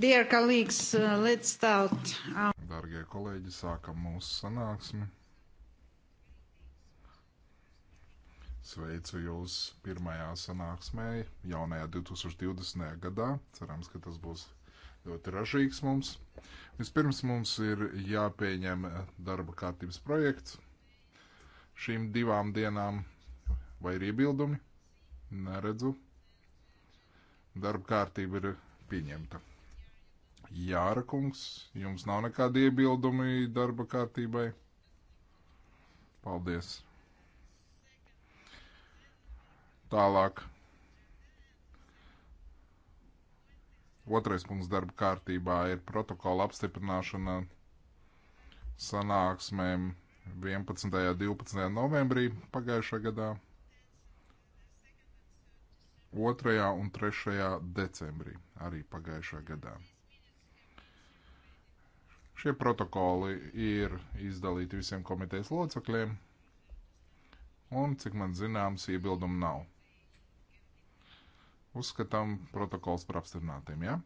Dear colleagues, uh, let's start. Um... Dargie kolēģi, sākam mūsu sanāksmi. Sveicu jūs pirmajā sanāksmē jaunajā 2020. gadā. Cerams, ka tas būs ļoti ražīgs mums. Vispirms mums ir jāpieņem darba kārtības projekts šīm divām dienām. Vai ir iebildumi? Neredzu. Darba kārtība ir pieņemta. Jāra kungs, jums nav nekādi iebildumi darba kārtībai? Paldies! Tālāk. Otrais punkts darba kārtībā ir protokola apstiprināšana sanāksmēm 11. un 12. novembrī pagājušā gadā, 2. un 3. decembrī arī pagājušā gadā. Šie protokoli ir izdalīti visiem komitejas locekļiem, un, cik man zināms, iebildumu nav. Uzskatām protokols par apstiprinātiem, ja?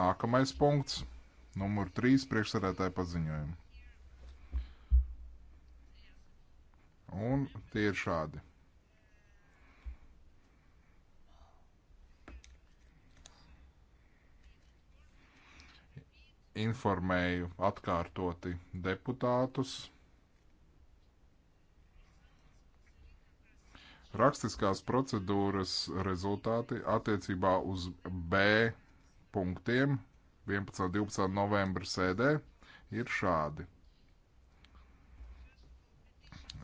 Nākamais punkts, numur 3, priekšsarētāja paziņojumi. Un tie ir šādi. informēju atkārtoti deputātus. Rakstiskās procedūras rezultāti attiecībā uz B punktiem 11. un 12. novembra sēdē ir šādi.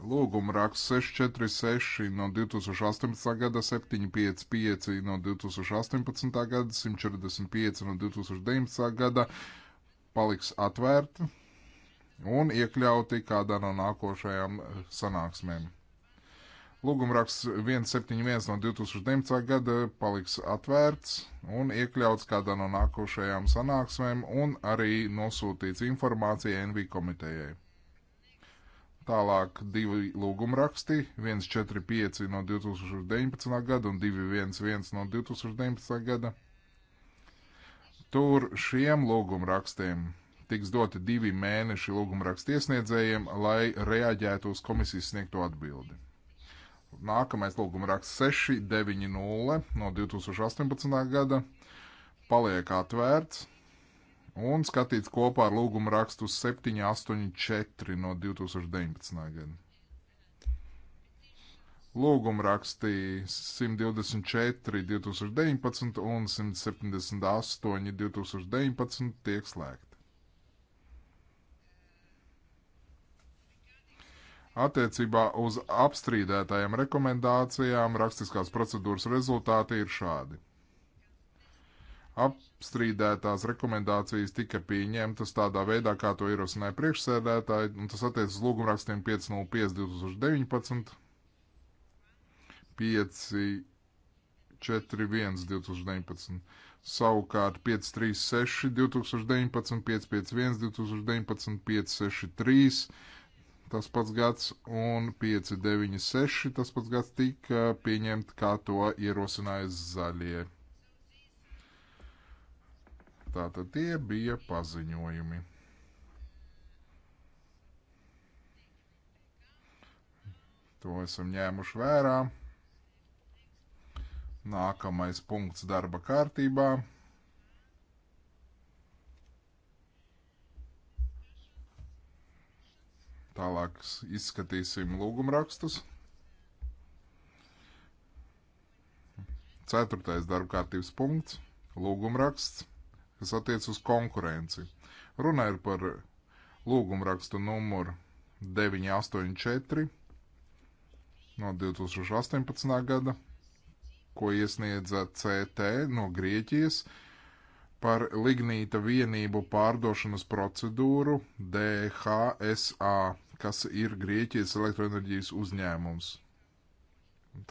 Lūguma raksts 646 no 2018. gada, 755 no 2018. gada, 145 no 2019. gada, paliks atvērti un iekļauti kādā no nākošajām sanāksmēm. Lūgumraksts 171 no 2019. gada paliks atvērts un iekļauts kādā no nākošajām sanāksmēm un arī nosūtīts informācija NV komitejai. Tālāk divi lūgumraksti, 145 no 2019. gada un 211 no 2019. gada Tur šiem lūgumrakstiem tiks doti divi mēneši lūgumrakstu iesniedzējiem, lai reaģētu uz komisijas sniegto atbildi. Nākamais lūgumraksts 690 no 2018. gada paliek atvērts un skatīts kopā ar lūgumrakstu 784 no 2019. gada. Lūgumrakstī 124, 2019 un 178, 2019 tiek slēgti. Attiecībā uz apstrīdētajām rekomendācijām rakstiskās procedūras rezultāti ir šādi. Apstrīdētās rekomendācijas tika pieņemtas tādā veidā, kā to ierosināja priekšsēdētāji, un tas attiecas uz lūgumrakstiem 505 2019 5, 4, 1, 2019. Savukārt 5, 3, 6, 2019, 5, 5, 1, 2019, 5, 6, 3, tas pats gads, un 5, 9, 6, tas pats gads tika pieņemt, kā to ierosināja zaļie. Tātad tie bija paziņojumi. To esam ņēmuši vērā. Nākamais punkts darba kārtībā. Tālāk izskatīsim lūgumrakstus. Ceturtais darba kārtības punkts - lūgumraksts, kas attiec uz konkurenci. Runa ir par lūgumrakstu numuru 984 no 2018. gada ko iesniedza CT no Grieķijas par lignīta vienību pārdošanas procedūru DHSA, kas ir Grieķijas elektroenerģijas uzņēmums.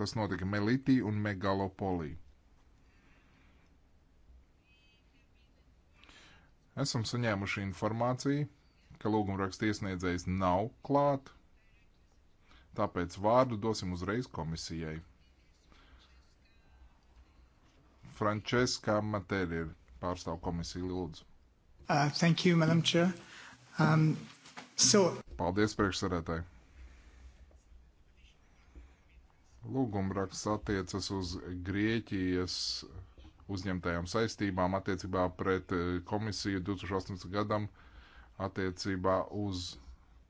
Tas notika Melitī un Megalopolī. Esam saņēmuši informāciju, ka lūgumraksta iesniedzējs nav klāt, tāpēc vārdu dosim uzreiz komisijai. Frančeska Matēri ir pārstāv komisiju lūdzu. Uh, thank you, Madam Chair. Um, so... Paldies, priekšsarētāji. Lūgumraksts attiecas uz Grieķijas uzņemtajām saistībām attiecībā pret uh, komisiju 2018. gadam attiecībā uz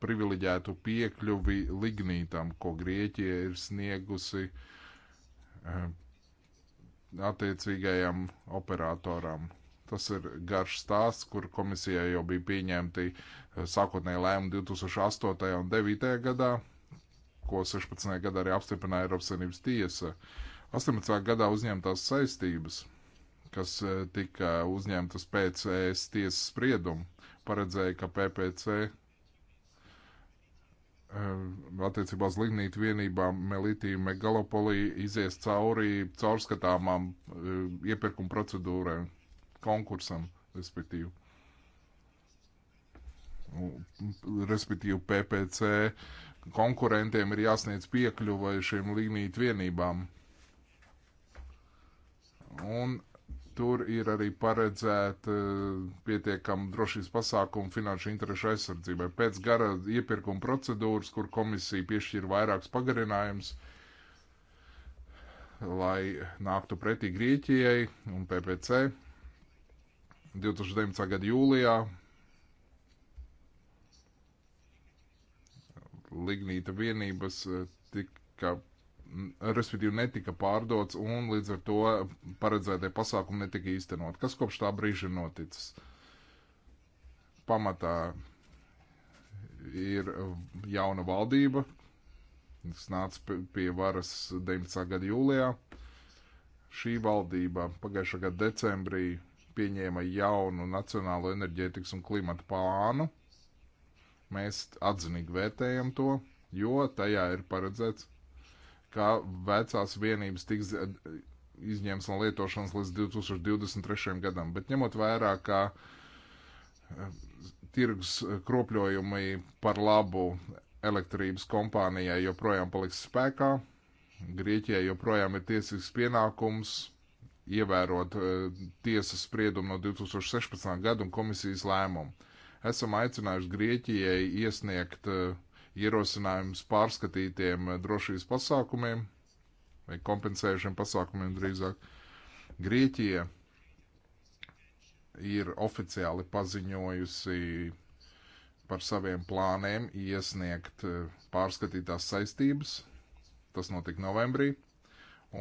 privileģētu piekļuvi lignītam, ko Grieķija ir sniegusi uh, attiecīgajam operatoram. Tas ir garš stāsts, kur komisijai jau bija pieņemti eh, sākotnēji lēmumi 2008. un 2009. gadā, ko 16. gadā arī apstiprināja Eiropas Savienības tiesa. 18. gadā uzņemtās saistības, kas eh, tika uzņemtas pēc ES tiesas sprieduma, paredzēja, ka PPC attiecībā uz lignītu vienībām Melitī un Megalopolī izies cauri caurskatāmām iepirkuma procedūrai, konkursam, respektīvi. Respektīvi PPC konkurentiem ir jāsniedz piekļuva šiem lignītu vienībām. Un Tur ir arī paredzēta eh, pietiekama drošības pasākuma finanšu interešu aizsardzībai. Pēc gara iepirkuma procedūras, kur komisija piešķīra vairākus pagarinājumus, lai nāktu pretī Grieķijai un PPC 2019. gada jūlijā. Lignīta vienības eh, tika respektīvi netika pārdots un līdz ar to paredzētie pasākumi netika īstenot. Kas kopš tā brīža noticis? Pamatā ir jauna valdība, kas nāca pie varas 19. gada jūlijā. Šī valdība pagājušā gada decembrī pieņēma jaunu Nacionālo enerģētikas un klimata plānu. Mēs atzinīgi vērtējam to, jo tajā ir paredzēts ka vecās vienības tiks eh, izņemts no lietošanas līdz 2023. gadam, bet ņemot vērā, ka eh, tirgus kropļojumi par labu elektrības kompānijai joprojām paliks spēkā, Grieķijai joprojām ir tiesisks pienākums ievērot uh, tiesas spriedumu no 2016. gada un komisijas lēmumu. Esam aicinājuši Grieķijai iesniegt uh, ierosinājums pārskatītiem eh, drošības pasākumiem vai kompensējušiem pasākumiem drīzāk. Grieķija ir oficiāli paziņojusi par saviem plāniem iesniegt eh, pārskatītās saistības. Tas notika novembrī.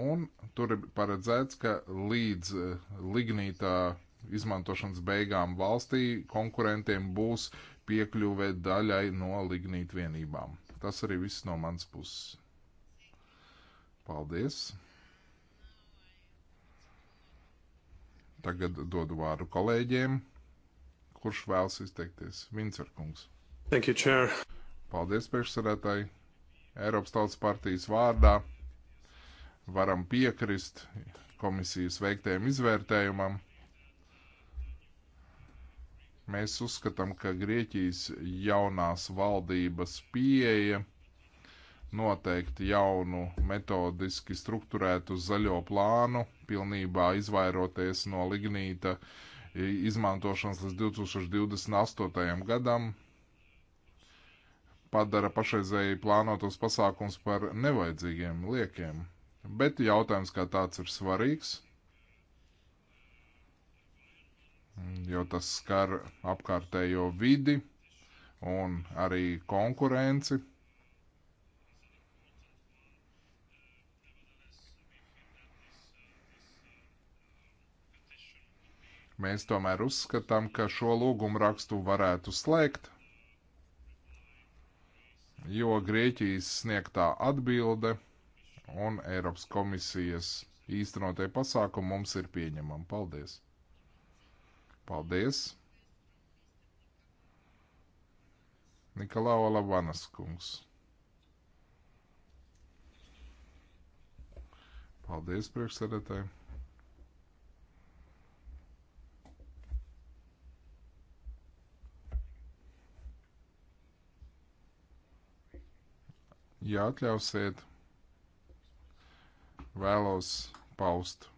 Un tur ir paredzēts, ka līdz eh, lignītā izmantošanas beigām valstī konkurentiem būs piekļuvē daļai no lignīt vienībām. Tas arī viss no mans puses. Paldies! Tagad dodu vārdu kolēģiem. Kurš vēlas izteikties? Vincerkungs. Thank you, Chair. Paldies, priekšsarētāji. Eiropas Tautas partijas vārdā varam piekrist komisijas veiktajam izvērtējumam. Mēs uzskatām, ka Grieķijas jaunās valdības pieeja noteikti jaunu, metodiski strukturētu zaļo plānu, pilnībā izvairoties no lignīta izmantošanas līdz 2028. gadam, padara pašreizēji plānotos pasākums par nevajadzīgiem liekiem. Bet jautājums kā tāds ir svarīgs jo tas skar apkārtējo vidi un arī konkurenci. Mēs tomēr uzskatām, ka šo lūgumu rakstu varētu slēgt, jo Grieķijas sniegtā atbilde un Eiropas komisijas īstenotie pasākumi mums ir pieņemami. Paldies! Paldies! Nikolau Lavanas kungs. Paldies, priekšsēdētāji! Ja atļausiet, vēlos paust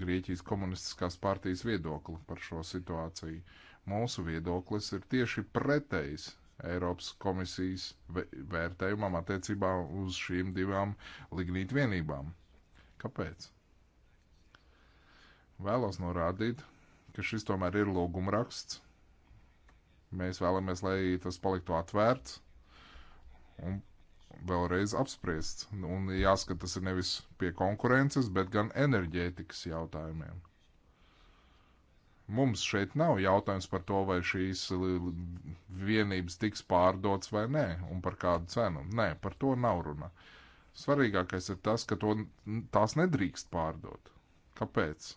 Grieķijas komunistiskās partijas viedokli par šo situāciju. Mūsu viedoklis ir tieši pretējs Eiropas komisijas vērtējumam attiecībā uz šīm divām lignītu vienībām. Kāpēc? Vēlos norādīt, ka šis tomēr ir lūgumraksts. Mēs vēlamies, lai tas paliktu atvērts un vēlreiz apspriests. Un jāskat, tas ir nevis pie konkurences, bet gan enerģētikas jautājumiem. Mums šeit nav jautājums par to, vai šīs vienības tiks pārdots vai nē, un par kādu cenu. Nē, par to nav runa. Svarīgākais ir tas, ka to, tās nedrīkst pārdot. Kāpēc?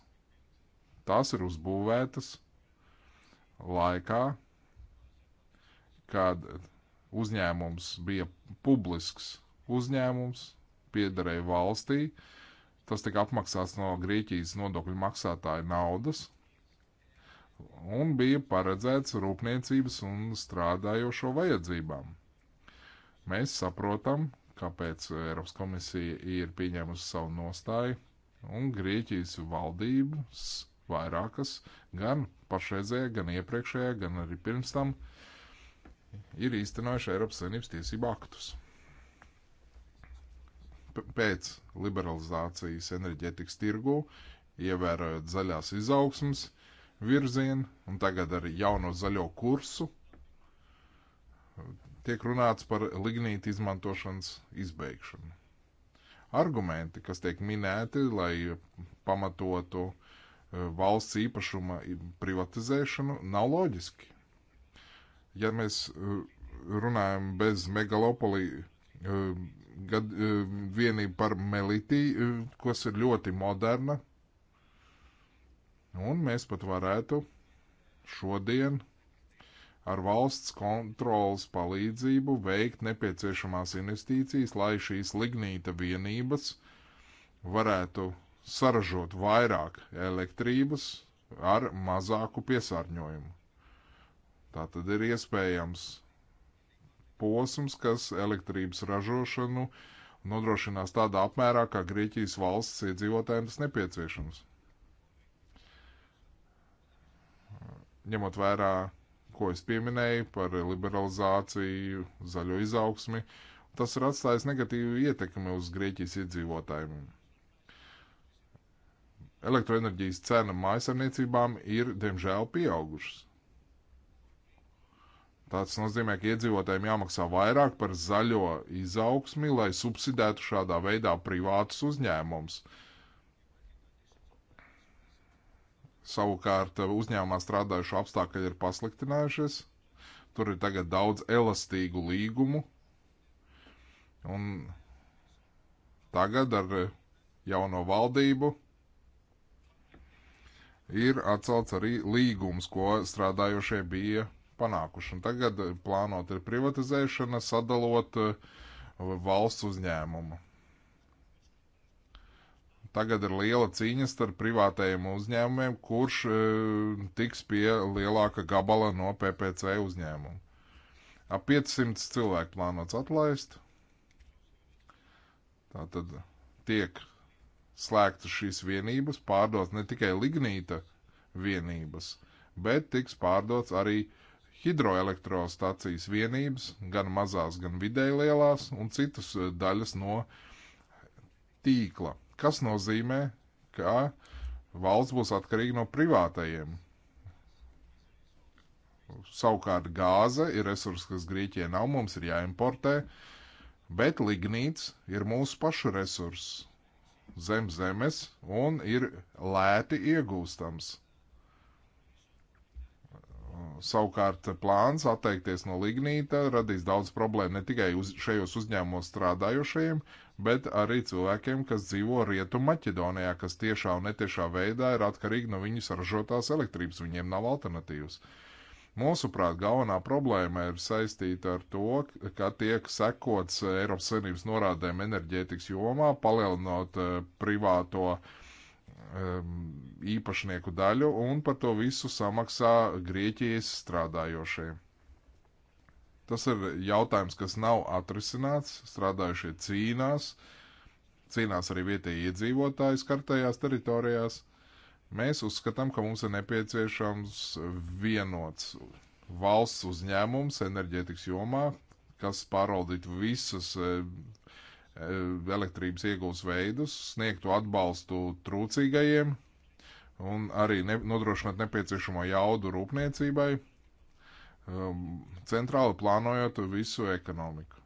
Tās ir uzbūvētas laikā, kad uzņēmums bija publisks uzņēmums, piederēja valstī. Tas tika apmaksāts no Grieķijas nodokļu maksātāja naudas un bija paredzēts rūpniecības un strādājošo vajadzībām. Mēs saprotam, kāpēc Eiropas komisija ir pieņēmusi savu nostāju, un Grieķijas valdības vairākas, gan pašreizējā, gan iepriekšējā, gan arī pirms tam, uh, ir īstenojuši Eiropas Savienības tiesību aktus. P pēc liberalizācijas enerģetikas tirgu, ievērojot zaļās izaugsmas virzienu un tagad ar jauno zaļo kursu, tiek runāts par lignīta izmantošanas izbeigšanu. Argumenti, kas tiek minēti, lai pamatotu e, valsts īpašuma privatizēšanu, nav loģiski. Ja mēs eh, runājam bez megalopolī eh, gad, eh, vienību par Melitī, kas ir ļoti moderna, un mēs pat varētu šodien ar valsts kontrolas palīdzību veikt nepieciešamās investīcijas, lai šīs lignīta vienības varētu saražot vairāk elektrības ar mazāku piesārņojumu. Tā tad ir iespējams posms, kas elektrības ražošanu nodrošinās tādā apmērā, kā Grieķijas valsts iedzīvotājiem tas nepieciešams. Ņemot vērā, ko es pieminēju par liberalizāciju, zaļo izaugsmi, tas ir atstājis negatīvu ietekmi uz Grieķijas iedzīvotājiem. Elektroenerģijas cena mājasemniecībām ir, diemžēl, pieaugušas. Tas nozīmē, ka iedzīvotājiem jāmaksā vairāk par zaļo izaugsmi, lai subsidētu šādā veidā privātus uzņēmumus. Savukārt eh, uzņēmumā strādājušo apstākļi ir pasliktinājušies. Tur ir tagad daudz elastīgu līgumu. Un tagad ar eh, jauno valdību ir atcelts arī līgums, ko strādājošie bija panākuši. Un tagad eh, plānot ir privatizēšana, sadalot eh, valsts uzņēmumu. Tagad ir liela cīņa starp privātajiem uzņēmumiem, kurš e, tiks pie lielāka gabala no PPC uzņēmuma. Ap 500 cilvēku plānots atlaist. Tātad tiek slēgtas šīs vienības, pārdots ne tikai lignīta vienības, bet tiks pārdots arī uh, hidroelektrostacijas vienības, gan mazās, gan vidēji lielās, un citas eh, daļas no tīkla, kas nozīmē, ka valsts būs atkarīga no privātajiem. Savukārt gāze ir resurs, kas Grieķijai nav, mums ir jāimportē, bet lignīts ir mūsu pašu resurs zem zemes un ir lēti iegūstams Savukārt plāns atteikties no lignīta radīs daudz problēmu ne tikai uz, šajos uzņēmumos strādājošajiem, bet arī cilvēkiem, kas dzīvo Rietu Maķedonijā, kas tiešā un netiešā veidā ir atkarīgi no viņu saražotās elektrības, viņiem nav alternatīvas. Mūsuprāt, galvenā problēma ir saistīta ar to, ka tiek sekots Eiropas Savienības norādēm enerģētikas jomā, palielinot eh, privāto uh, Um, īpašnieku daļu un par to visu samaksā Grieķijas strādājošie. Tas ir jautājums, kas nav atrisināts, strādājošie cīnās, cīnās arī vietējie iedzīvotāji skartajās teritorijās. Mēs uzskatām, ka mums ir nepieciešams vienots valsts uzņēmums enerģētikas jomā, kas pārvaldītu visas eh, Eh, elektrības ieguves veidus, sniegtu atbalstu trūcīgajiem un arī ne, nodrošināt nepieciešamo jaudu rūpniecībai, um, centrāli plānojot visu ekonomiku.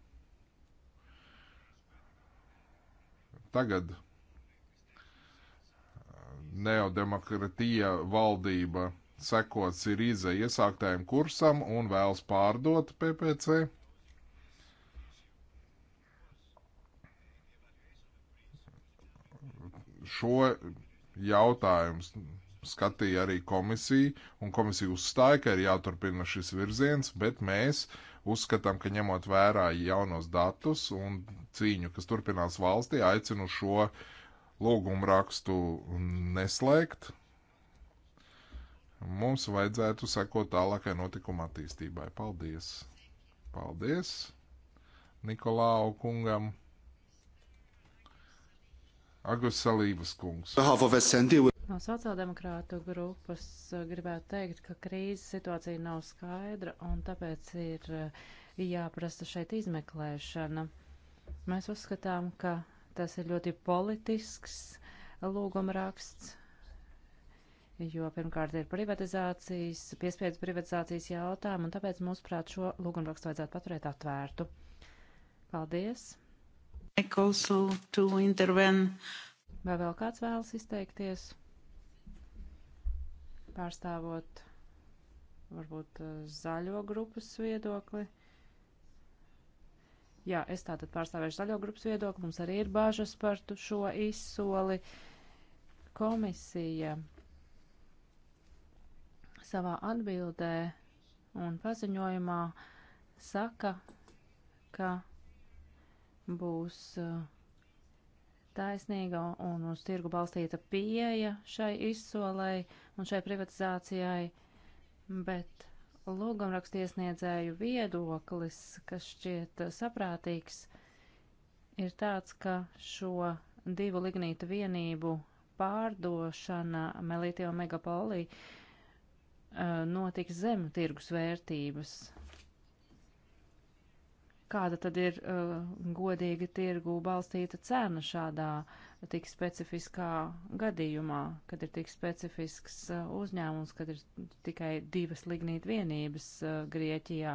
Tagad eh, neodemokratija valdība sekot Sirīza iesāktējiem kursam un vēlas pārdot PPC šo jautājumu skatīja arī komisija, un komisija uzstāja, ka ir jāturpina šis virziens, bet mēs uzskatām, ka ņemot vērā jaunos datus un cīņu, kas turpinās valstī, aicinu šo lūgumu rakstu neslēgt. Mums vajadzētu sekot tālākai notikuma attīstībai. Paldies! Paldies Nikolau kungam! Agus Salīvas kungs. No sociāldemokrātu grupas eh, gribētu teikt, ka krīzes situācija nav skaidra un tāpēc ir eh, jāprasa šeit izmeklēšana. Mēs uzskatām, ka tas ir ļoti politisks lūgumraksts, jo pirmkārt ir privatizācijas, piespiedu privatizācijas jautājumi, un tāpēc, mūsuprāt, šo lūgumrakstu vajadzētu paturēt atvērtu. Paldies! Vai vēl kāds vēlas izteikties? Pārstāvot varbūt eh, zaļo grupas viedokli. Jā, es tātad pārstāvēšu zaļo grupas viedokli. Mums arī ir bāžas par šo izsoli. Komisija savā atbildē un paziņojumā saka, ka būs eh, taisnīga un uz tirgu balstīta pieeja šai izsolei un šai privatizācijai, bet lūgumrakstiesniedzēju viedoklis, kas šķiet saprātīgs, ir tāds, ka šo divu lignītu vienību pārdošana Melītio megapolī eh, notiks zem tirgus vērtības Kāda tad ir uh, godīga tirgu balstīta cena šādā tik specifiskā gadījumā, kad ir tik specifisks uh, uzņēmums, kad ir tikai divas lignīt vienības uh, Grieķijā?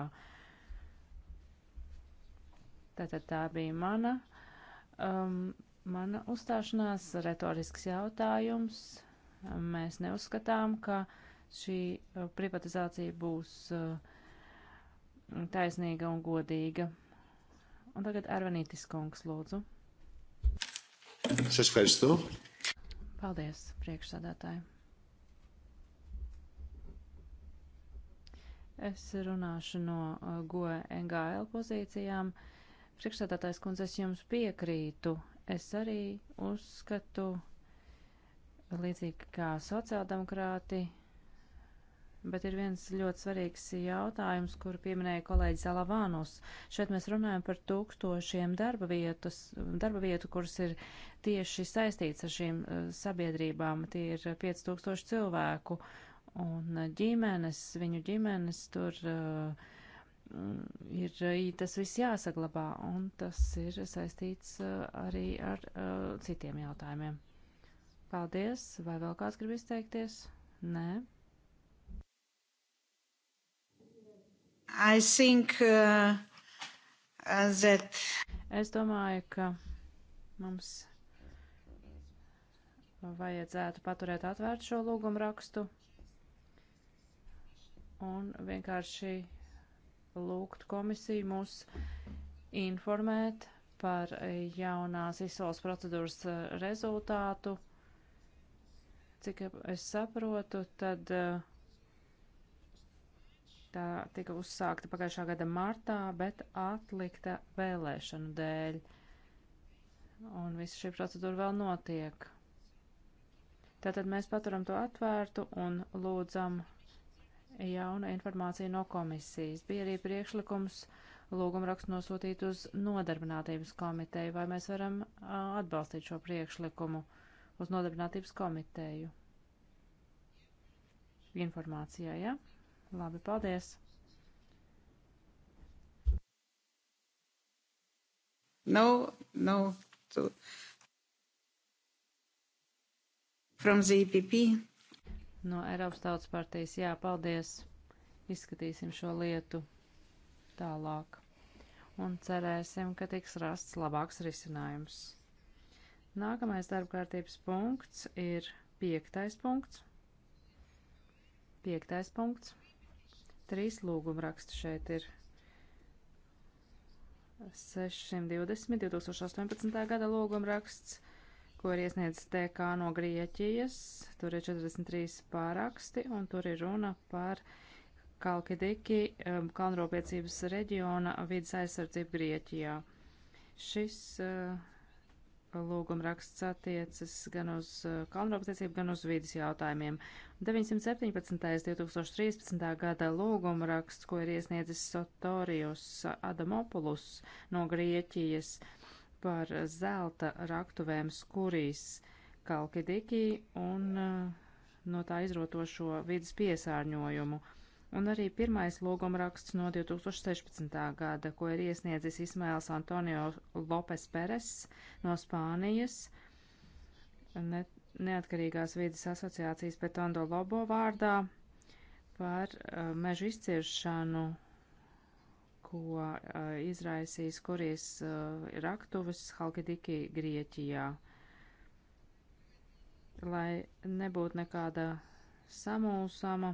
Tātad tā bija mana, um, mana uzstāšanās, retorisks jautājums. Mēs neuzskatām, ka šī uh, privatizācija būs uh, taisnīga un godīga. Un tagad Arvanītis kungs, lūdzu. Šis pēc tu. Paldies, priekšsādātāji. Es runāšu no uh, GOE NGL pozīcijām. Priekšsādātājs kundze, es jums piekrītu. Es arī uzskatu, līdzīgi kā sociāldemokrāti, bet ir viens ļoti svarīgs jautājums, kur pieminēja kolēģis Alavānus. Šeit mēs runājam par tūkstošiem darba, vietas, darba vietu, kuras ir tieši saistīts ar šīm eh, sabiedrībām. Tie ir 5000 cilvēku un ģimenes, viņu ģimenes tur uh, ir tas viss jāsaglabā, un tas ir saistīts uh, arī ar uh, citiem jautājumiem. Paldies! Vai vēl kāds grib izteikties? Nē. I think uh, uh, that. Es domāju, ka mums vajadzētu paturēt atvērt šo lūgumu rakstu un vienkārši lūgt komisiju mūs informēt par jaunās izsoles procedūras uh, rezultātu. Cik es saprotu, tad uh, Tā tika uzsākta pagājušā gada martā, bet atlikta vēlēšanu dēļ. Un visa šī procedūra vēl notiek. Tātad mēs paturam to atvērtu un lūdzam jauna informācija no komisijas. Bija arī priekšlikums lūgumrakstu nosūtīt uz nodarbinātības komiteju, vai mēs varam a, atbalstīt šo priekšlikumu uz nodarbinātības komiteju. Informācijā, jā? Ja? Labi, paldies. No, no. To... From the EPP. No Eiropas Tautas partijas, jā, paldies. Izskatīsim šo lietu tālāk. Un cerēsim, ka tiks rasts labāks risinājums. Nākamais darbkārtības punkts ir piektais punkts. Piektais punkts. Trīs lūguma raksti šeit ir 620 2018. gada lūguma raksts, ko ir iesniedzis TK no Grieķijas. Tur ir 43 pāraksti un tur ir runa par Kalkidiki um, kalnropiecības reģiona vidas aizsardzību Grieķijā. Šis uh, lūguma raksts attiecas gan uz uh, kalnrūpniecību, gan uz vīdas jautājumiem. 917. 2013. gada lūguma raksts, ko ir iesniedzis Sotorijus Adamopulus no Grieķijas par zelta raktuvēm skurīs Kalkidiki un uh, no tā izrotošo vīdas piesārņojumu. Uh, un arī pirmais lūgumraksts no 2016. gada, ko ir iesniedzis Ismails Antonio Lopes Peres no Spānijas, ne, neatkarīgās vidas asociācijas Petondo Lobo vārdā par uh, mežu izciešanu, ko uh, izraisīs kurijas uh, raktuves Halkidiki Grieķijā. Lai nebūtu nekāda samulsama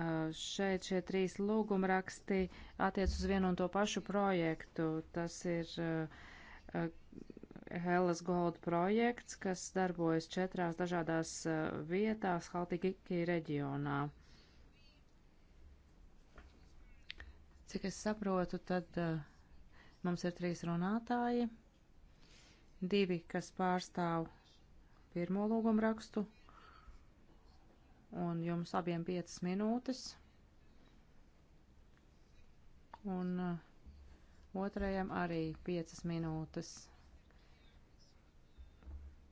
Uh, šeit šie trīs lūgumraksti attiec uz vienu un to pašu projektu. Tas ir uh, uh, Hellas Gold projekts, kas darbojas četrās dažādās vietās Haltikiki reģionā. Cik es saprotu, tad mums ir trīs runātāji, divi, kas pārstāv pirmo lūgumrakstu, un jums abiem 5 minūtes. Un uh, otrajam arī 5 minūtes.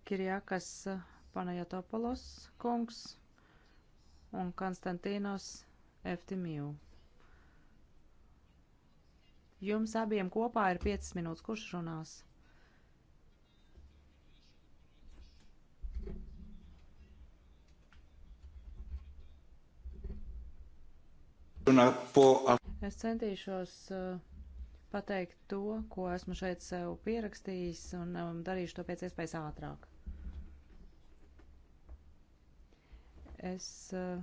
Kirjakas uh, Panajatopolos kungs un Konstantīnos Eftimiju. Jums abiem kopā ir 5 minūtes, kurš runās? runāt po. Es centīšos uh, pateikt to, ko esmu šeit sev pierakstījis un um, darīšu to pēc iespējas ātrāk. Es uh,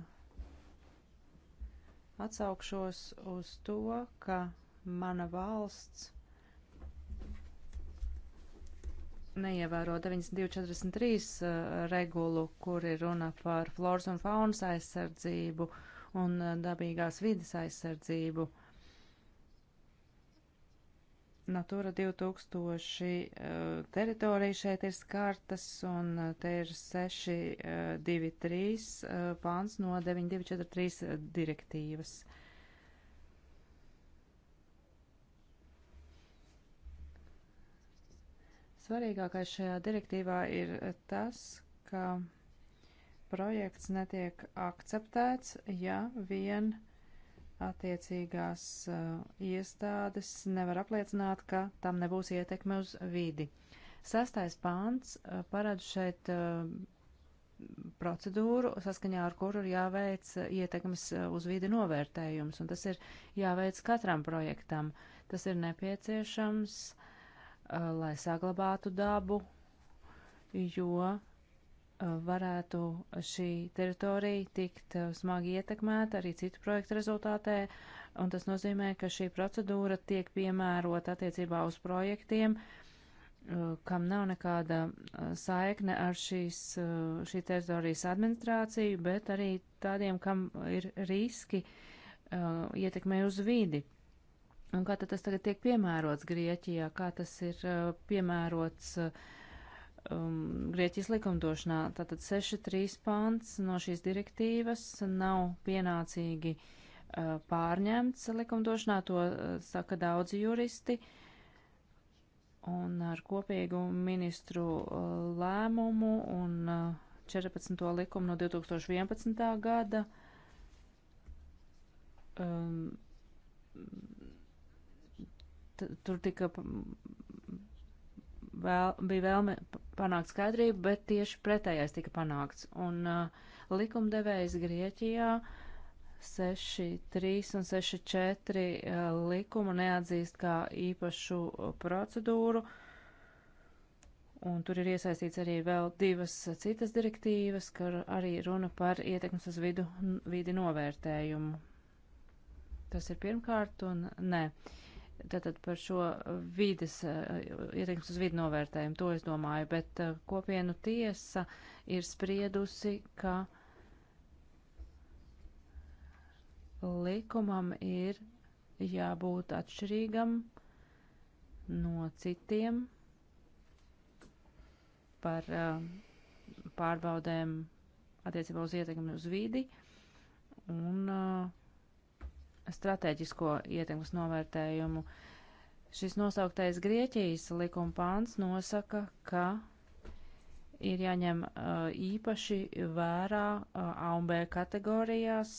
atsaukšos uz to, ka mana valsts neievēro 9243 uh, regulu, kur ir runa par floras un faunas aizsardzību. Uh, un eh, dabīgās vidas aizsardzību. Natūra 2000 eh, teritorija šeit ir skartas, un eh, te ir 623 pāns no 9243 direktīvas. Svarīgākais šajā direktīvā ir tas, ka projekts netiek akceptēts, ja vien attiecīgās uh, iestādes nevar apliecināt, ka tam nebūs ietekme uz vidi. Sastais pāns uh, parāda šeit uh, procedūru, saskaņā ar kuru ir jāveic uh, ietekmes uh, uz vidi novērtējums, un tas ir jāveic katram projektam. Tas ir nepieciešams, uh, lai saglabātu dabu, jo Eh, varētu šī teritorija tikt eh, smagi ietekmēta arī citu projektu rezultātē, un tas nozīmē, ka šī procedūra tiek piemērota attiecībā uz projektiem, eh, kam nav nekāda saikne ar šīs, šī teritorijas administrāciju, bet arī tādiem, kam ir riski ietekmē uz vidi. Un kā tad tas tagad tiek piemērots Grieķijā, kā tas ir piemērots uh, um, Grieķijas likumdošanā. Tātad 6.3 pants no šīs direktīvas nav pienācīgi uh, pārņemts likumdošanā, to uh, saka daudzi juristi. Un ar kopīgu ministru uh, lēmumu un uh, 14. likumu no 2011. gada um, tur tika vēl, bija vēlme panākt skaidrību, bet tieši pretējais tika panākts. Un uh, likumdevējs Grieķijā 6.3 un 6.4 uh, likumu neatzīst kā īpašu uh, procedūru. Un tur ir iesaistīts arī vēl divas citas direktīvas, kur arī runa par ietekmes uz vidu, vidi novērtējumu. Tas ir pirmkārt un nē. Uh, tātad par šo vides, eh, ietekmes uz vidu novērtējumu, to es domāju, bet eh, kopienu tiesa ir spriedusi, ka likumam ir jābūt atšķirīgam no citiem par eh, pārbaudēm attiecībā uz ietekmi uz vidi un uh, stratēģisko ietekmes novērtējumu. Šis nosauktais Grieķijas likuma pāns nosaka, ka ir jāņem uh, īpaši vērā uh, A un B kategorijās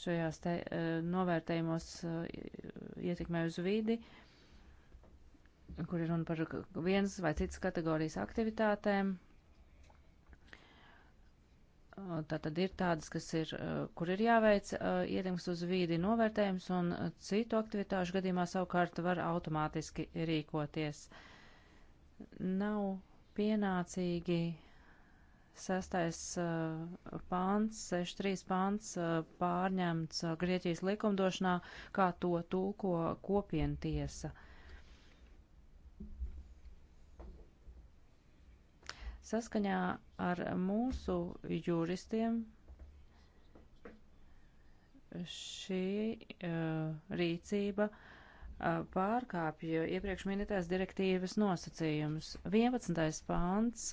šajās te, uh, novērtējumos uh, ietekmē uz vidi, kur ir runa par vienas vai citas kategorijas aktivitātēm, Tā tad ir tādas, kas ir, eh, kur ir jāveic eh, ietekmes uz vīdi novērtējums, un eh, citu aktivitāšu gadījumā savukārt var automātiski rīkoties. Nav pienācīgi sastais pāns, 63 pāns pārņemts Grieķijas likumdošanā, kā to tulko kopientiesa. tiesa Saskaņā ar mūsu juristiem šī uh, rīcība uh, pārkāpja iepriekš minētās direktīvas nosacījumus. 11. pāns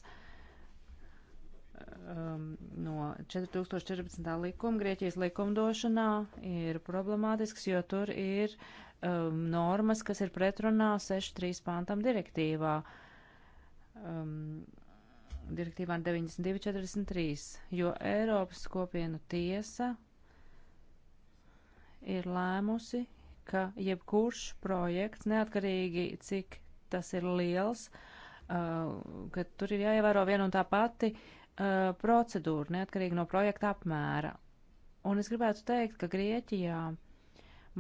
um, no 4014. likuma Grieķijas likumdošanā ir problemātisks, jo tur ir um, normas, kas ir pretrunā 6.3. pāntam direktīvā. Um, direktīvām 9243, jo Eiropas kopienu tiesa ir lēmusi, ka jebkurš projekts, neatkarīgi cik tas ir liels, uh, ka tur ir jāievēro viena un tā pati uh, procedūra, neatkarīgi no projekta apmēra. Un es gribētu teikt, ka Grieķijā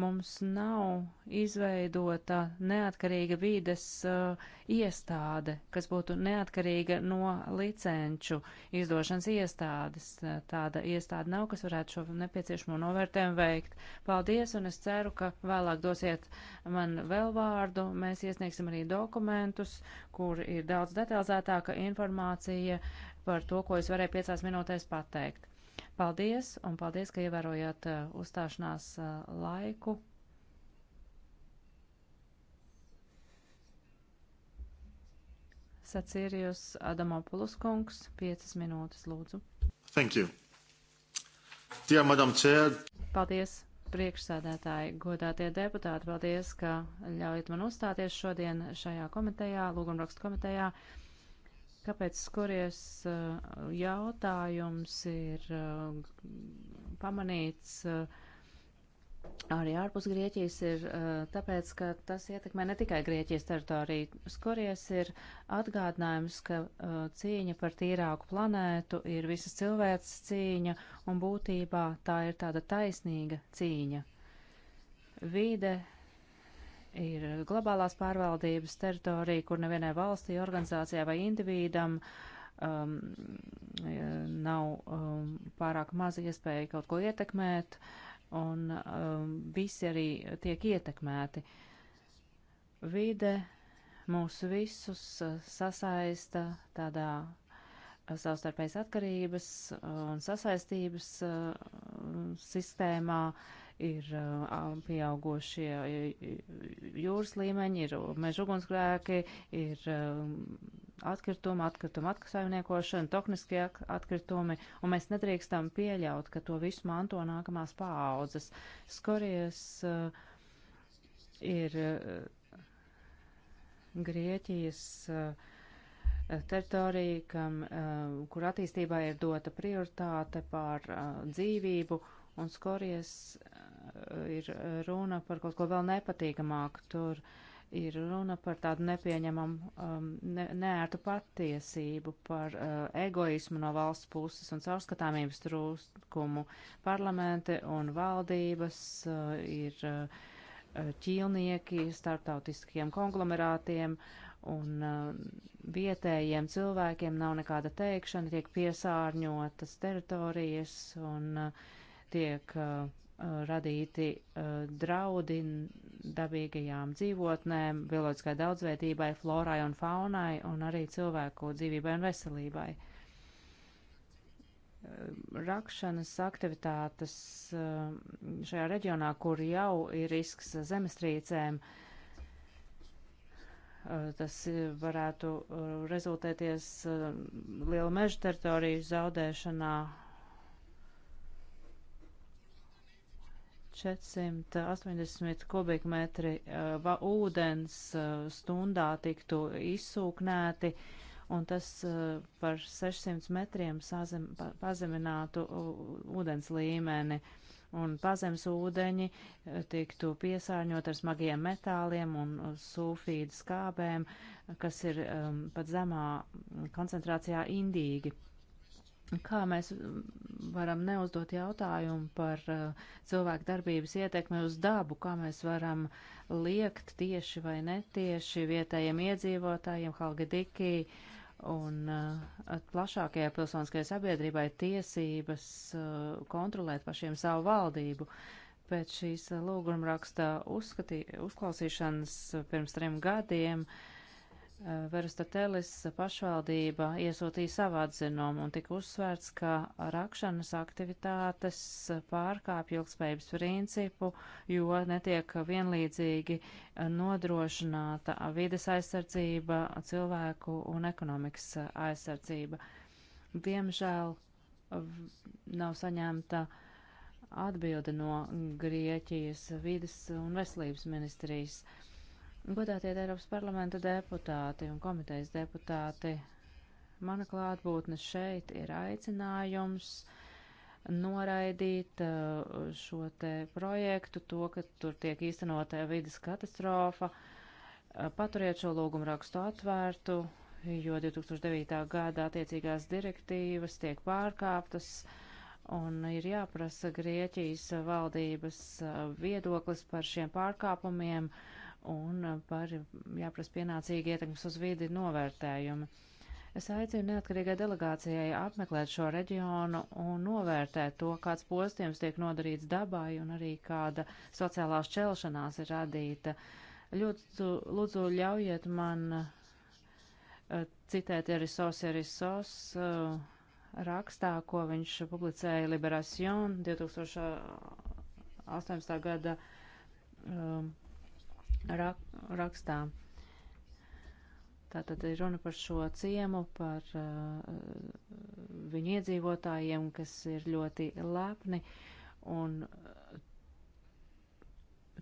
Mums nav izveidota neatkarīga vīdes uh, iestāde, kas būtu neatkarīga no licenču izdošanas iestādes. Uh, tāda iestāde nav, kas varētu šo nepieciešamo novērtējumu veikt. Paldies, un es ceru, ka vēlāk dosiet man vēl vārdu. Mēs iesniegsim arī dokumentus, kur ir daudz detalizētāka informācija par to, ko es varēju piecās minūtēs pateikt. Paldies, un paldies, ka ievērojāt uh, uzstāšanās uh, laiku. Sacīrijus Adamopulus kungs, piecas minūtes lūdzu. Thank you. Dear Madam Chair. Paldies, priekšsēdētāji, godātie deputāti, paldies, ka ļaujat man uzstāties šodien šajā komitejā, lūgumrakstu komitejā. Uh, Kāpēc skuries uh, jautājums ir uh, pamanīts uh, arī ārpus Grieķijas ir tāpēc, ka tas ietekmē ne tikai Grieķijas teritoriju. Skories ir atgādinājums, ka cīņa par tīrāku planētu ir visas cilvēces cīņa un būtībā tā ir tāda taisnīga cīņa. Vīde ir globālās pārvaldības teritorija, kur nevienai valstī, organizācijā vai individam um, nav um, pārāk maz iespēja kaut ko ietekmēt, un um, visi arī tiek ietekmēti. Vide mūs visus uh, sasaista tādā uh, savstarpējas atkarības uh, un sasaistības uh, sistēmā, uh, ir pieaugušie jūras līmeņi, ir mežugunsgrēki, ir atkritumi, atkritumi atkasaimniekošana, tokniskie atkritumi, un mēs nedrīkstam pieļaut, ka to visu manto nākamās paaudzes. Skories ir Grieķijas teritorija, kam, kur attīstībai ir dota prioritāte pār dzīvību, un skories ir runa par kaut ko vēl nepatīkamāku. Tur ir runa par tādu nepieņemamu, um, ne, neērtu patiesību, par uh, egoismu no valsts puses un caurskatāmības trūkumu. Parlamente un valdības uh, ir uh, ķīlnieki starptautiskiem konglomerātiem. Un uh, vietējiem cilvēkiem nav nekāda teikšana, tiek piesārņotas teritorijas un uh, tiek uh, Uh, radīti uh, draudi dabīgajām dzīvotnēm, bioloģiskai daudzveidībai, florai un faunai un arī cilvēku dzīvībai un veselībai. Uh, rakšanas aktivitātes šajā reģionā, kur jau ir risks zemestrīcēm, tas varētu rezultēties lielu mežu teritoriju zaudēšanā 480 kubikmetri uh, ūdens uh, stundā tiktu izsūknēti, un tas uh, par 600 metriem sazem, pa, pazeminātu ūdens līmeni. Un pazemes ūdeņi tiktu piesārņot ar smagiem metāliem un sulfīdu skābēm, kas ir um, pat zemā koncentrācijā indīgi. Kā mēs varam neuzdot jautājumu par uh, cilvēku darbības ietekmi uz dabu, kā mēs varam liekt tieši vai netieši vietējiem iedzīvotājiem, Halgadikī un uh, plašākajai pilsoniskajai sabiedrībai tiesības uh, kontrolēt pašiem savu valdību. Pēc šīs uh, lūgumraksta uzklausīšanas uh, pirms trim gadiem uh, Eh, Verustatelis pašvaldība iesūtīja savu atzinumu un tika uzsvērts, ka rakšanas aktivitātes pārkāpj ilgspējības principu, jo netiek vienlīdzīgi nodrošināta vides aizsardzība, cilvēku un ekonomikas aizsardzība. Diemžēl nav saņemta atbilde no Grieķijas vides un veselības ministrijas. Uh, Godātie Eiropas parlamenta deputāti un komitejas deputāti, mana klātbūtne šeit ir aicinājums noraidīt uh, šo te projektu, to, ka tur tiek īstenotē vidas katastrofa. Uh, paturiet šo lūgumu rakstu atvērtu, jo 2009. gada attiecīgās direktīvas tiek pārkāptas un ir jāprasa Grieķijas valdības uh, viedoklis par šiem pārkāpumiem. Uh, un par jāprasa pienācīgi ietekmes uz vidi novērtējumi. Es aicinu neatkarīgai delegācijai apmeklēt šo reģionu un novērtēt to, kāds postījums tiek nodarīts dabai un arī kāda sociālā šķelšanās ir radīta. Ļūdzu, lūdzu, ļaujiet man uh, citēt arī Sos, arī Sos uh, eh, rakstā, ko viņš publicēja Liberation 2018. gada um, rak rakstā. Tātad ir runa par šo ciemu, par uh, viņu iedzīvotājiem, kas ir ļoti lepni, un uh,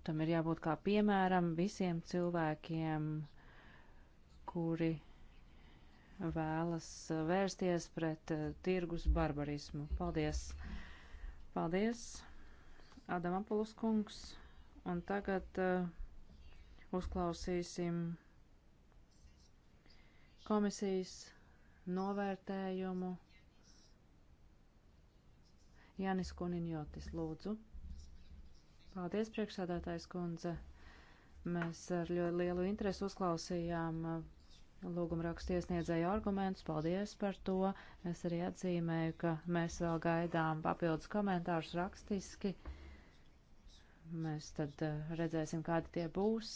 tam ir jābūt kā piemēram visiem cilvēkiem, kuri vēlas uh, vērsties pret uh, tirgus barbarismu. Paldies! Paldies, Ādama Pulus kungs! Un tagad. Uh, Uzklausīsim komisijas novērtējumu. Janis Kuniņotis, lūdzu. Paldies, priekšsādātājs kundze. Mēs ar ļoti lielu interesi uzklausījām uh, lūguma rakstu iesniedzēju argumentus. Paldies par to. Es arī atzīmēju, ka mēs vēl gaidām papildus komentārus rakstiski. Mēs tad uh, redzēsim, kādi tie būs.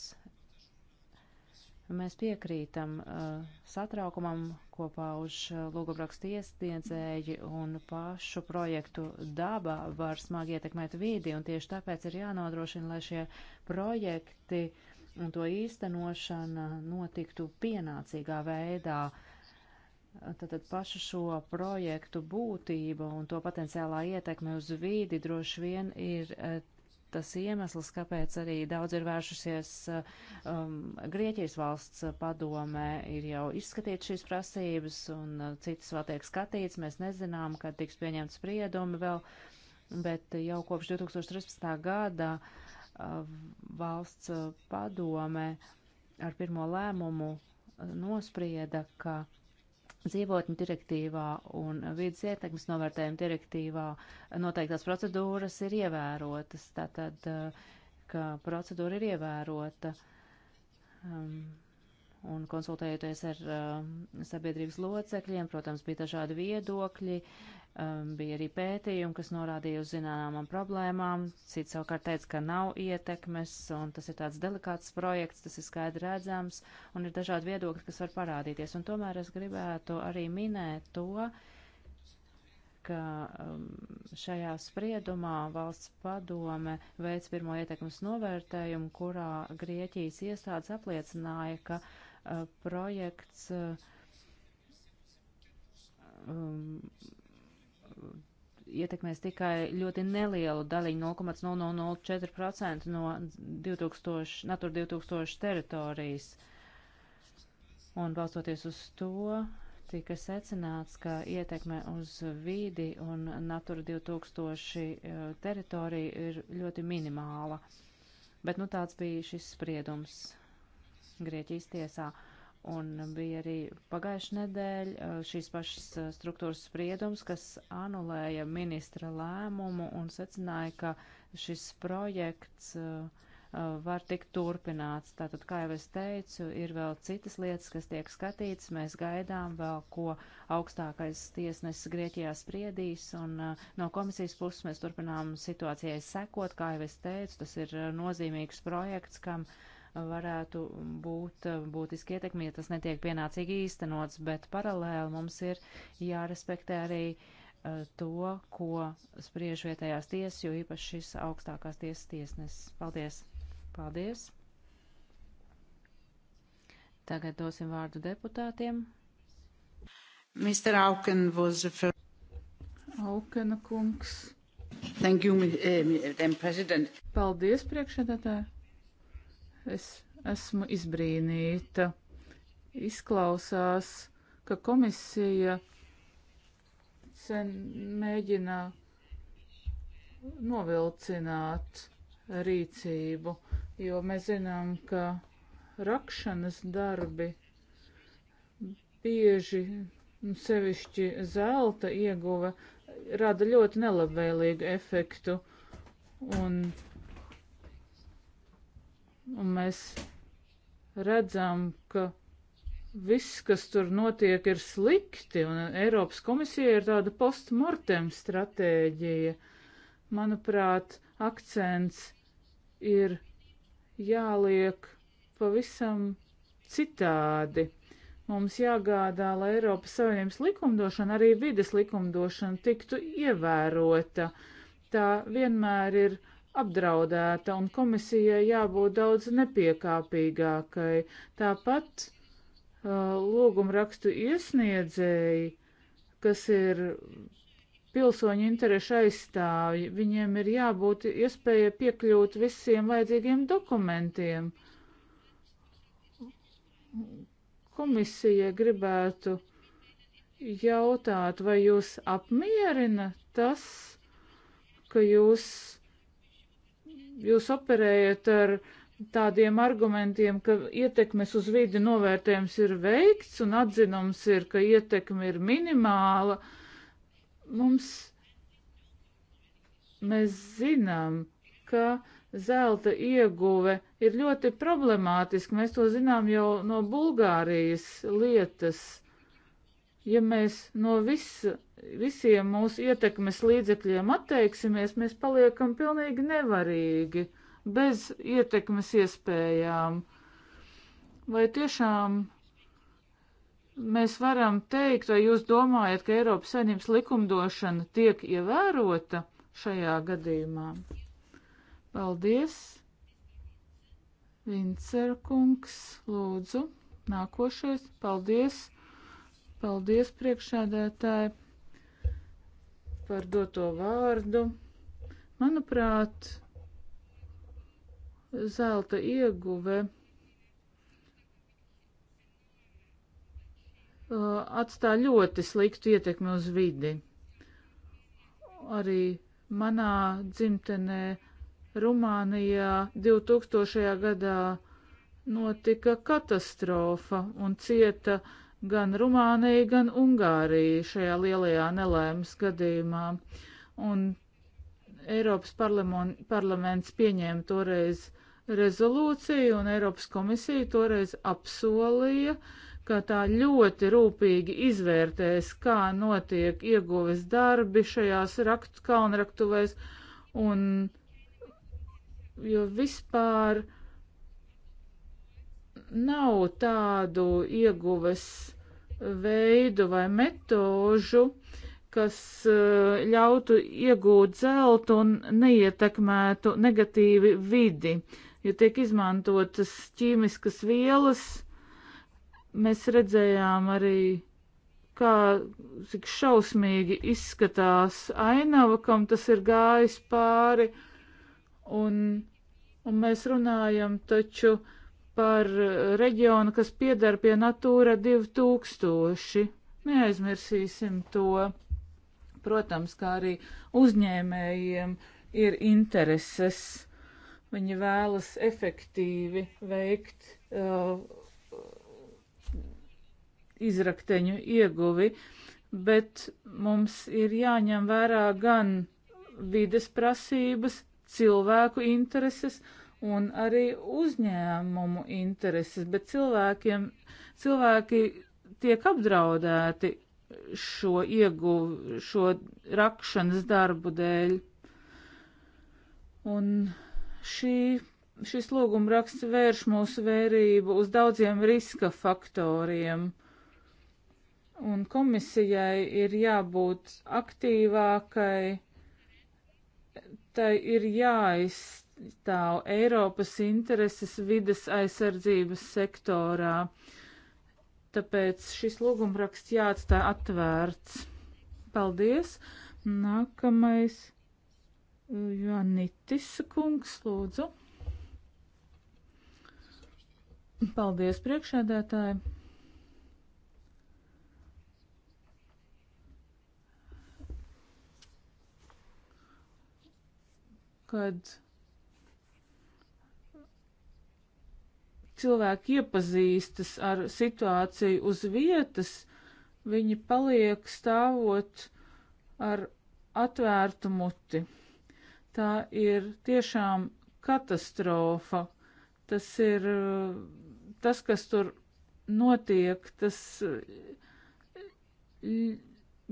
Mēs piekrītam uh, satraukumam, ko pauž uh, lūgumrakstu iesniedzēji, un pašu projektu daba var smagi ietekmēt vīdi, un tieši tāpēc ir jānodrošina, lai šie projekti un to īstenošana notiktu pienācīgā veidā. Tātad pašu šo projektu būtība un to potenciālā ietekme uz vīdi droši vien ir uh, tas iemesls, kāpēc arī daudz ir vēršusies eh, um, Grieķijas valsts padomē, ir jau izskatīt šīs prasības, un uh, citas vēl tiek skatīts. Mēs nezinām, kad tiks pieņemts spriedumi vēl, bet jau kopš 2013. gada uh, valsts padome ar pirmo lēmumu nosprieda, ka uh, dzīvotņu direktīvā un vidas ietekmes novērtējuma direktīvā noteiktās procedūras ir ievērotas, tātad, ka procedūra ir ievērota. Um, un konsultējoties ar uh, sabiedrības locekļiem, protams, bija dažādi viedokļi, um, bija arī pētījumi, kas norādīja uz zināmām problēmām, cits savukārt teica, ka nav ietekmes, un tas ir tāds delikāts projekts, tas ir skaidri redzams, un ir dažādi viedokļi, kas var parādīties. Un tomēr es gribētu arī minēt to, ka um, šajā spriedumā valsts padome veids pirmo ietekmes novērtējumu, kurā Grieķijas iestādes apliecināja, ka uh, Eh, projekts eh, um, ietekmēs tikai ļoti nelielu daļiņu, 0,004% no 2000, Natura 2000 teritorijas. Un balstoties uz to, tika secināts, ka ietekme uz vīdi un Natura 2000 eh, teritoriju ir ļoti minimāla. Bet nu tāds bija šis spriedums. Grieķijas tiesā. Un bija arī pagājuši nedēļ uh, šīs pašas uh, struktūras spriedums, kas anulēja ministra lēmumu un secināja, ka šis projekts uh, uh, var tikt turpināts. Tātad, kā jau es teicu, ir vēl citas lietas, kas tiek skatītas. Mēs gaidām vēl, ko augstākais tiesnesis Grieķijā spriedīs, un no komisijas puses mēs turpinām situācijai sekot. Kā jau es teicu, tas ir nozīmīgs projekts, kam varētu būt eh, būtiski ietekmi, ja tas netiek pienācīgi īstenots, bet paralēli mums ir jārespektē arī uh, to, ko spriež vietējās tiesas, jo īpaši šis augstākās tiesas tiesnesis. Paldies! Paldies! Tagad dosim vārdu deputātiem. Mr. Auken was the first. Aukena kungs. Thank you, eh, Madam President. Paldies, priekšsēdētāji. Es esmu izbrīnīta. Izklausās, ka komisija sen mēģina novilcināt rīcību, jo mēs zinām, ka rakšanas darbi bieži, sevišķi zelta ieguve, rada ļoti nelabvēlīgu efektu. Un Un mēs redzam, ka viss, kas tur notiek, ir slikti, un Eiropas komisija ir tāda postmortem stratēģija. Manuprāt, akcents ir jāliek pavisam citādi. Mums jāgādā, lai Eiropas Savienības likumdošana, arī vides likumdošana tiktu ievērota. Tā vienmēr ir apdraudēta un komisijai jābūt daudz nepiekāpīgākai. Tāpat uh, lūgumrakstu iesniedzēji, kas ir pilsoņu interešu aizstāvji, viņiem ir jābūt iespēja piekļūt visiem vajadzīgiem dokumentiem. Komisija gribētu jautāt, vai jūs apmierina tas, ka jūs jūs operējat ar tādiem argumentiem, ka ietekmes uz vidi novērtējums ir veikts un atzinums ir, ka ietekme ir minimāla. Mums mēs zinām, ka zelta ieguve ir ļoti problemātiska. Mēs to zinām jau no Bulgārijas lietas. Ja mēs no visa visiem mūsu ietekmes līdzekļiem atteiksimies, mēs paliekam pilnīgi nevarīgi, bez ietekmes iespējām. Vai tiešām mēs varam teikt, vai jūs domājat, ka Eiropas saimnības likumdošana tiek ievērota šajā gadījumā? Paldies! Vincerkungs, lūdzu, nākošais. Paldies! Paldies, priekšādētāji! par doto vārdu. Manuprāt, zelta ieguve uh, atstāja ļoti sliktu ietekmi uz vidi. Arī manā dzimtenē Rumānijā 2000. gadā notika katastrofa un cieta gan Rumānija, gan Ungārija šajā lielajā nelēmas gadījumā. Un Eiropas parlaments pieņēma toreiz rezolūciju, un Eiropas komisija toreiz apsolīja, ka tā ļoti rūpīgi izvērtēs, kā notiek ieguves darbi šajās raktu, kalnraktuvēs, un jo vispār uh, nav tādu ieguves veidu vai metožu, kas eh, ļautu iegūt zeltu un neietekmētu negatīvi vidi, jo tiek izmantotas ķīmiskas vielas. Mēs redzējām arī, kā cik šausmīgi izskatās ainava, kam tas ir gājis pāri, un, un mēs runājam taču, uh, par eh, reģionu, kas piedar pie Natūra 2000. Neaizmirsīsim to. Protams, kā arī uzņēmējiem ir intereses. Viņi vēlas efektīvi veikt uh, izrakteņu ieguvi, bet mums ir jāņem vērā gan vides prasības, cilvēku intereses, uh, un arī uzņēmumu intereses, bet cilvēkiem, cilvēki tiek apdraudēti šo ieguvu, šo rakšanas darbu dēļ. Un šī, šis lūgumraksts vērš mūsu vērību uz daudziem riska faktoriem. Un komisijai ir jābūt aktīvākai, tai ir jāizstāv stāv Eiropas intereses vides aizsardzības sektorā. Tāpēc šis lūgumraksts jāatstāj atvērts. Paldies! Nākamais uh, Janitis kungs, lūdzu. Paldies, priekšēdētāji! Kad cilvēki iepazīstas ar situāciju uz vietas, viņi paliek stāvot ar atvērtu muti. Tā ir tiešām katastrofa. Tas ir tas, kas tur notiek, tas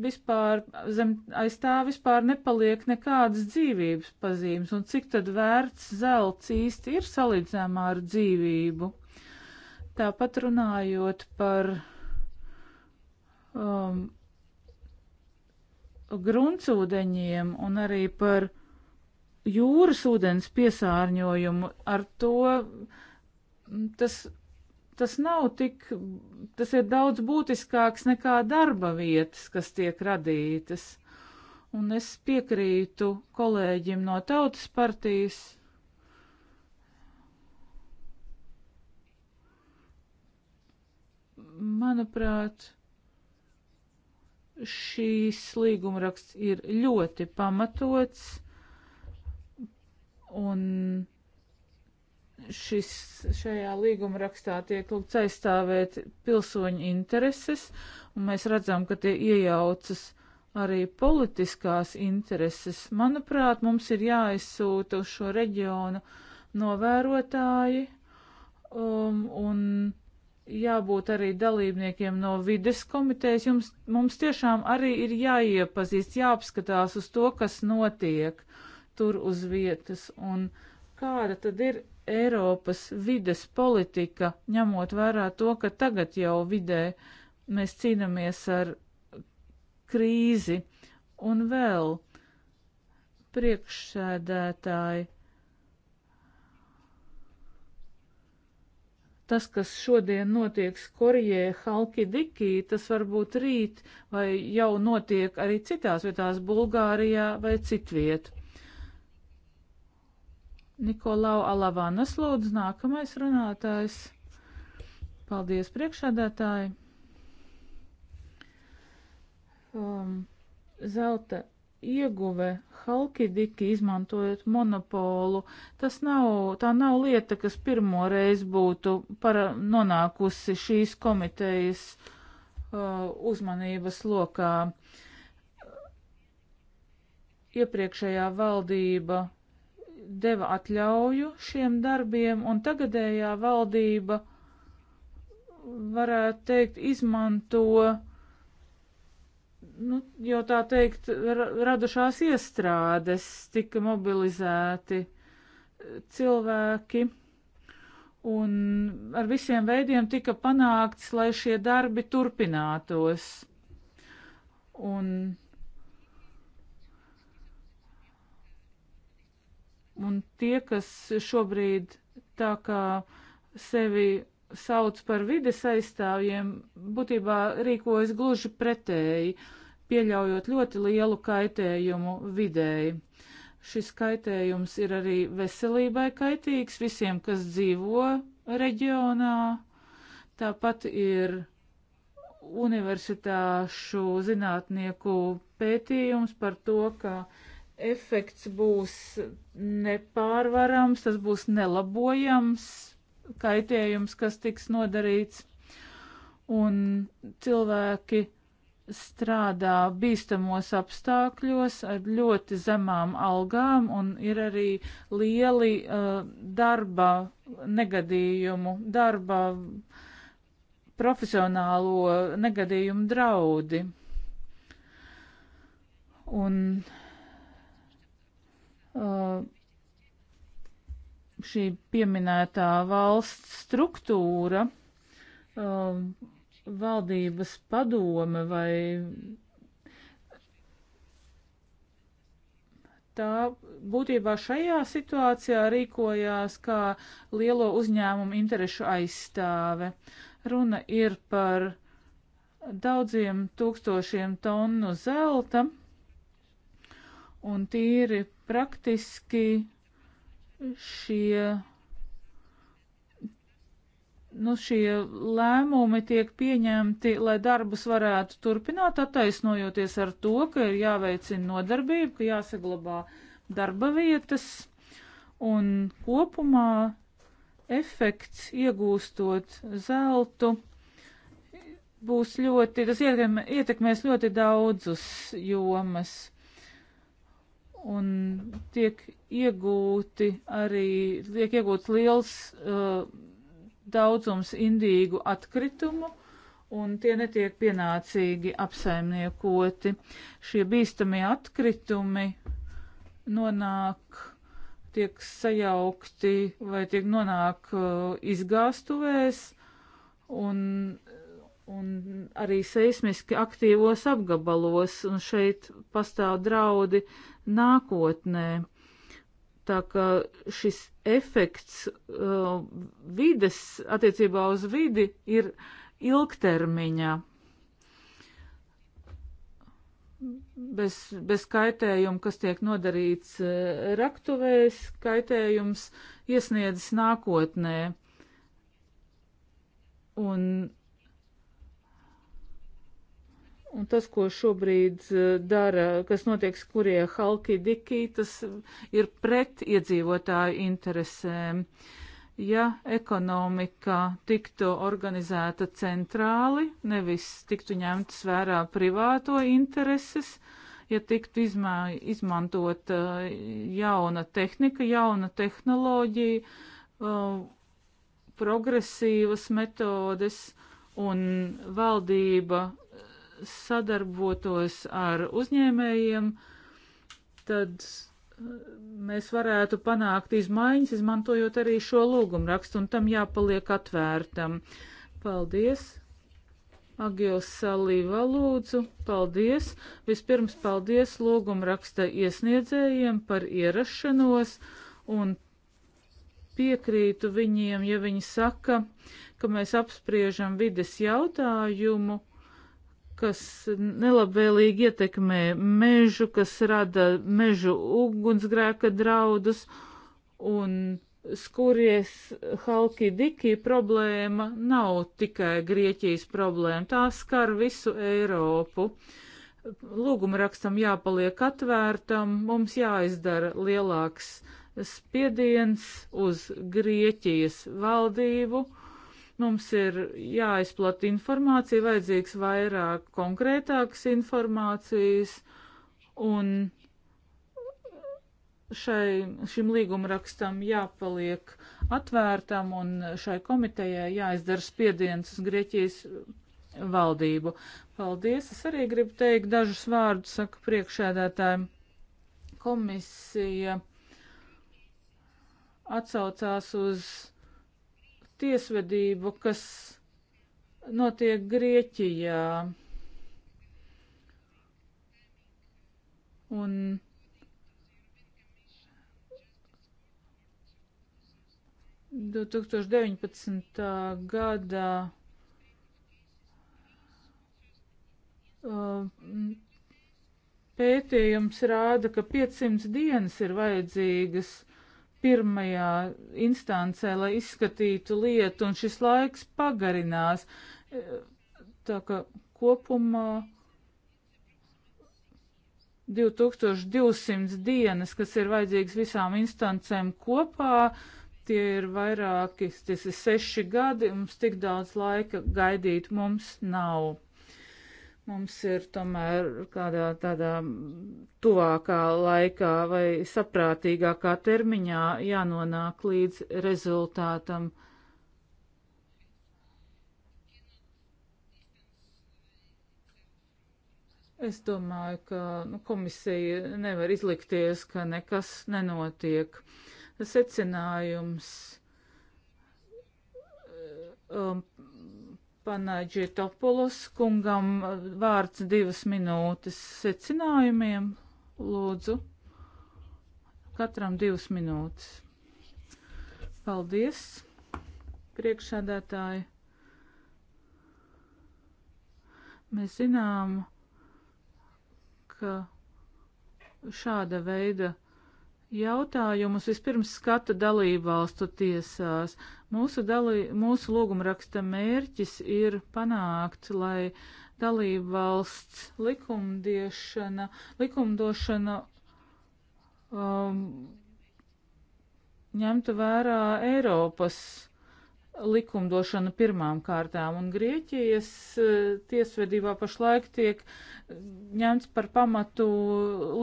vispār zem aiz tā vispār nepaliek nekādas dzīvības pazīmes, un cik tad vērts zelts īsti ir salīdzināmā ar dzīvību. Tāpat runājot par um, gruntsūdeņiem un arī par jūras ūdens piesārņojumu, ar to tas tas nav tik, tas ir daudz būtiskāks nekā darba vietas, kas tiek radītas. Un es piekrītu kolēģim no tautas partijas. Manuprāt, šīs līgumraksts ir ļoti pamatots un šis, šajā līguma rakstā tiek lūgts aizstāvēt pilsoņu intereses, un mēs redzam, ka tie iejaucas arī politiskās intereses. Manuprāt, mums ir jāizsūta uz šo reģionu novērotāji um, un jābūt arī dalībniekiem no vides komitejas. Jums, mums tiešām arī ir jāiepazīst, jāapskatās uz to, kas notiek tur uz vietas un kāda tad ir Eiropas vides politika, ņemot vērā to, ka tagad jau vidē mēs cīnāmies ar krīzi un vēl priekšsēdētāji. Tas, kas šodien notiek Skorijē, Halkidikī, tas varbūt rīt vai jau notiek arī citās vietās Bulgārijā vai citviet. Nikolau Alavanas lūdzu nākamais runātājs. Paldies priekšādātāji. Um, zelta ieguve halkidiki izmantojot monopolu, tas nav, tā nav lieta, kas pirmo reizi būtu para, nonākusi šīs komitejas uh, uzmanības lokā. Iepriekšējā valdība deva atļauju šiem darbiem, un tagadējā valdība, varētu teikt, izmanto, nu, jau tā teikt, radušās iestrādes, tika mobilizēti cilvēki, un ar visiem veidiem tika panākts, lai šie darbi turpinātos. Un Un tie, kas šobrīd tā kā sevi sauc par vides aizstāvjiem, būtībā rīkojas gluži pretēji, pieļaujot ļoti lielu kaitējumu vidēji. Šis kaitējums ir arī veselībai kaitīgs visiem, kas dzīvo reģionā. Tāpat ir universitāšu zinātnieku pētījums par to, ka uh, efekts būs nepārvarams, tas būs nelabojams kaitējums, kas tiks nodarīts, un cilvēki strādā bīstamos apstākļos ar ļoti zemām algām, un ir arī lieli uh, darba negadījumu, darba profesionālo negadījumu draudi. Un Uh, šī pieminētā valsts struktūra, uh, valdības padome vai tā būtībā šajā situācijā rīkojās kā lielo uzņēmumu interešu aizstāve. Runa ir par daudziem tūkstošiem tonu zelta un tīri praktiski šie, nu, šie lēmumi tiek pieņemti, lai darbus varētu turpināt, attaisnojoties ar to, ka ir jāveicina nodarbība, ka jāsaglabā darba vietas un kopumā efekts iegūstot zeltu būs ļoti, tas ietekmēs ļoti daudzus jomas un tiek iegūti arī, tiek iegūts liels uh, daudzums indīgu atkritumu, un tie netiek pienācīgi apsaimniekoti. Šie bīstamie atkritumi nonāk, tiek sajaukti vai tiek nonāk uh, izgāstuvēs, un un arī seismiski aktīvos apgabalos, un šeit pastāv draudi nākotnē. Tā kā šis efekts uh, vides attiecībā uz vidi ir ilgtermiņā. Bez, bez kaitējuma, kas tiek nodarīts uh, raktuvēs, kaitējums iesniedzas nākotnē. Un Un tas, ko šobrīd eh, dara, kas notiek skurie halki dikī, tas eh, ir pret iedzīvotāju interesēm. Ja ekonomika tiktu organizēta centrāli, nevis tiktu ņemtas vērā privāto intereses, ja tiktu izmā, izmantota eh, jauna tehnika, jauna tehnoloģija, progresīvas metodes un valdība sadarbotos ar uzņēmējiem, tad uh, mēs varētu panākt izmaiņas, izmantojot arī šo lūgumu rakstu, un tam jāpaliek atvērtam. Paldies! Agios Salīva lūdzu, paldies! Vispirms paldies lūgumu raksta iesniedzējiem par ierašanos un piekrītu viņiem, ja viņi saka, ka mēs apspriežam vides jautājumu kas nelabvēlīgi ietekmē mežu, kas rada mežu ugunsgrēka draudus un skuries Halkidiki problēma nav tikai Grieķijas problēma, tā skar visu Eiropu. Lūguma rakstam jāpaliek atvērtam, mums jāizdara lielāks spiediens uz Grieķijas valdību Mums ir jāizplat informācija, vajadzīgs vairāk konkrētākas informācijas, un šai, šim līgumrakstam jāpaliek atvērtam, un šai komitejai jāizdara spiediens uz Grieķijas valdību. Paldies! Es arī gribu teikt dažus vārdus, saka priekšēdētājiem. Komisija atsaucās uz tiesvedību, kas notiek Grieķijā. Un Do 2019. gadā uh, pētījums rāda, ka 500 dienas ir vajadzīgas pirmajā instancē, lai izskatītu lietu, un šis laiks pagarinās. E, tā ka kopumā 2200 dienas, kas ir vajadzīgs visām instancēm kopā, tie ir vairāki, tas ir seši gadi, mums tik daudz laika gaidīt mums nav mums ir tomēr kādā tādā tuvākā laikā vai saprātīgākā termiņā jānonāk līdz rezultātam. Es domāju, ka nu, komisija nevar izlikties, ka nekas nenotiek. Secinājums um, Panaģietopulos kungam vārds divas minūtes secinājumiem, lūdzu. Katram divas minūtes. Paldies, priekšsādātāji. Mēs zinām, ka šāda veida jautājumus vispirms skata dalībvalstu tiesās, Mūsu, dalī, mūsu lūgumraksta mērķis ir panākt, lai dalību valsts likumdiešana, likumdošana um, ņemtu vērā Eiropas likumdošanu pirmām kārtām, un Grieķijas eh, tiesvedībā pašlaik tiek ņemts par pamatu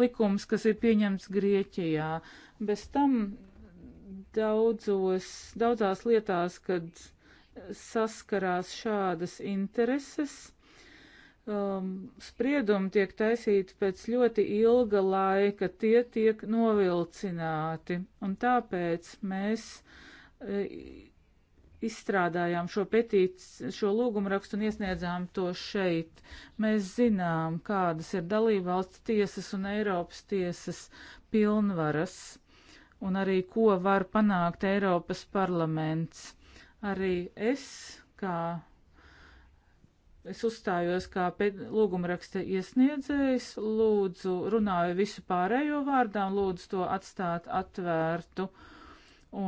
likums, kas ir pieņemts Grieķijā. Bez tam Daudzos, daudzās lietās, kad saskarās šādas intereses, um, spriedumi tiek taisīti pēc ļoti ilga laika, tie tiek novilcināti. Un tāpēc mēs e, izstrādājām šo petīciju, šo lūgumu rakstu un iesniedzām to šeit. Mēs zinām, kādas ir dalībvalsts tiesas un Eiropas tiesas pilnvaras un arī ko var panākt Eiropas parlaments. Arī es, kā es uzstājos kā lūgumraksta iesniedzējs, lūdzu, runāju visu pārējo vārdā un lūdzu to atstāt atvērtu.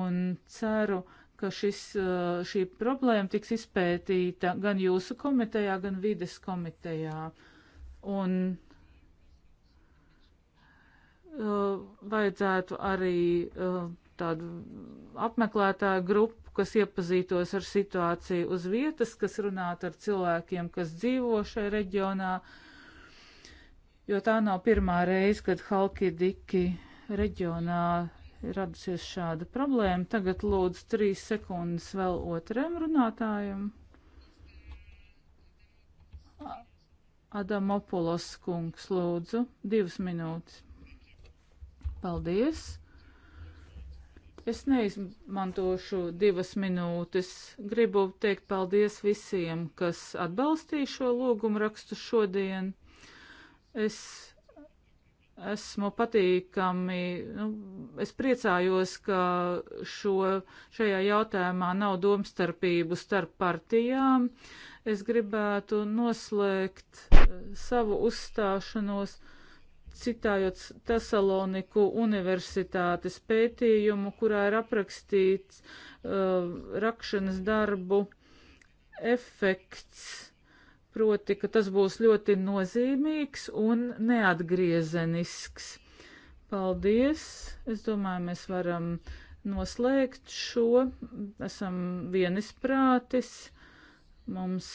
Un ceru, ka šis, uh, šī problēma tiks izpētīta gan jūsu komitejā, gan vides komitejā. Un uh, vajadzētu arī uh, tādu apmeklētāju grupu, kas iepazītos ar situāciju uz vietas, kas runātu ar cilvēkiem, kas dzīvo šajā reģionā, jo tā nav pirmā reize, kad Halkidiki reģionā ir radusies šāda problēma. Tagad lūdzu trīs sekundes vēl otram runātājam. Adamopulos kungs, lūdzu, divas minūtes. Paldies! Es neizmantošu divas minūtes. Gribu teikt paldies visiem, kas atbalstīja šo lūgumu rakstu šodien. Es esmu patīkami, nu, es priecājos, ka šo, šajā jautājumā nav domstarpību starp partijām. Es gribētu noslēgt savu uzstāšanos citājot Tesaloniku universitātes pētījumu, kurā ir aprakstīts uh, rakšanas darbu efekts, proti, ka tas būs ļoti nozīmīgs un neatgriezenisks. Paldies! Es domāju, mēs varam noslēgt šo. Esam vienisprātis. Mums,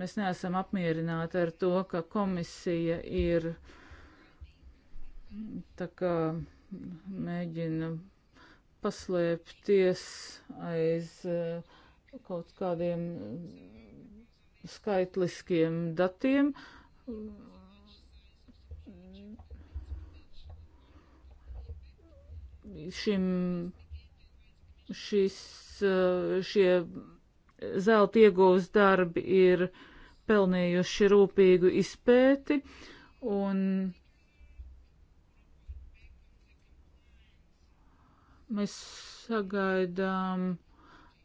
mēs neesam apmierināti ar to, ka komisija ir tā kā mēģina paslēpties aiz eh, kaut kādiem skaitliskiem datiem. Šim, šis, eh, šie zelta ieguves darbi ir pelnījuši rūpīgu izpēti un Mēs sagaidām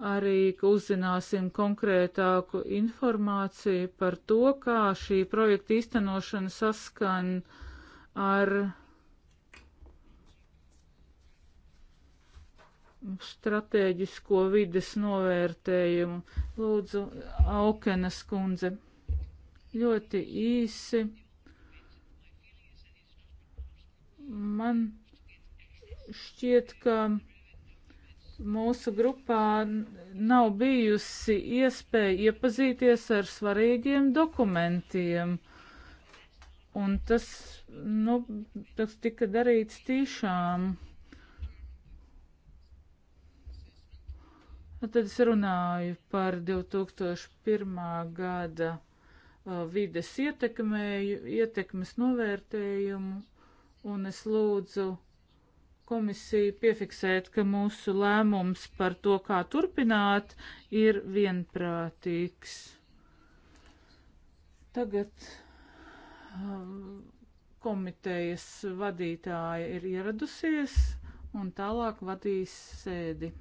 arī, ka uzzināsim konkrētāku informāciju par to, kā šī projekta īstenošana saskan ar stratēģisko vides novērtējumu. Lūdzu, Aukenas kundze, ļoti īsi. Man šķiet, ka mūsu grupā nav bijusi iespēja iepazīties ar svarīgiem dokumentiem. Un tas, nu, tas tika darīts tiešām. Nu, tad es runāju par 2001. gada uh, vides ietekmēju, ietekmes novērtējumu, un es lūdzu komisiju piefiksēt, ka mūsu lēmums par to, kā turpināt, ir vienprātīgs. Tagad um, komitejas vadītāja ir ieradusies un tālāk vadīs sēdi.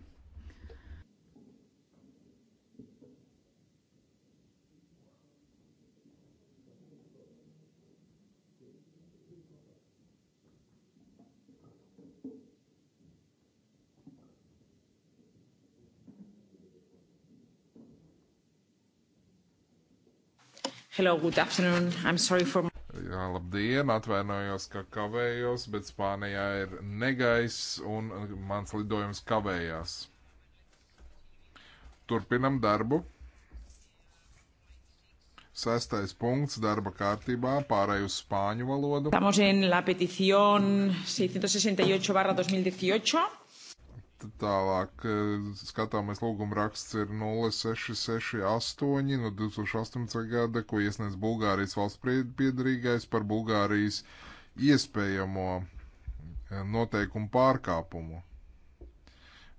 Hello, good afternoon. I'm sorry for. Jā, labdien, atvainojos, ka kavējos, bet Spānijā ir negaiss un mans lidojums kavējās. Turpinam darbu. Sestais punkts darba kārtībā pārēj uz spāņu valodu. Estamos en la petición 668 barra 2018 tālāk e, skatāmies lūguma raksts ir 0668 no 2018. gada, ko iesniedz Bulgārijas valsts piedarīgais par Bulgārijas iespējamo e, noteikumu pārkāpumu,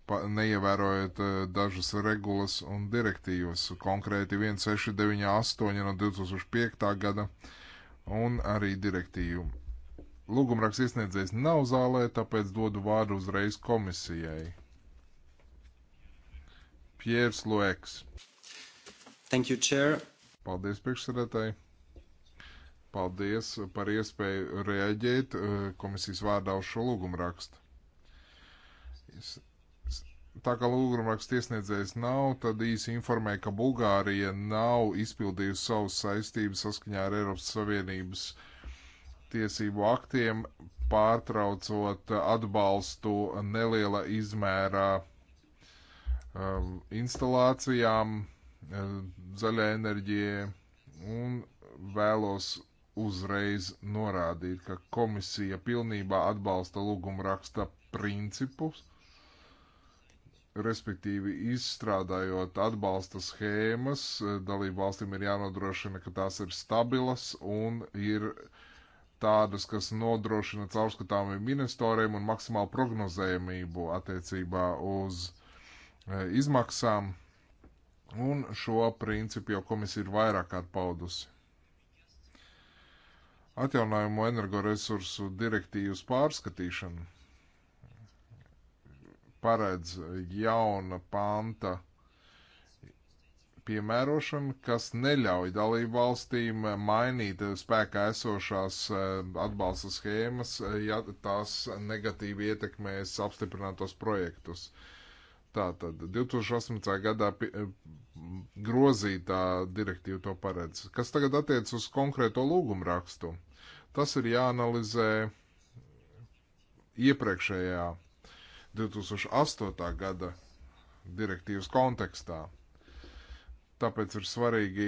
pa, neievērojot e, dažas regulas un direktīvas, konkrēti 1698 no 2005. gada un arī direktīvu Lūgumraks iesniedzējs nav zālē, tāpēc dodu vārdu uzreiz komisijai. Piers Loeks. Thank you, Chair. Paldies, priekšsēdētāji. Paldies par iespēju reaģēt eh, komisijas vārdā uz šo lūgumrakstu. Tā kā lūgumraksta iesniedzējs nav, tad īsi informēja, ka Bulgārija nav izpildījusi savas saistības saskaņā ar Eiropas Savienības uh, tiesību aktiem, pārtraucot atbalstu neliela izmērā um, instalācijām, um, zaļai enerģijai, un vēlos uzreiz norādīt, ka komisija pilnībā atbalsta lūguma raksta principus, respektīvi izstrādājot atbalsta schēmas, dalību valstīm ir jānodrošina, ka tās ir stabilas un ir uh, tādas, kas nodrošina caurskatāmību investoriem un maksimālu prognozējumību attiecībā uz e, izmaksām. Un šo principu jau komisija ir vairāk kārt paudusi. Atjaunojumu energoresursu direktīvas pārskatīšana paredz jauna panta piemērošana, kas neļauj dalību valstīm mainīt spēkā esošās eh, atbalsta schēmas, eh, ja tās negatīvi ietekmēs apstiprinātos projektus. Tātad 2018. gadā eh, grozītā direktīva to paredz. Kas tagad attiec uz konkrēto lūgumu rakstu? Tas ir jāanalizē iepriekšējā 2008. gada direktīvas kontekstā. Tāpēc ir svarīgi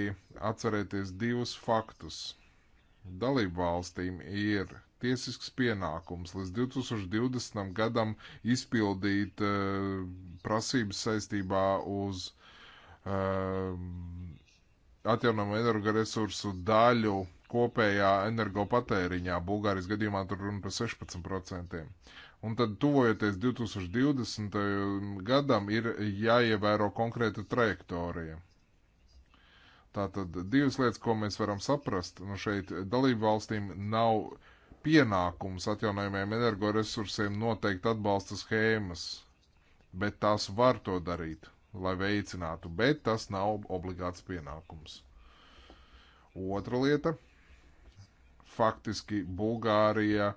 atcerēties divus faktus. Dalību valstīm ir tiesisks pienākums līdz 2020. gadam izpildīt uh, prasības saistībā uz uh, atjaunojumu energoresursu daļu kopējā energopatēriņā. Bulgārijas gadījumā tur runa par 16%. Un tad, tuvojoties 2020. gadam, ir jāievēro konkrēta trajektorija. Tātad divas lietas, ko mēs varam saprast, nu šeit dalību valstīm nav pienākums atjaunojumiem energoresursiem noteikt atbalsta schēmas, bet tās var to darīt, lai veicinātu, bet tas nav obligāts pienākums. Otra lieta - faktiski Bulgārija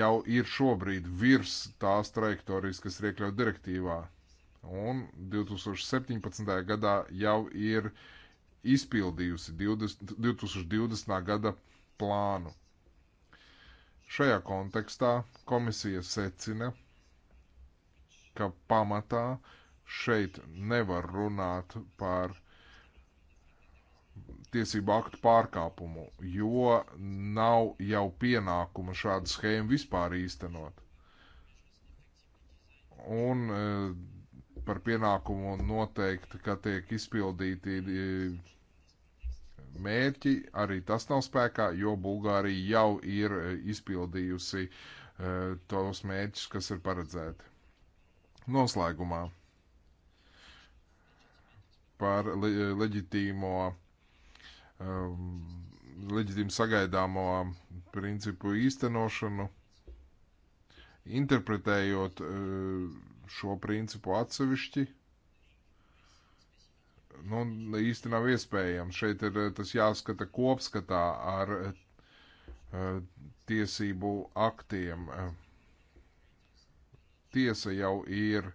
jau ir šobrīd virs tās trajektorijas, kas ir iekļauts direktīvā, un 2017. gadā jau ir uh, izpildījusi 20, 2020. gada plānu. Šajā kontekstā komisija secina, ka pamatā šeit nevar runāt par tiesību aktu pārkāpumu, jo nav jau pienākuma šādu schēmu vispār īstenot. Un eh, par pienākumu noteikt, ka tiek izpildīti eh, mērķi, arī tas nav spēkā, jo Bulgārija jau ir e, izpildījusi e, tos mērķus, kas ir paredzēti. Noslēgumā par e, leģitīmo, um, leģitīmu sagaidāmo principu īstenošanu, interpretējot šo principu atsevišķi nu, īsti nav iespējams. Šeit ir eh, tas jāskata kopskatā ar uh, tiesību aktiem. Tiesa jau ir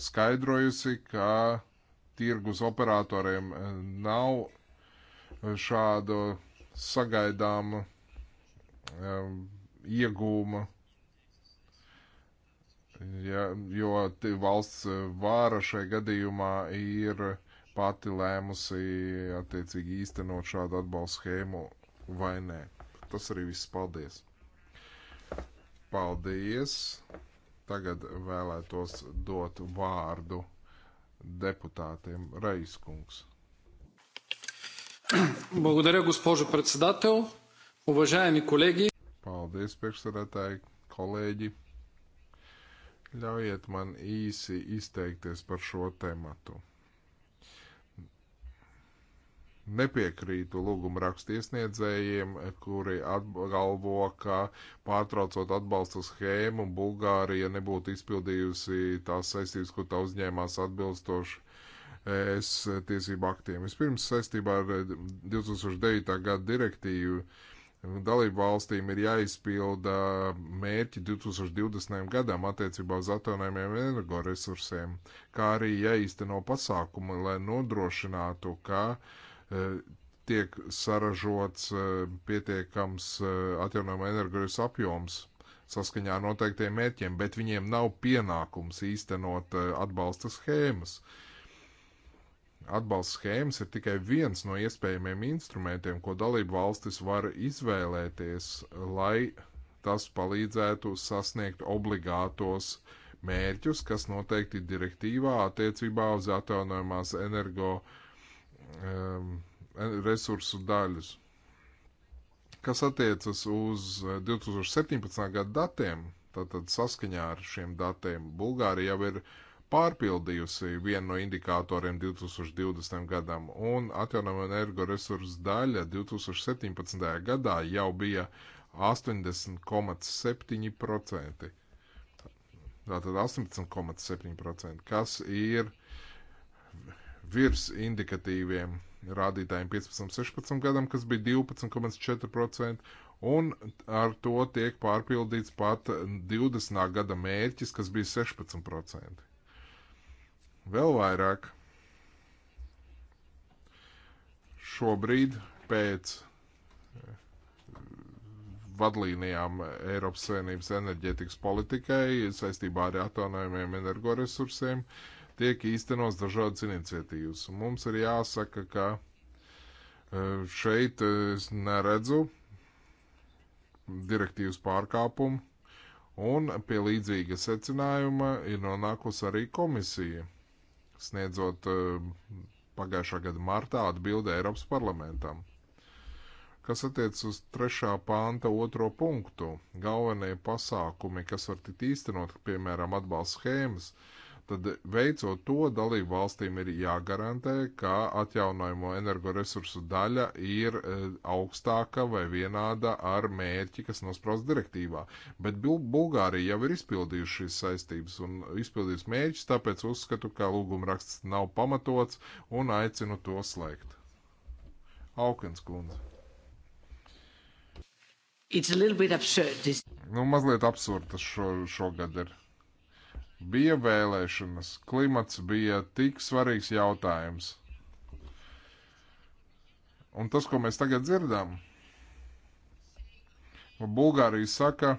skaidrojusi, ka tirgus operatoriem nav šādu sagaidāmu um, iegūmu Ja, jo valsts vāra šajā gadījumā ir pati lēmusi attiecīgi īstenot šādu atbalstu schēmu vai nē. Tas arī viss. Paldies! Paldies! Tagad vēlētos dot vārdu deputātiem Reiskungs. Благодаря, госпожо председател. Уважаеми колеги. Paldies, priekšsēdētāji, kolēģi. Ļaujiet man īsi izteikties par šo tematu nepiekrītu lūguma rakstiesniedzējiem, kuri apgalvo, ka pārtraucot atbalstu schēmu, Bulgārija nebūtu izpildījusi tās saistības, ko tā uzņēmās atbilstoši es tiesību aktiem. Vispirms saistībā ar 2009. gada direktīvu dalību valstīm ir jāizpilda mērķi 2020. gadam attiecībā uz atjaunojumiem energoresursiem, kā arī jāīsteno pasākumi, lai nodrošinātu, ka uh, Eh, tiek saražots eh, pietiekams eh, atjaunojama energojas apjoms saskaņā ar noteiktiem mērķiem, bet viņiem nav pienākums īstenot atbalsta schēmas. Atbalsta schēmas ir tikai viens no iespējamiem instrumentiem, ko dalību valstis var izvēlēties, lai tas palīdzētu sasniegt obligātos mērķus, kas noteikti direktīvā attiecībā uz atjaunojumās energo uh, resursu daļus. Kas attiecas uz 2017. Eh, gada datiem, tātad saskaņā ar šiem datiem Bulgārija jau ir pārpildījusi vienu no indikatoriem 2020. gadam, un atjaunojama energoresursu daļa 2017. gadā jau bija 80,7%. Tātad 18,7%, kas ir uh, virs indikatīviem rādītājiem 15, 16 gadam, kas bija 12,4%, un ar to tiek pārpildīts pat 20. gada mērķis, kas bija 16%. Vēl vairāk šobrīd pēc eh, vadlīnijām Eiropas Savienības enerģētikas politikai saistībā ar atjaunojumiem energoresursiem uh, tiek īstenos dažādas iniciatīvas. Mums ir jāsaka, ka e, šeit es neredzu direktīvas pārkāpumu, un pie līdzīga secinājuma ir nonākusi arī komisija, sniedzot e, pagājušā gada martā atbildi Eiropas parlamentam. Kas attiec uz trešā pānta otro punktu, galvenie pasākumi, kas var tikt īstenot, piemēram, atbalsts schēmas, uh, tad veicot to dalību valstīm ir jāgarantē, ka atjaunojamo energoresursu daļa ir e, augstāka vai vienāda ar mērķi, kas nospraust direktīvā. Bet Bulgārija jau ir izpildījusi šīs saistības un izpildījusi mērķus, tāpēc uzskatu, ka lūgumraksts nav pamatots un aicinu to slēgt. Aukens kundze. Nu, mazliet absurds šogad šo ir. Bija vēlēšanas, klimats bija tik svarīgs jautājums. Un tas, ko mēs tagad dzirdam, Bulgārija saka,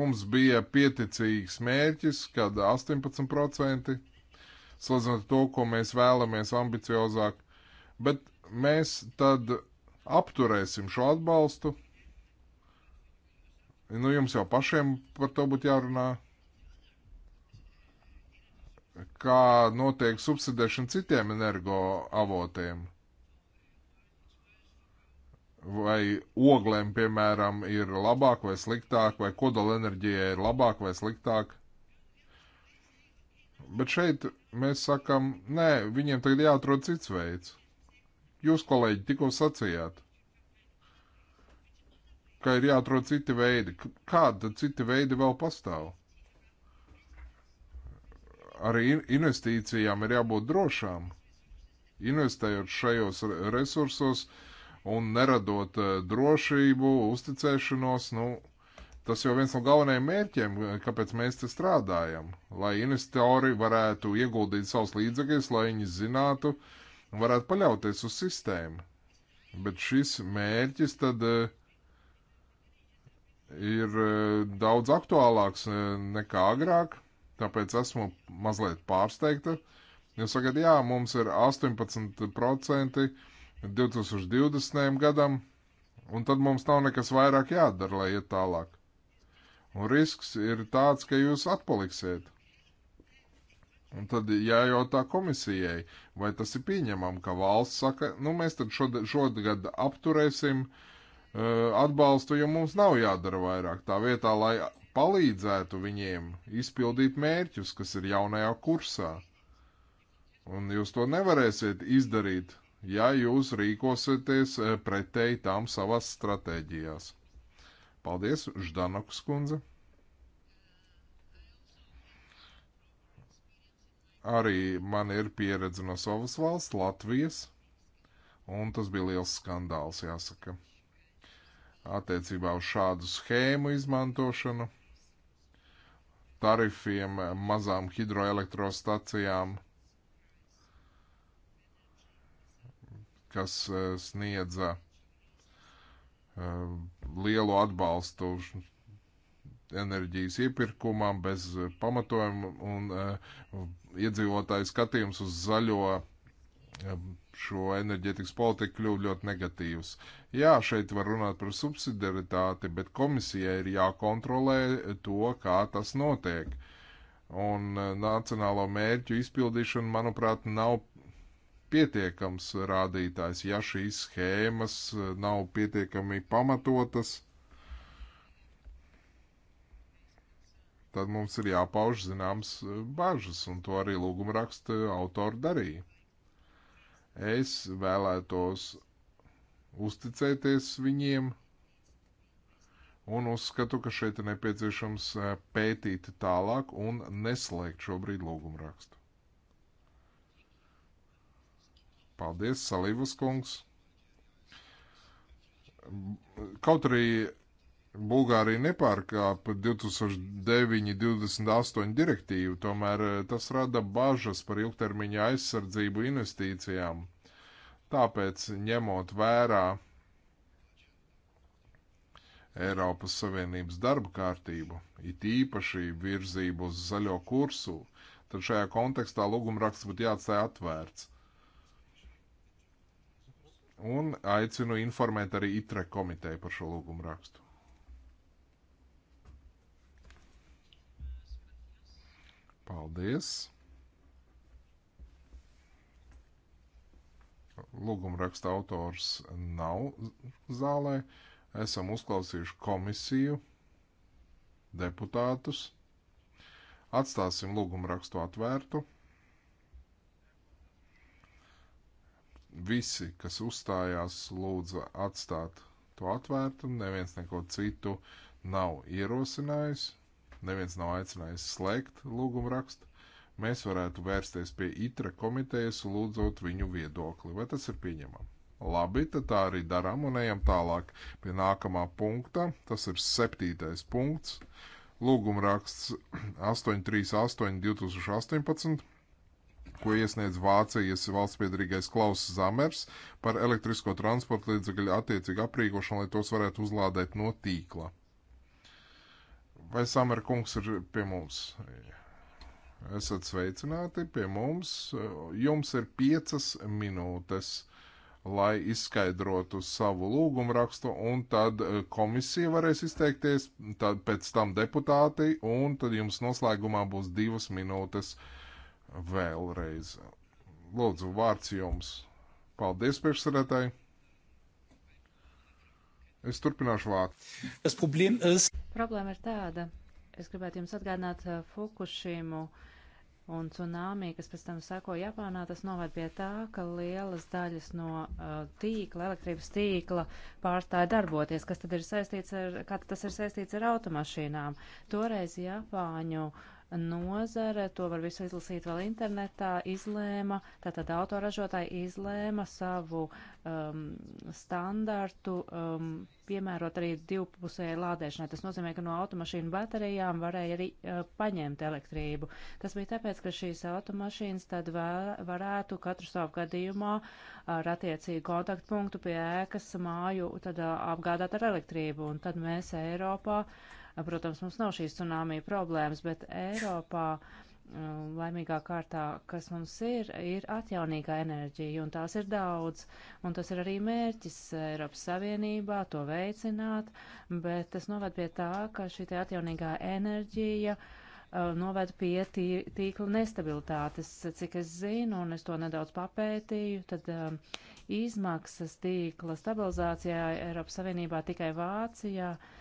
mums bija pieticīgs mērķis, kad 18%, salīdzinot to, ko mēs vēlamies ambiciozāk, bet mēs tad apturēsim šo atbalstu. Nu, jums jau pašiem par to būtu jārunā kā notiek subsidēšana citiem energoavotiem. Vai oglēm, piemēram, ir labāk vai sliktāk, vai kodolenerģijai ir labāk vai sliktāk. Bet šeit mēs sakam, nē, viņiem tagad jāatrod cits veids. Jūs, kolēģi, tikko sacījāt, ka ir jāatrod citi veidi. Kāda citi veidi vēl pastāv? arī investīcijām ir jābūt drošām. Investējot šajos resursos un neradot eh, drošību, uzticēšanos, nu, tas jau viens no galvenajiem mērķiem, kāpēc mēs te strādājam. Lai investori varētu ieguldīt savus līdzekļus, lai viņi zinātu un varētu paļauties uz sistēmu. Bet šis mērķis tad eh, ir eh, daudz aktuālāks nekā agrāk. Tāpēc esmu mazliet pārsteigta. Jūs sakat, jā, mums ir 18% 2020. gadam, un tad mums nav nekas vairāk jādara, lai iet tālāk. Un risks ir tāds, ka jūs atpaliksiet. Un tad jājautā komisijai, vai tas ir pieņemam, ka valsts saka, nu mēs tad šod, šogad apturēsim uh, atbalstu, jo mums nav jādara vairāk tā vietā, lai palīdzētu viņiem izpildīt mērķus, kas ir jaunajā kursā. Un jūs to nevarēsiet izdarīt, ja jūs rīkosieties eh, pretēji tām savās stratēģijās. Paldies, Ždanakas kundze! Arī man ir pieredze no savas valsts, Latvijas, un tas bija liels skandāls, jāsaka, attiecībā uz šādu schēmu izmantošanu tarifiem eh, mazām hidroelektrostacijām, kas eh, sniedza eh, lielu atbalstu enerģijas iepirkumam bez pamatojuma un iedzīvotāju skatījums uz zaļo šo enerģetikas politiku kļuva ļoti negatīvs. Jā, šeit var runāt par subsidiaritāti, bet komisijai ir jākontrolē to, kā tas notiek. Un e, nacionālo mērķu izpildīšana, manuprāt, nav pietiekams rādītājs, ja šīs schēmas e, nav pietiekami pamatotas. Tad mums ir jāpauž zināms e, bažas, un to arī lūguma raksta autori darīja. Es vēlētos uzticēties viņiem un uzskatu, ka šeit ir nepieciešams eh, pētīt tālāk un neslēgt šobrīd lūgumrakstu. Paldies, Salīvas kungs! Kaut arī Bulgārija nepārkāpa 2009-28 direktīvu, tomēr eh, tas rada bažas par ilgtermiņa aizsardzību investīcijām. Tāpēc, ņemot vērā Eiropas Savienības darba kārtību, it īpaši virzību uz zaļo kursu, tad šajā kontekstā lūgumraksts būtu jāatstāj atvērts. Un aicinu informēt arī ITRE komiteju par šo lūgumrakstu. Paldies! Lūguma raksta autors nav zālē. Esam uzklausījuši komisiju, deputātus. Atstāsim lūguma rakstu atvērtu. Visi, kas uzstājās, lūdza atstāt to atvērtu. Neviens neko citu nav ierosinājis neviens nav aicinājis slēgt lūgumu rakstu, mēs varētu vērsties pie ITRA komitejas, lūdzot viņu viedokli. Vai tas ir pieņemami? Labi, tad tā arī darām un ejam tālāk pie nākamā punkta. Tas ir septītais punkts. Lūguma raksts 838 2018, ko iesniedz Vācijas valstspiedrīgais Klaus Zamers par elektrisko transporta līdzekļu attiecīgu aprīkošanu, lai tos varētu uzlādēt no tīkla. Vai Samara kungs ir pie mums? Esat sveicināti pie mums. Jums ir piecas minūtes, lai izskaidrotu savu lūgumu rakstu, un tad eh, komisija varēs izteikties, tad pēc tam deputāti, un tad jums noslēgumā būs divas minūtes vēlreiz. Lūdzu, vārds jums. Paldies, priekšsēdētāji! Es turpināšu vāku. Is... Problēma ir tāda. Es gribētu jums atgādināt eh, Fukushimu un tsunami, kas pēc tam sako Japānā. Tas novad pie tā, ka lielas daļas no eh, tīkla, elektrības tīkla pārstāja darboties. Kas tad ir saistīts ar, kā tas ir saistīts ar automašīnām? Toreiz Japāņu uh, nozare, to var visu izlasīt vēl internetā, izlēma, tātad autoražotāji izlēma savu um, standartu um, piemērot arī divpusējai lādēšanai. Tas nozīmē, ka no automašīnu baterijām varēja arī uh, paņemt elektrību. Tas bija tāpēc, ka šīs automašīnas tad var, varētu katru savu gadījumā ar attiecīgu kontaktpunktu pie ēkas māju tad, uh, apgādāt ar elektrību. Un tad mēs Eiropā uh, Protams, mums nav šīs tsunami problēmas, bet Eiropā um, laimīgā kārtā, kas mums ir, ir atjaunīgā enerģija, un tās ir daudz, un tas ir arī mērķis Eiropas Savienībā to veicināt, bet tas noved pie tā, ka šī atjaunīgā enerģija uh, noved pie tī, tīkla nestabilitātes, cik es zinu, un es to nedaudz papētīju, tad um, izmaksas tīkla stabilizācijā Eiropas Savienībā tikai Vācijā uh,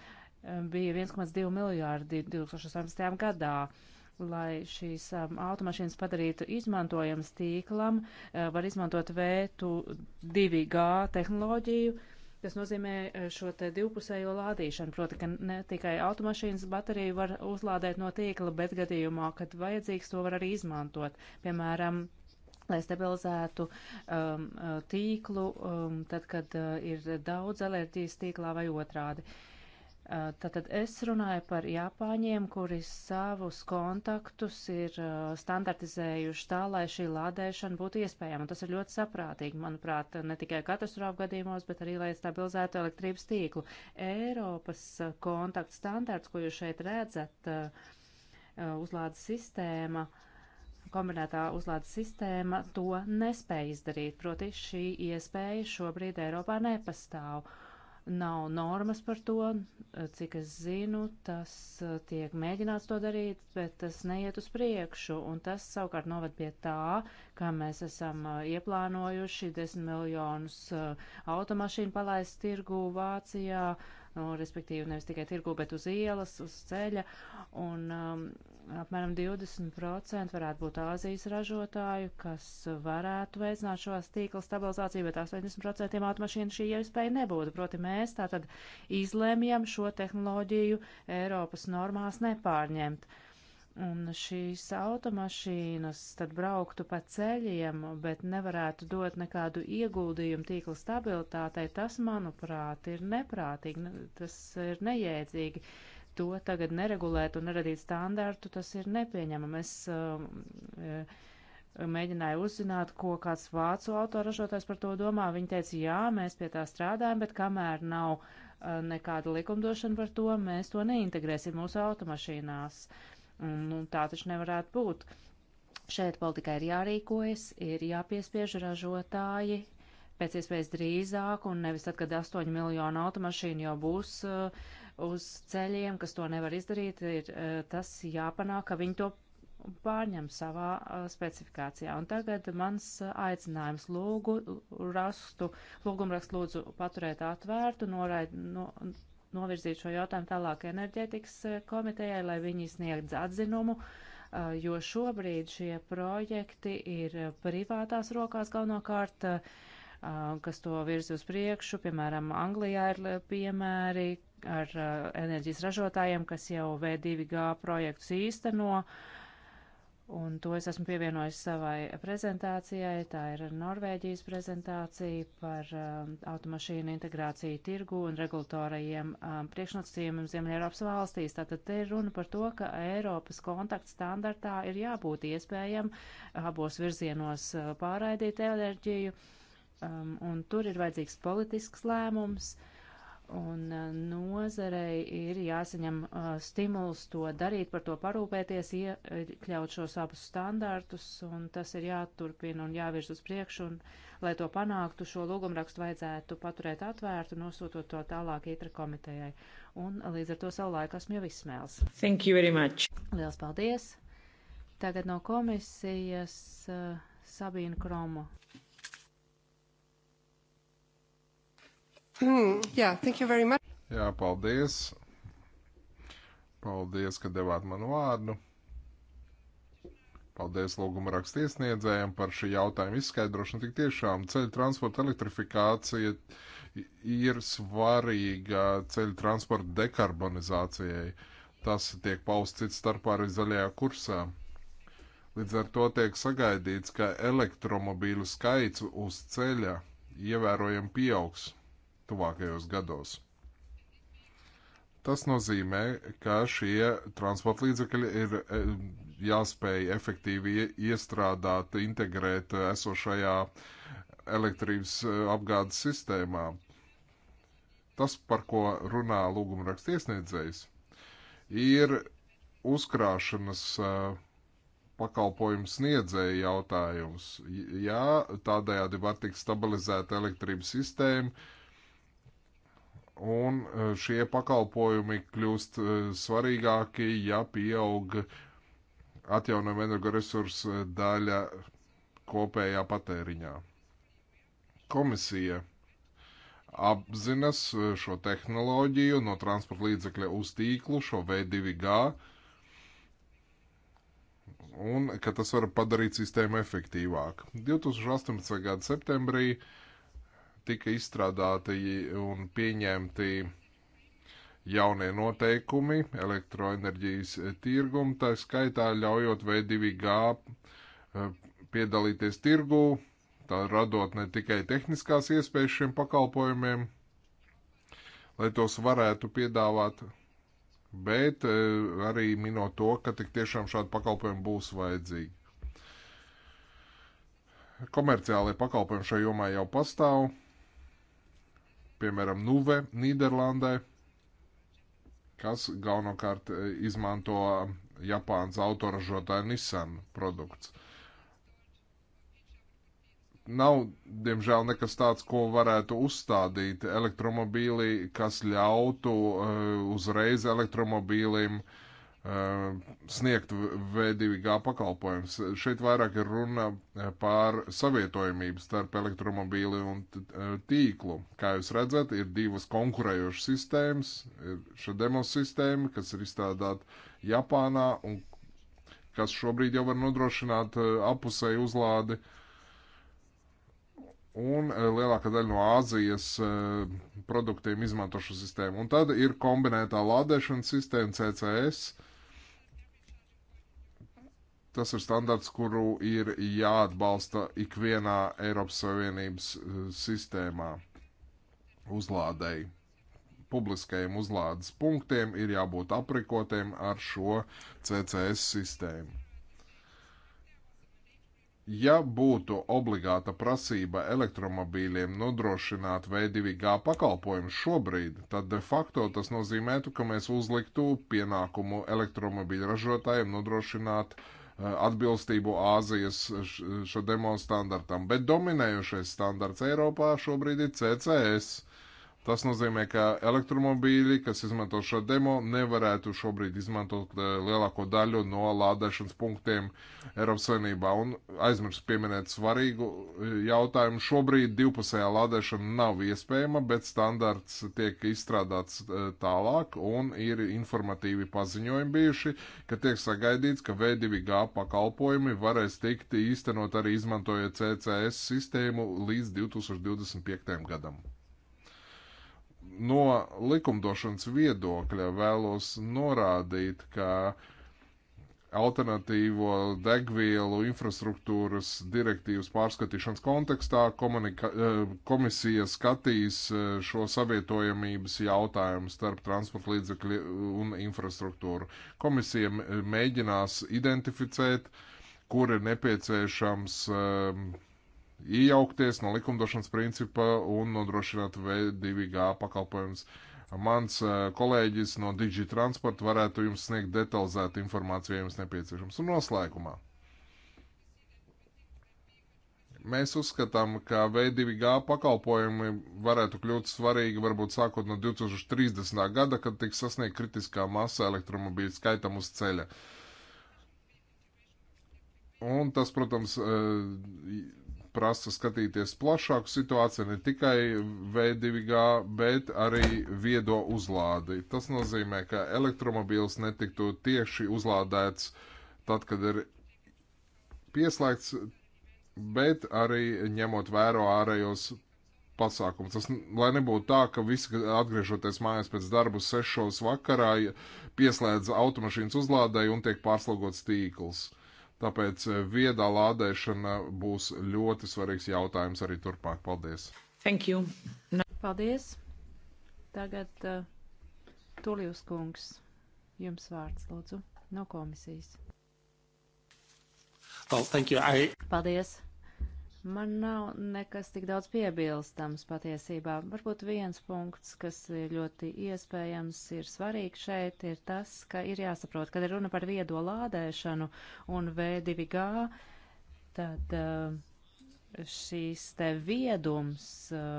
Um, bija 1,2 miljārdi 2018. gadā lai šīs um, automašīnas padarītu izmantojams tīklam, uh, var izmantot vēju 2G tehnoloģiju. Tas nozīmē uh, šo te divpusējo lādīšanu, proti, ka ne tikai automašīnas bateriju var uzlādēt no tīkla, bet gadījumā, kad vajadzīgs, to var arī izmantot. Piemēram, lai stabilizētu um, uh, tīklu, um, tad, kad uh, ir daudz alerģijas tīklā vai otrādi. Uh, Eh, tātad es runāju par Japāņiem, kuri savus kontaktus ir eh, standartizējuši tā, lai šī lādēšana būtu iespējama. Un tas ir ļoti saprātīgi, manuprāt, ne tikai katastrofu gadījumos, bet arī, lai stabilizētu elektrības tīklu. Eiropas eh, kontaktu standarts, ko jūs šeit redzat, uzlādes sistēma, kombinētā uzlādes sistēma, to nespēja izdarīt. Proti, šī iespēja šobrīd Eiropā nepastāv nav normas par to, cik es zinu, tas eh, tiek mēģināts to darīt, bet tas neiet uz priekšu, un tas savukārt novad pie tā, ka mēs esam eh, ieplānojuši 10 miljonus eh, automašīnu palaist tirgu Vācijā, nu, respektīvi nevis tikai tirgu, bet uz ielas, uz ceļa, un um, apmēram 20% varētu būt Āzijas ražotāju, kas varētu veicināt šo tīkla stabilizāciju, bet 80% automašīnu šī iespēja nebūtu. Proti mēs tātad izlēmjam šo tehnoloģiju Eiropas normās nepārņemt. Uh, un šīs automašīnas tad brauktu pa ceļiem, bet nevarētu dot nekādu ieguldījumu tīkla stabilitātei, tas, manuprāt, ir neprātīgi, tas ir nejēdzīgi. To tagad neregulēt un neradīt standārtu, tas ir nepieņemami. Es uh, mēģināju uzzināt, ko kāds vācu autoražotājs par to domā. Viņi teica, jā, mēs pie tā strādājam, bet kamēr nav uh, nekāda likumdošana par to, mēs to neintegrēsim mūsu automašīnās. Uh, Un, nu, tā taču nevarētu būt. Šeit politikai ir jārīkojas, ir jāpiespiež ražotāji pēc iespējas drīzāk, un nevis tad, kad 8 miljonu automašīnu jau būs uh, uz ceļiem, kas to nevar izdarīt, ir uh, tas jāpanāk, ka viņi to pārņem savā uh, specifikācijā. Un tagad mans uh, aicinājums lūgu rastu, lūgumrakstu lūdzu paturēt atvērtu, noraid, no, novirzīt šo jautājumu tālāk enerģētikas eh, komitejai, lai viņi sniegts atzinumu, eh, jo šobrīd šie projekti ir eh, privātās rokās galvenokārt, kas to virzi uz priekšu. Piemēram, Anglijā ir piemēri ar enerģijas ražotājiem, kas jau V2G projektus īsteno. No Un to es esmu pievienojis savai prezentācijai. Tā ir Norvēģijas prezentācija par um, automašīnu integrāciju tirgu un regulatorajiem um, priekšnosacījumiem Ziemeļēropas valstīs. Tātad te ir runa par to, ka Eiropas kontaktstandartā ir jābūt iespējam abos virzienos uh, pārraidīt enerģiju, um, un tur ir vajadzīgs politisks lēmums. Uh, Un uh, nozarei ir jāsaņem uh, stimuls to darīt, par to parūpēties, iekļaut šos abus standārtus, un tas ir jāturpina un jāvirz uz priekšu, un, lai to panāktu, šo lūgumrakstu vajadzētu paturēt atvērtu, nosūtot to tālāk itra komitejai. Un uh, līdz ar to savu laiku esmu jau izsmēls. Thank you very much. Liels paldies. Tagad no komisijas uh, Sabīna Kromo. Mm, yeah, thank you very much. Jā, paldies. Paldies, ka devāt man vārdu. Paldies lūguma rakstiesniedzējiem par šī jautājuma izskaidrošanu. Tik tiešām ceļu transporta elektrifikācija ir svarīga ceļu transporta dekarbonizācijai. Tas tiek pausts cits starpā arī zaļajā kursā. Līdz ar to tiek sagaidīts, ka elektromobīļu skaits uz ceļa ievērojami pieaugs tuvākajos gados. Tas nozīmē, ka šie transporta līdzekļi ir e, jāspēj efektīvi iestrādāt, integrēt esošajā elektrības e, apgādes sistēmā. Tas, par ko runā lūguma rakstiesniedzējs, ir uzkrāšanas uh, pakalpojumu sniedzēja jautājums. Jā, tādējādi var tikt stabilizēta elektrības sistēma, un e, šie pakalpojumi kļūst e, svarīgāki, ja pieaug atjaunojama energoresursa daļa kopējā patēriņā. Komisija apzinas e, šo tehnoloģiju no transporta līdzekļa uz tīklu, šo V2G, un ka tas var padarīt sistēmu efektīvāku. 2018. gada septembrī uh, tika izstrādāti un pieņemti jaunie noteikumi elektroenerģijas tirgumu, tā skaitā ļaujot V2G eh, piedalīties tirgū, tā radot ne tikai tehniskās iespējas šiem pakalpojumiem, lai tos varētu piedāvāt, bet eh, arī minot to, ka tik tiešām šādi pakalpojumi būs vajadzīgi. Komerciālai pakalpojumi šajā jomā jau pastāv, piemēram, Nuve Nīderlandē, kas galvenokārt e, izmanto e, Japānas autoražotāja Nissan produkts. Nav, diemžēl, nekas tāds, ko varētu uzstādīt elektromobīlī, kas ļautu uh, uzreiz elektromobīlim uh, Uh, sniegt V2G pakalpojums. Šeit vairāk ir runa uh, par savietojamību starp elektromobīli un uh, tīklu. Kā jūs redzat, ir divas konkurējošas sistēmas. Ir šī demosistēma, kas ir izstrādāta Japānā un kas šobrīd jau var nodrošināt apusēju uzlādi. Un lielākā daļa no Āzijas produktiem izmanto šo sistēmu. Un tad ir kombinētā lādēšanas sistēma CCS, Tas ir standarts, kuru ir jāatbalsta ikvienā Eiropas Savienības eh, sistēmā uzlādēji. Publiskajiem uzlādes punktiem ir jābūt aprikotiem ar šo CCS sistēmu. Ja būtu obligāta prasība elektromobīļiem nodrošināt V2G pakalpojumu šobrīd, tad de facto tas nozīmētu, ka mēs uzliktu pienākumu elektromobīļu ražotājiem nodrošināt uh, Eh, atbilstību Āzijas šo demo standartam. Bet dominējošais standarts Eiropā šobrīd ir CCS Tas nozīmē, ka elektromobīļi, kas izmanto šo demo, nevarētu šobrīd izmantot eh, lielāko daļu no lādēšanas punktiem Eiropas Savienībā. Un aizmirst pieminēt svarīgu eh, jautājumu. Šobrīd divpusējā lādēšana nav iespējama, bet standarts tiek izstrādāts eh, tālāk un ir informatīvi paziņojumi bijuši, ka tiek sagaidīts, ka V2G pakalpojumi varēs tikt īstenot arī izmantojot CCS sistēmu līdz 2025. gadam no likumdošanas viedokļa vēlos norādīt, ka alternatīvo degvielu infrastruktūras direktīvas pārskatīšanas kontekstā eh, komisija skatīs eh, šo savietojamības jautājumu starp transporta līdzekļu un infrastruktūru. Komisija mēģinās identificēt, kur ir nepieciešams uh, iejaukties no likumdošanas principa un nodrošināt V2G pakalpojumus. Mans eh, kolēģis no Digitransport varētu jums sniegt detalizētu informāciju, ja jums nepieciešams. Un noslēgumā. Mēs uzskatām, ka V2G pakalpojumi varētu kļūt svarīgi varbūt sākot no 2030. gada, kad tiks sasniegt kritiskā masa elektromobīļu skaitam uz ceļa. Un tas, protams, eh, prasa skatīties plašāku situāciju, ne tikai V2G, bet arī viedo uzlādi. Tas nozīmē, ka elektromobīls netiktu tieši uzlādēts tad, kad ir pieslēgts, bet arī ņemot vēro ārējos pasākums. Tas, lai nebūtu tā, ka visi, atgriežoties mājās pēc darbu sešos vakarā, pieslēdz automašīnas uzlādēju un tiek pārslogots tīkls. Uh, Tāpēc eh, viedā lādēšana būs ļoti svarīgs jautājums arī turpmāk. Paldies! Thank you! No. Paldies! Tagad uh, Tulijus kungs, jums vārds, lūdzu, no komisijas. Well, thank you. I... Paldies! Man nav nekas tik daudz piebilstams patiesībā. Varbūt viens punkts, kas ļoti iespējams ir svarīgs šeit, ir tas, ka ir jāsaprot, kad ir runa par viedo lādēšanu un V2G, tad eh, šīs te viedums eh,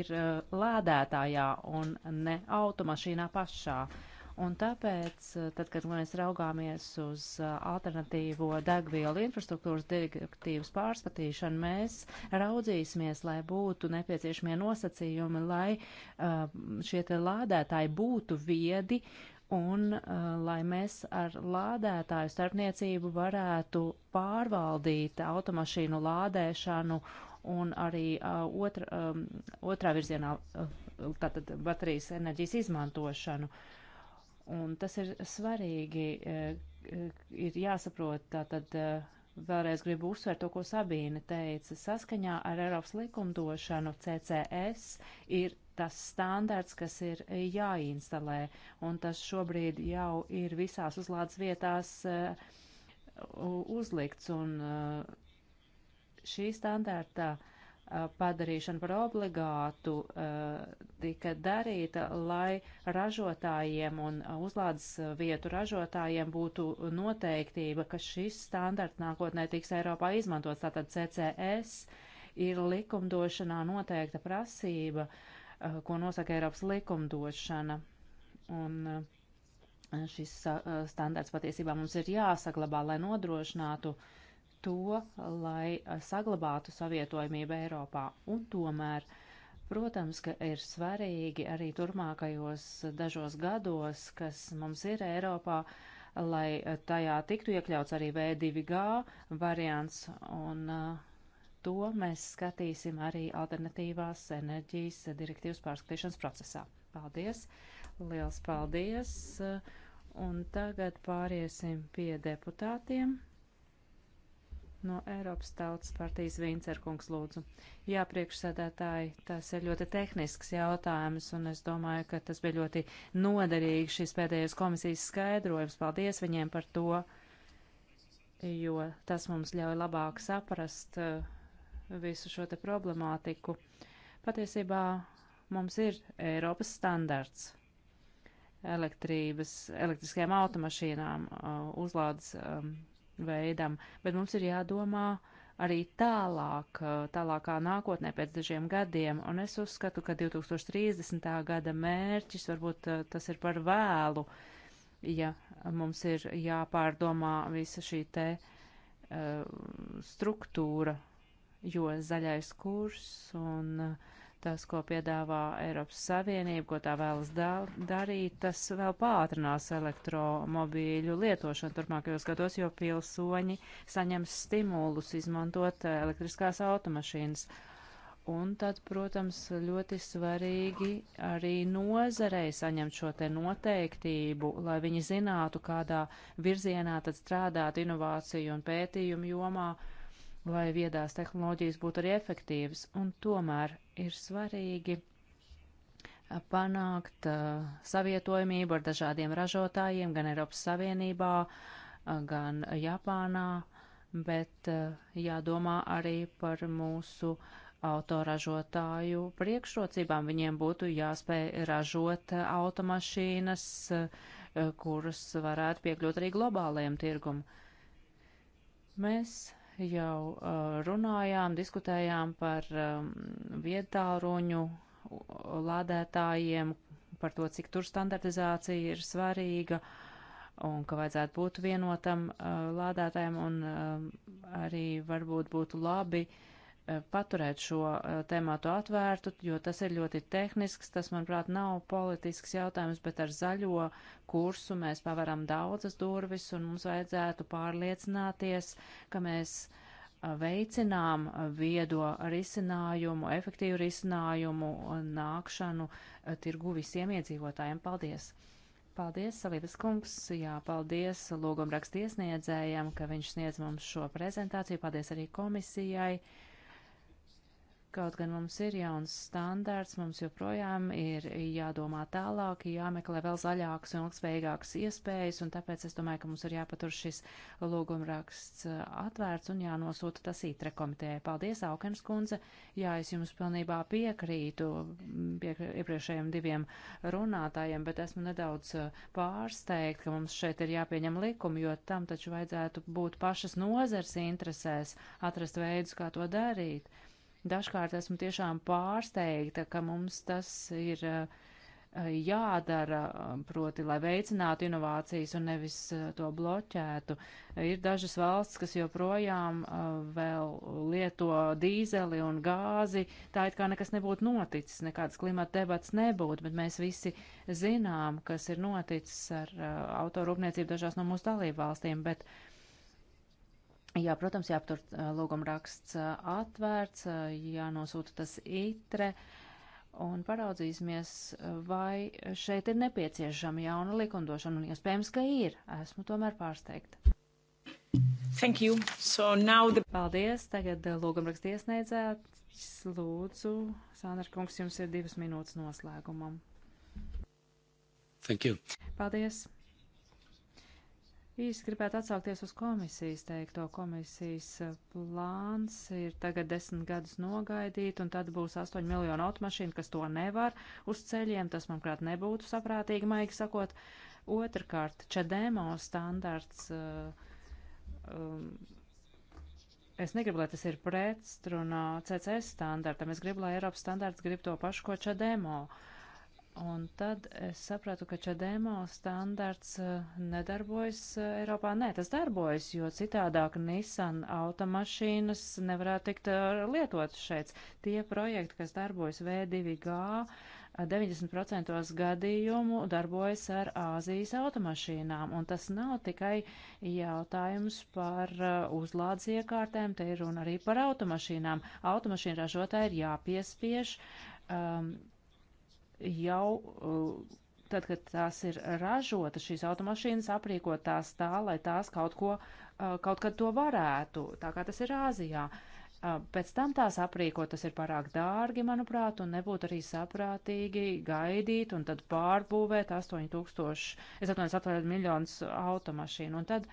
ir eh, lādētājā un ne automašīnā pašā. Uh, Un tāpēc, eh, tad, kad mēs raugāmies uz eh, alternatīvo degvielu infrastruktūras direktīvas pārskatīšanu, mēs raudzīsimies, lai būtu nepieciešamie nosacījumi, lai eh, šie te lādētāji būtu viedi un lai mēs ar lādētāju starpniecību varētu pārvaldīt automašīnu lādēšanu un arī otra, otrā virzienā tātad baterijas enerģijas izmantošanu. Uh, Un tas ir svarīgi, e, e, ir jāsaprot tātad. E, vēlreiz gribu uzsvērt to, ko Sabīne teica. Saskaņā ar Eiropas likumdošanu CCS ir tas standarts, kas ir jāinstalē, un tas šobrīd jau ir visās uzlādes vietās uzlikts, un šī standārta uh, Eh, padarīšana par obligātu eh, tika darīta, lai ražotājiem un eh, uzlādes vietu ražotājiem būtu noteiktība, ka šis standarts nākotnē tiks Eiropā izmantots. Tātad CCS ir likumdošanā noteikta prasība, ko nosaka Eiropas likumdošana. Un, Šis standarts patiesībā mums ir jāsaglabā, lai nodrošinātu uh, to, lai saglabātu savietojamību Eiropā. Un tomēr, protams, ka ir svarīgi arī turmākajos dažos gados, kas mums ir Eiropā, lai tajā tiktu iekļauts arī V2G variants, un to mēs skatīsim arī alternatīvās enerģijas direktīvas pārskatīšanas procesā. Paldies! Liels paldies! Un tagad pāriesim pie deputātiem. No Eiropas Tautas partijas Vincerkungs lūdzu. Jā, priekšsēdētāji, tas ir ļoti tehnisks jautājums, un es domāju, ka tas bija ļoti noderīgi šis pēdējais komisijas skaidrojums. Paldies viņiem par to, jo tas mums ļauj labāk saprast uh, visu šo te problemātiku. Patiesībā mums ir Eiropas standarts elektrības, elektriskajām automašīnām uh, uzlādes um, veidam, bet mums ir jādomā arī tālāk, tālākā nākotnē pēc dažiem gadiem, un es uzskatu, ka 2030. gada mērķis varbūt eh, tas ir par vēlu, ja mums ir jāpārdomā visa šī te uh, struktūra, jo zaļais kurs un uh, Tas, ko piedāvā Eiropas Savienība, ko tā vēlas dar darīt, tas vēl pātrinās elektromobīļu lietošanu turpmākajos gados, jo pilsoņi saņems stimulus izmantot elektriskās automašīnas. Un tad, protams, ļoti svarīgi arī nozarei saņemt šo te noteiktību, lai viņi zinātu, kādā virzienā tad strādāt inovāciju un pētījumu jomā, uh, lai viedās tehnoloģijas būtu arī efektīvas, un tomēr ir svarīgi panākt uh, savietojamību ar dažādiem ražotājiem gan Eiropas Savienībā, gan Japānā, bet uh, jādomā arī par mūsu autoražotāju priekšrocībām. Viņiem būtu jāspēj ražot automašīnas, uh, kuras varētu piekļūt arī globālajiem tirgumam. Mēs jau uh, runājām, diskutējām par um, vietāruņu uh, lādētājiem, par to, cik tur standartizācija ir svarīga un ka vajadzētu būt vienotam uh, lādētājiem un uh, arī varbūt būtu labi uh, Eh, paturēt šo eh, tēmātu atvērtu, jo tas ir ļoti tehnisks, tas, manuprāt, nav politisks jautājums, bet ar zaļo kursu mēs pavaram daudzas durvis un mums vajadzētu pārliecināties, ka mēs eh, veicinām viedo risinājumu, efektīvu risinājumu nākšanu tirgu visiem iedzīvotājiem. Paldies! Paldies, Salības kungs, jā, paldies logumrakstiesniedzējiem, ka viņš sniedz mums šo prezentāciju, paldies arī komisijai. Kaut gan mums ir jauns standārts, mums joprojām ir jādomā tālāk, jāmeklē vēl zaļākas un ilgspējīgākas iespējas, un tāpēc es domāju, ka mums ir jāpatur šis lūgumraksts uh, atvērts un jānosūta tas ITRE komitē. Paldies, Aukens kundze! Jā, es jums pilnībā piekrītu mm, piek iepriekšējiem diviem runātājiem, bet esmu nedaudz uh, pārsteigta, ka mums šeit ir jāpieņem likumi, jo tam taču vajadzētu būt pašas nozars interesēs, atrast veidus, kā to darīt. Dažkārt esmu tiešām pārsteigta, ka mums tas ir eh, jādara, proti, lai veicinātu inovācijas un nevis eh, to bloķētu. Ir dažas valsts, kas joprojām eh, vēl lieto dīzeli un gāzi, tā it kā nekas nebūtu noticis, nekādas klimata debats nebūtu, bet mēs visi zinām, kas ir noticis ar autorūpniecību dažās no mūsu dalību valstīm, bet uh, Jā, protams, jāaptur lūguma raksts atvērts, jānosūta tas itre un paraudzīsimies, vai šeit ir nepieciešama jauna likumdošana, un iespējams, ka ir. Esmu tomēr pārsteigta. Thank you. So now the... Paldies. Tagad lūguma raksts iesniedzēts. Lūdzu, Sandra kungs, jums ir divas minūtes noslēgumam. Thank you. Paldies. Īsti gribētu atsaukties uz komisijas teikto. Komisijas eh, plāns ir tagad desmit gadus nogaidīt, un tad būs astoņu miljonu automašīnu, kas to nevar uz ceļiem. Tas, manuprāt, nebūtu saprātīgi, maigi sakot. Otrakārt, čedēmo standarts. Eh, um, Es negribu, lai tas ir pretstrunā CCS standartam. Es gribu, lai Eiropas standarts grib to pašu, ko čedēmo. Uh, Un tad es sapratu, ka čadēmo standarts eh, nedarbojas eh, Eiropā. Nē, tas darbojas, jo citādāk Nissan automašīnas nevarētu tikt eh, lietotas šeit. Tie projekti, kas darbojas V2G, 90% gadījumu darbojas ar Āzijas automašīnām. Un tas nav tikai jautājums par uzlādes iekārtēm, te ir runa arī par automašīnām. Automašīnu ražotāji ir jāpiespiež. Um, jau, uh, tad, kad tās ir ražotas, šīs automašīnas aprīkot tās tā, lai tās kaut ko, uh, kaut kad to varētu, tā kā tas ir Āzijā. Uh, pēc tam tās aprīkot, tas ir pārāk dārgi, manuprāt, un nebūtu arī saprātīgi gaidīt un tad pārbūvēt 8000, es atvainojos, atvainojos miljonus automašīnu. Un tad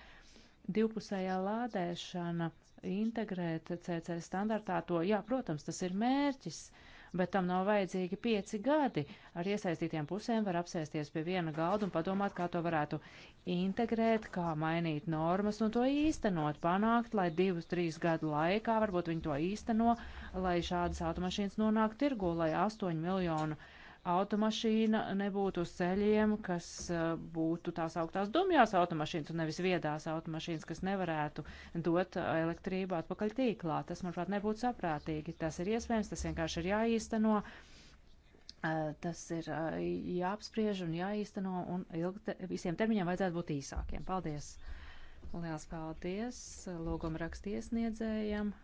divpusējā lādēšana, integrēt CC standartā to, jā, protams, tas ir mērķis. Uh, bet tam nav vajadzīgi pieci gadi. Ar iesaistītiem pusēm var apsēsties pie viena galda un padomāt, kā to varētu integrēt, kā mainīt normas un to īstenot, panākt, lai divus, trīs gadu laikā varbūt viņi to īsteno, lai šādas automašīnas nonāk tirgu, lai astoņu miljonu automašīna nebūtu uz ceļiem, kas eh, būtu tās augtās dumjās automašīnas un nevis viedās automašīnas, kas nevarētu dot eh, elektrību atpakaļ tīklā. Tas, manuprāt, nebūtu saprātīgi. Tas ir iespējams, tas vienkārši ir jāīsteno. Eh, tas ir jāapspriež un jāīsteno, un ilgte, visiem termiņiem vajadzētu būt īsākiem. Paldies! Liels paldies lūgumrakstiesniedzējiem!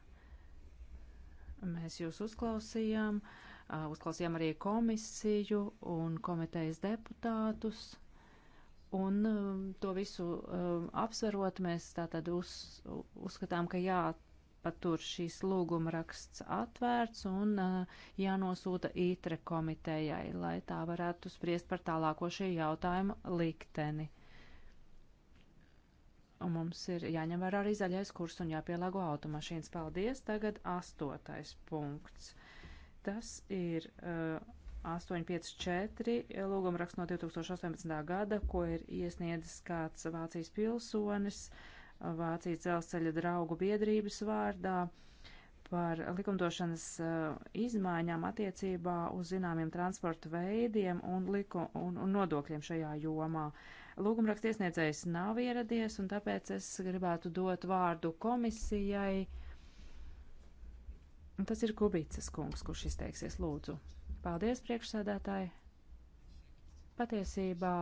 Mēs jūs uzklausījām uzklausījām arī komisiju un komitejas deputātus. Un um, to visu um, apsverot, mēs tātad uz, uzskatām, ka jāpatur šīs lūguma raksts atvērts un uh, jānosūta ITRE komitejai, lai tā varētu spriest par tālāko šī jautājuma likteni. Un mums ir jāņem vērā arī zaļais kurs un jāpielāgo automašīnas. Paldies! Tagad astotais punkts Tas ir uh, eh, 854 lūguma raksts no 2018. gada, ko ir iesniedzis kāds Vācijas pilsonis Vācijas dzelzceļa draugu biedrības vārdā par likumdošanas uh, izmaiņām attiecībā uz zināmiem transporta veidiem un, liku, un, un nodokļiem šajā jomā. Lūgumraksta iesniedzējs nav ieradies, un tāpēc es gribētu dot vārdu komisijai. Uh, Un tas ir Kubīcas kungs, kurš izteiksies lūdzu. Paldies, priekšsēdētāji! Patiesībā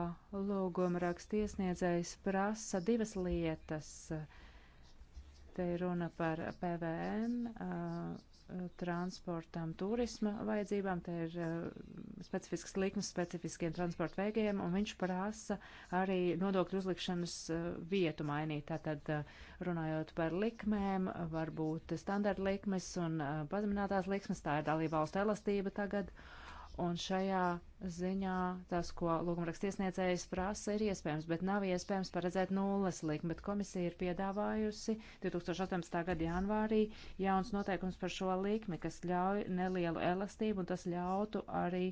lūguma rakstiesniedzējs prasa divas lietas. Te ir runa par PVN. Uh, Eh, transportam, turisma vajadzībām, te ir eh, specifisks likmes specifiskiem transporta veidiem, un viņš prasa arī nodokļu uzlikšanas eh, vietu mainīt. Tātad runājot par likmēm, varbūt standarta likmes un pazeminātās likmes, tā ir dalība valsts elastība tagad. Uh, Un šajā ziņā tas, ko lūgumraksts iesniedzējs prasa, ir iespējams, bet nav iespējams paredzēt nulles likmi, bet komisija ir piedāvājusi 2018. gada janvārī jauns noteikums par šo likmi, kas ļauj nelielu elastību, un tas ļautu arī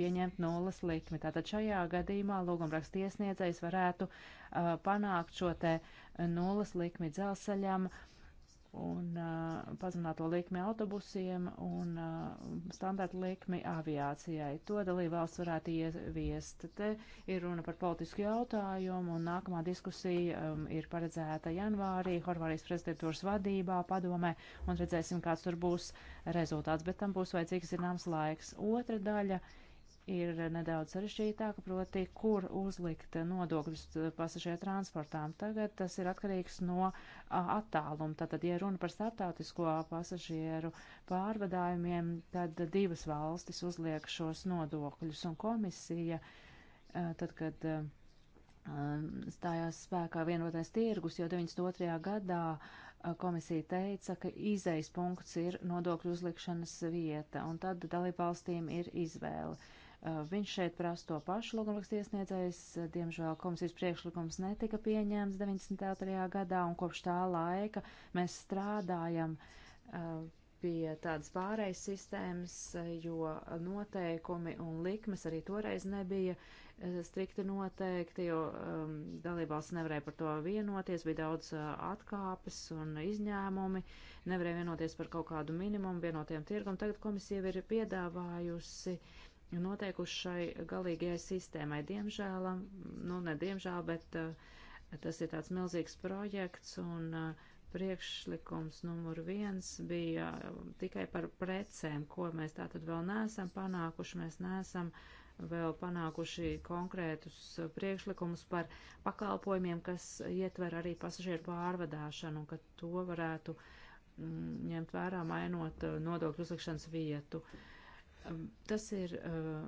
pieņemt nulles likmi. Tātad šajā gadījumā lūgumraksts iesniedzējs varētu uh, panākt šo te nulles likmi dzelzceļam. Uh, un uh, pazemināto likmi autobusiem un uh, standarta likmi aviācijai. To dalība valsts varētu ieviest. Te ir runa par politisku jautājumu, un nākamā diskusija um, ir paredzēta janvārī Horvārijas prezidentūras vadībā padomē, un redzēsim, kāds tur būs rezultāts, bet tam būs vajadzīgs zināms laiks. Otra daļa ir nedaudz sarežģītāka, proti, kur uzlikt nodokļus pasažieru transportām. Tagad tas ir atkarīgs no attāluma. Tātad, ja runa par starptautisko pasažieru pārvadājumiem, tad divas valstis uzliek šos nodokļus, un komisija, tad, kad stājās spēkā vienotais tirgus, jo 92. gadā komisija teica, ka izejas punkts ir nodokļu uzlikšanas vieta, un tad dalībvalstīm ir izvēle. Uh, viņš šeit prasa to pašu logumrakstu iesniedzējs. Uh, diemžēl komisijas priekšlikums netika pieņēmts 93. gadā, un kopš tā laika mēs strādājam uh, pie tādas pārējas sistēmas, jo noteikumi un likmes arī toreiz nebija strikti noteikti, jo um, dalībvalsts nevarēja par to vienoties, bija daudz uh, atkāpes un izņēmumi, nevarēja vienoties par kaut kādu minimumu vienotiem tirgumu. Tagad komisija ir piedāvājusi uh, noteikuši šai galīgajai sistēmai. Diemžēl, nu ne diemžēl, bet eh, tas ir tāds milzīgs projekts un eh, priekšlikums numur viens bija eh, tikai par precēm, ko mēs tātad vēl neesam panākuši. Mēs neesam vēl panākuši konkrētus priekšlikumus par pakalpojumiem, kas ietver arī pasažieru pārvadāšanu, un ka to varētu mm, ņemt vērā mainot nodokļu uzlikšanas vietu. Uh, Tas ir eh,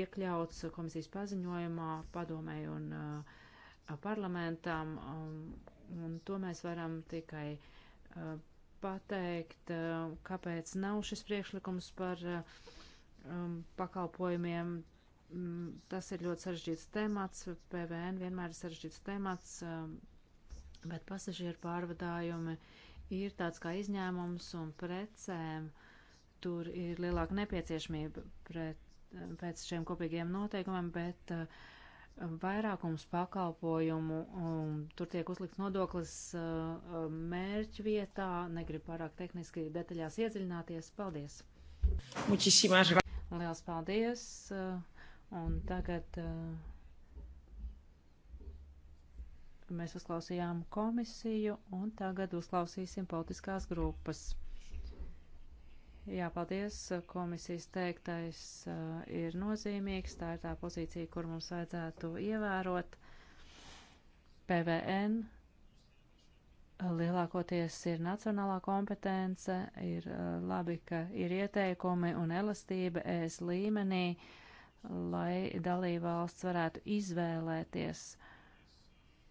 iekļauts komisijas paziņojumā padomēju un eh, parlamentam, un to mēs varam tikai eh, pateikt, kāpēc nav šis priekšlikums par pakalpojumiem. Tas ir ļoti sarežģīts temats, PVN vienmēr ir sarežģīts temats, bet pasažieru pārvadājumi ir tāds kā izņēmums un precēm. Uh, tur ir lielāka nepieciešamība pret, pēc šiem kopīgiem noteikumiem, bet uh, vairākums pakalpojumu, um, tur tiek uzlikts nodoklis uh, mērķu vietā, negrib pārāk tehniski detaļās iedziļināties. Paldies! Muchísimas gracias! Liels paldies! Uh, un tagad uh, mēs uzklausījām komisiju, un tagad uzklausīsim politiskās grupas. Jā, paldies. Komisijas teiktais uh, ir nozīmīgs. Tā ir tā pozīcija, kur mums vajadzētu ievērot. PVN lielākoties ir nacionālā kompetence, ir uh, labi, ka ir ieteikumi un elastība ES līmenī, lai dalībvalsts varētu izvēlēties uh,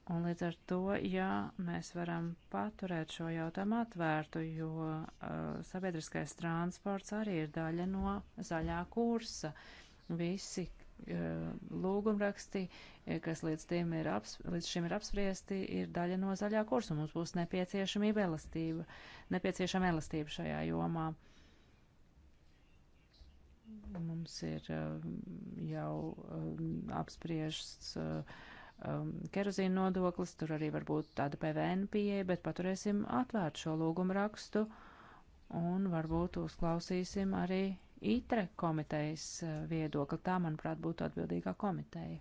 Un līdz ar to, jā, mēs varam paturēt šo jautājumu atvērtu, jo uh, sabiedriskais transports arī ir daļa no zaļā kursa. Visi uh, lūgumraksti, eh, kas līdz, ir aps, līdz šim ir apspriesti, ir daļa no zaļā kursa, un mums būs nepieciešamība elastība, nepieciešama elastība šajā jomā. Mums ir uh, jau uh, apspriežs. Uh, um, kerozīna nodoklis, tur arī var būt tāda PVN pieeja, bet paturēsim atvērt šo lūgumu rakstu un varbūt uzklausīsim arī ITRE komitejas uh, viedokli. Tā, manuprāt, būtu atbildīgā komiteja.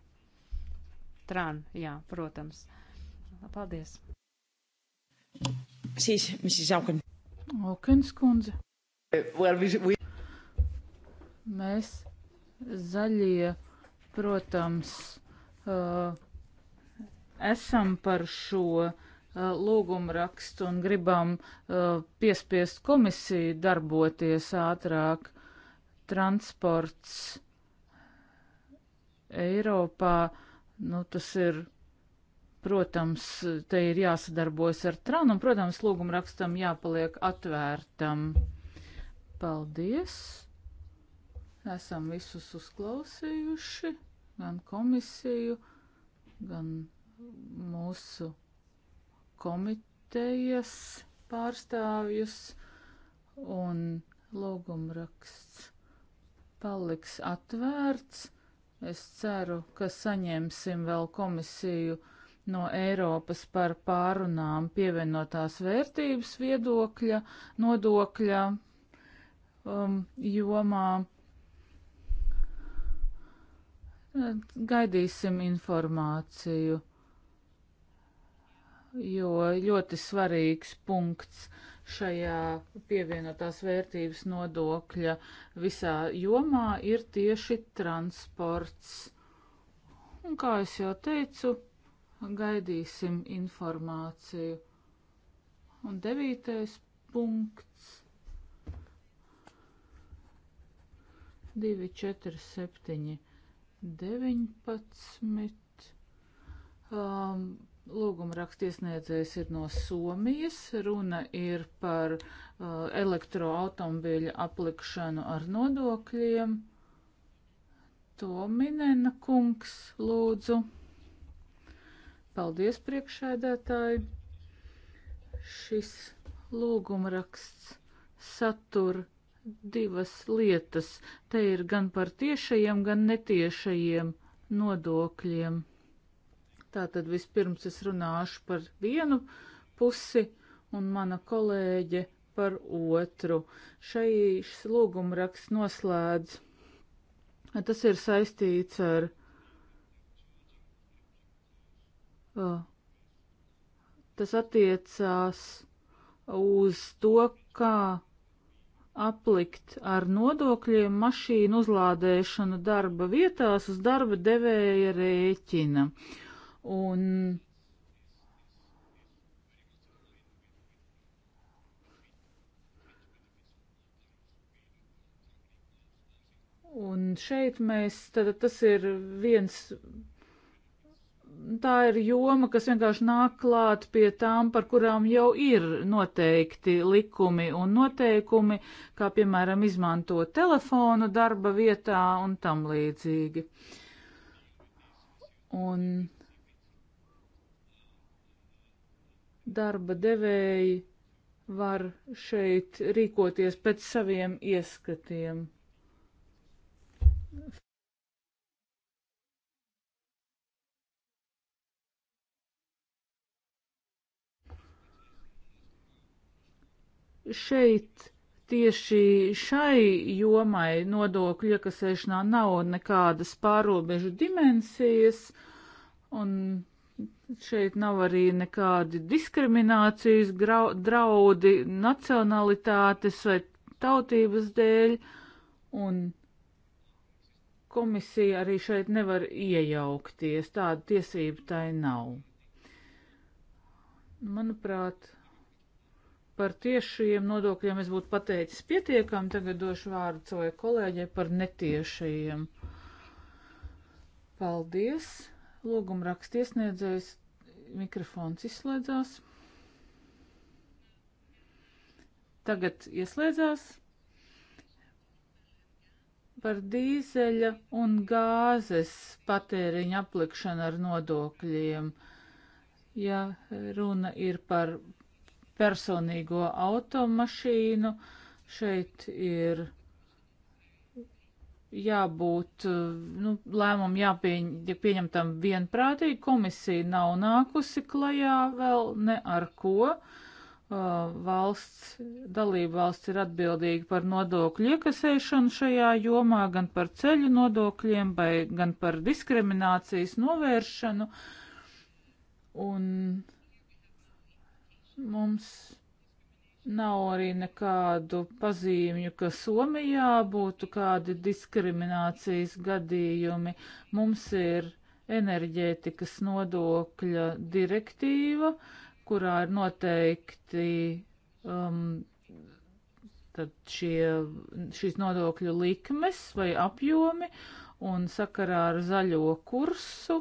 Tran, jā, protams. Paldies. Sīs, Mrs. Auken. Aukens kundze. Eh, well, we, we... Mēs zaļie, protams, uh, esam par šo uh, lūgumu rakstu un gribam uh, piespiest komisiju darboties ātrāk. Transports Eiropā, nu tas ir, protams, te ir jāsadarbojas ar Tran un, protams, lūgumu rakstam jāpaliek atvērtam. Paldies! Esam visus uzklausījuši, gan komisiju, gan mūsu komitejas pārstāvjus un lūgumraksts paliks atvērts. Es ceru, ka saņemsim vēl komisiju no Eiropas par pārunām pievienotās vērtības viedokļa, nodokļa um, jomā. Gaidīsim informāciju jo ļoti svarīgs punkts šajā pievienotās vērtības nodokļa visā jomā ir tieši transports. Un kā es jau teicu, gaidīsim informāciju. Un devītais punkts. 2, 4, 7, 19. Um, Lūguma rakstiesniedzējs ir no Somijas. Runa ir par uh, elektroautomobīļa aplikšanu ar nodokļiem. To minēna kungs, lūdzu. Paldies, priekšēdētāji. Šis lūguma raksts satur divas lietas. Te ir gan par tiešajiem, gan netiešajiem nodokļiem. Tātad vispirms es runāšu par vienu pusi un mana kolēģe par otru. Šai šis lūgumraksts noslēdz. Tas ir saistīts ar tas attiecās uz to, kā aplikt ar nodokļiem mašīnu uzlādēšanu darba vietās uz darba devēja rēķina. Uh, Un Un šeit mēs, tad tas ir viens, tā ir joma, kas vienkārši nāk klāt pie tām, par kurām jau ir noteikti likumi un noteikumi, kā piemēram izmanto telefonu darba vietā un tam līdzīgi. Un darba devēji var šeit rīkoties pēc saviem ieskatiem. Šeit tieši šai jomai nodokļu iekasēšanā nav nekādas pārobežu dimensijas, un Šeit nav arī nekādi diskriminācijas grau, draudi nacionalitātes vai tautības dēļ, un komisija arī šeit nevar iejaukties, tāda tiesība tai nav. Manuprāt, par tiešajiem nodokļiem es būtu pateicis pietiekami, tagad došu vārdu savai kolēģei par netiešajiem. Paldies! Lūguma rakstiesniedzējs mikrofons izslēdzās. Tagad ieslēdzās par dīzeļa un gāzes patēriņu aplikšanu ar nodokļiem. Ja runa ir par personīgo automašīnu, šeit ir jābūt, eh, nu, lēmumu jāpieņ, ja pieņemtam vienprātīgi, komisija nav nākusi klajā vēl ne ar ko. Eh, valsts, dalība valsts ir atbildīga par nodokļu iekasēšanu šajā jomā, gan par ceļu nodokļiem, vai gan par diskriminācijas novēršanu. Un mums Nav arī nekādu pazīmju, ka Somijā būtu kādi diskriminācijas gadījumi. Mums ir enerģētikas nodokļa direktīva, kurā ir noteikti um, šie, šīs nodokļu likmes vai apjomi, un sakarā ar zaļo kursu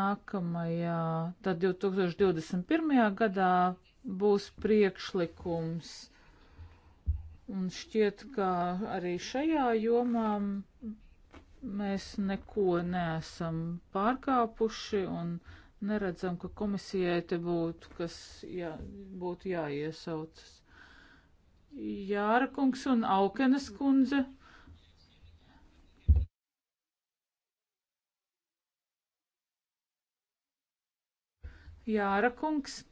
nākamajā, tad 2021. gadā būs priekšlikums. Un šķiet, ka arī šajā jomā mēs neko neesam pārkāpuši un neredzam, ka komisijai te būtu, kas jā, būtu jāiesaucas. Jāra kungs un Aukenes kundze. Jāra kungs.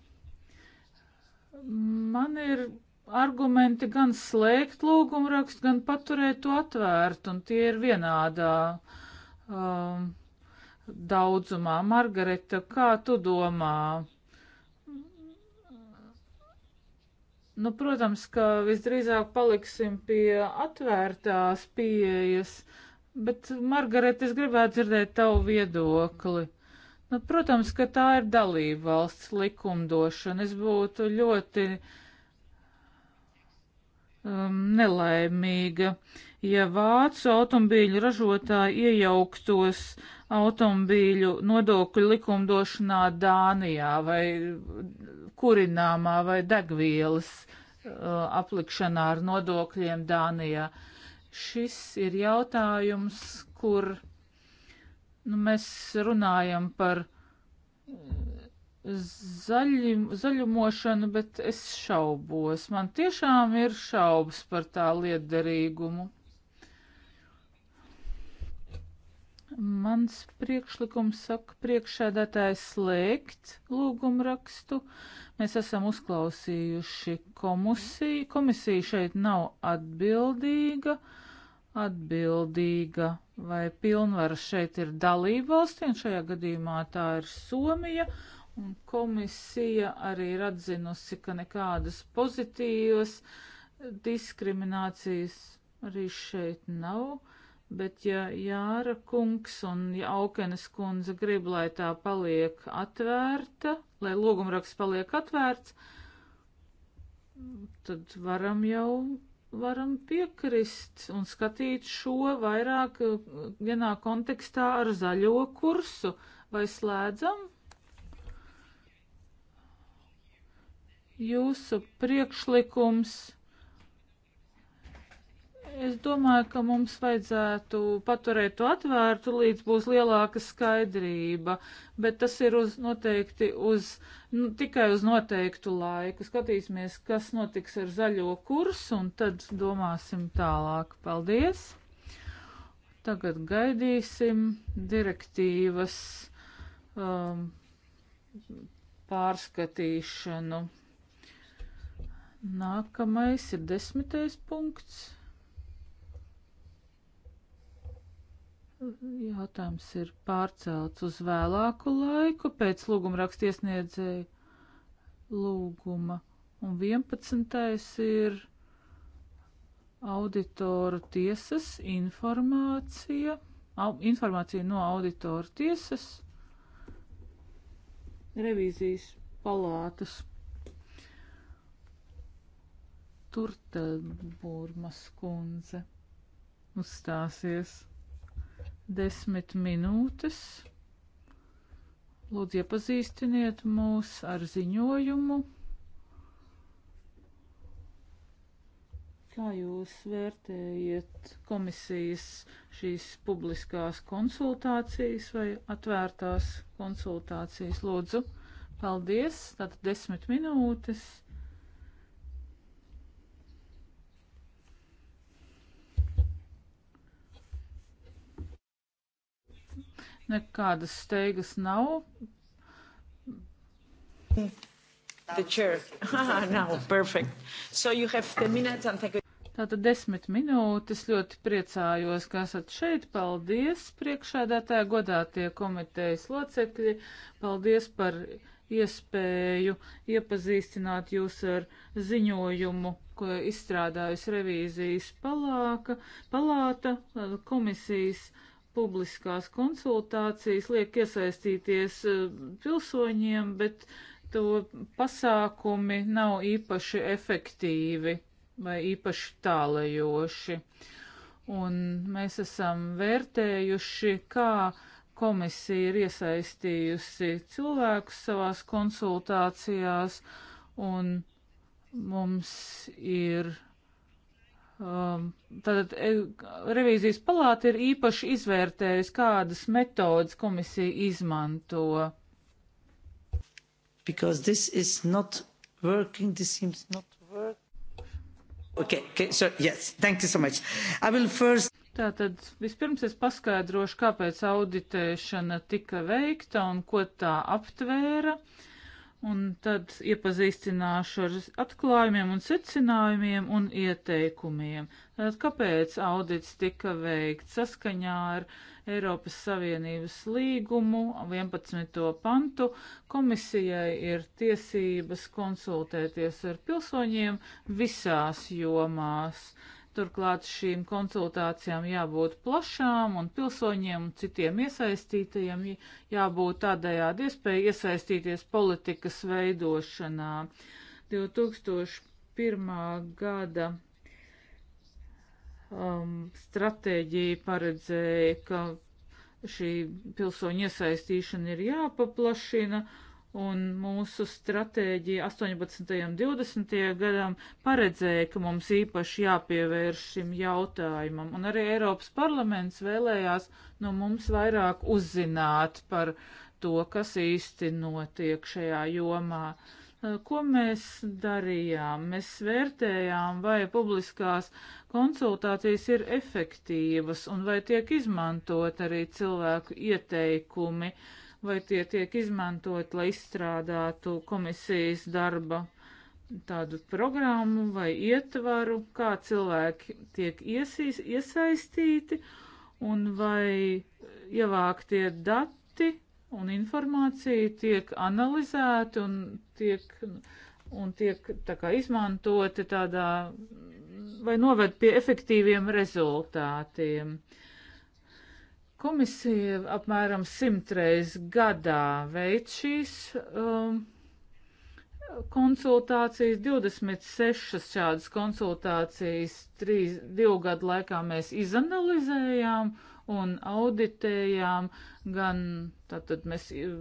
Man ir argumenti gan slēgt lūgumu rakstu, gan paturēt to atvērtu, un tie ir vienādā um, daudzumā. Margareta, kā tu domā? Nu, protams, ka visdrīzāk paliksim pie atvērtās pieejas, bet, Margareta, es gribētu dzirdēt tavu viedokli. Nu, protams, ka tā ir dalība valsts likumdošana. Es būtu ļoti um, nelaimīga, ja vācu automobīļu ražotāji iejauktos automobīļu nodokļu likumdošanā Dānijā vai kurināmā vai degvielas uh, aplikšanā ar nodokļiem Dānijā. Šis ir jautājums, kur Nu, mēs runājam par eh, zaļi, zaļumošanu, bet es šaubos. Man tiešām ir šaubas par tā liederīgumu. Mans priekšlikums saka priekšēdētājs slēgt lūgumu rakstu. Mēs esam uzklausījuši komisiju. Komisija šeit nav atbildīga. Uh, atbildīga vai pilnvara šeit ir dalība valstī, un šajā gadījumā tā ir Somija, un komisija arī ir atzinusi, ka nekādas pozitīvas diskriminācijas arī šeit nav, bet ja Jāra kungs un ja Aukenes kundze grib, lai tā paliek atvērta, lai logumraksts paliek atvērts, tad varam jau varam piekrist un skatīt šo vairāk eh, vienā kontekstā ar zaļo kursu. Vai slēdzam? Jūsu priekšlikums Es domāju, ka mums vajadzētu paturēt to atvērtu, līdz būs lielāka skaidrība, bet tas ir uz noteikti uz, nu, tikai uz noteiktu laiku. Skatīsimies, kas notiks ar zaļo kursu, un tad domāsim tālāk. Paldies! Tagad gaidīsim direktīvas um, pārskatīšanu. Nākamais ir desmitais punkts. Jautājums ir pārcelts uz vēlāku laiku pēc lūguma rakstiesniedzēja lūguma. Un 11. ir auditoru tiesas informācija, au, informācija no auditoru tiesas revīzijas palātas Turtelburmas kundze uzstāsies desmit minūtes. Lūdzu, iepazīstiniet mūs ar ziņojumu. Kā jūs vērtējat komisijas šīs publiskās konsultācijas vai atvērtās konsultācijas? Lūdzu, paldies. Tātad desmit minūtes. Nekādas steigas nav. The chair. Now, perfect. So you have 10 minutes and thank you. Tātad desmit minūtes. Ļoti priecājos, ka esat šeit. Paldies, priekšēdētāji, godātie komitejas locekļi. Paldies par iespēju iepazīstināt jūs ar ziņojumu, ko izstrādājusi revīzijas palāka, palāta komisijas publiskās konsultācijas, liek iesaistīties eh, pilsoņiem, bet to pasākumi nav īpaši efektīvi vai īpaši tālajoši. Un mēs esam vērtējuši, kā komisija ir iesaistījusi cilvēkus savās konsultācijās, un mums ir Um, tātad e, revīzijas palāta ir īpaši izvērtējusi, kādas metodas komisija izmanto. Because this is not working, this seems not working. Okay, okay, sure, yes, thank you so much. I will first. Tātad vispirms es paskaidrošu, kāpēc auditēšana tika veikta un ko tā aptvēra. Uh, un tad iepazīstināšu ar atklājumiem un secinājumiem un ieteikumiem. Tātad, kāpēc audits tika veikts saskaņā ar Eiropas Savienības līgumu 11. pantu? Komisijai ir tiesības konsultēties ar pilsoņiem visās jomās. Uh, Turklāt šīm konsultācijām jābūt plašām un pilsoņiem un citiem iesaistītajiem jābūt tādējādi iespēja iesaistīties politikas veidošanā. 2001. gada um, stratēģija paredzēja, ka šī pilsoņu iesaistīšana ir jāpaplašina. Uh, un mūsu stratēģija 18. un 20. gadam paredzēja, ka mums īpaši jāpievērš šim jautājumam, un arī Eiropas parlaments vēlējās no mums vairāk uzzināt par to, kas īsti notiek šajā jomā. Ko mēs darījām? Mēs vērtējām, vai publiskās konsultācijas ir efektīvas un vai tiek izmantot arī cilvēku ieteikumi. Uh, vai tie tiek izmantot, lai izstrādātu komisijas darba tādu programmu vai ietvaru, kā cilvēki tiek iesīs, iesaistīti un vai ievāktie dati un informācija tiek analizēti un tiek, un tiek tā kā izmantoti tādā vai noved pie efektīviem rezultātiem. Uh, Komisija apmēram simtreiz gadā veic šīs um, konsultācijas, 26 šādas konsultācijas, 3, 2 gadu laikā mēs izanalizējām un auditējām, gan tātad mēs uh,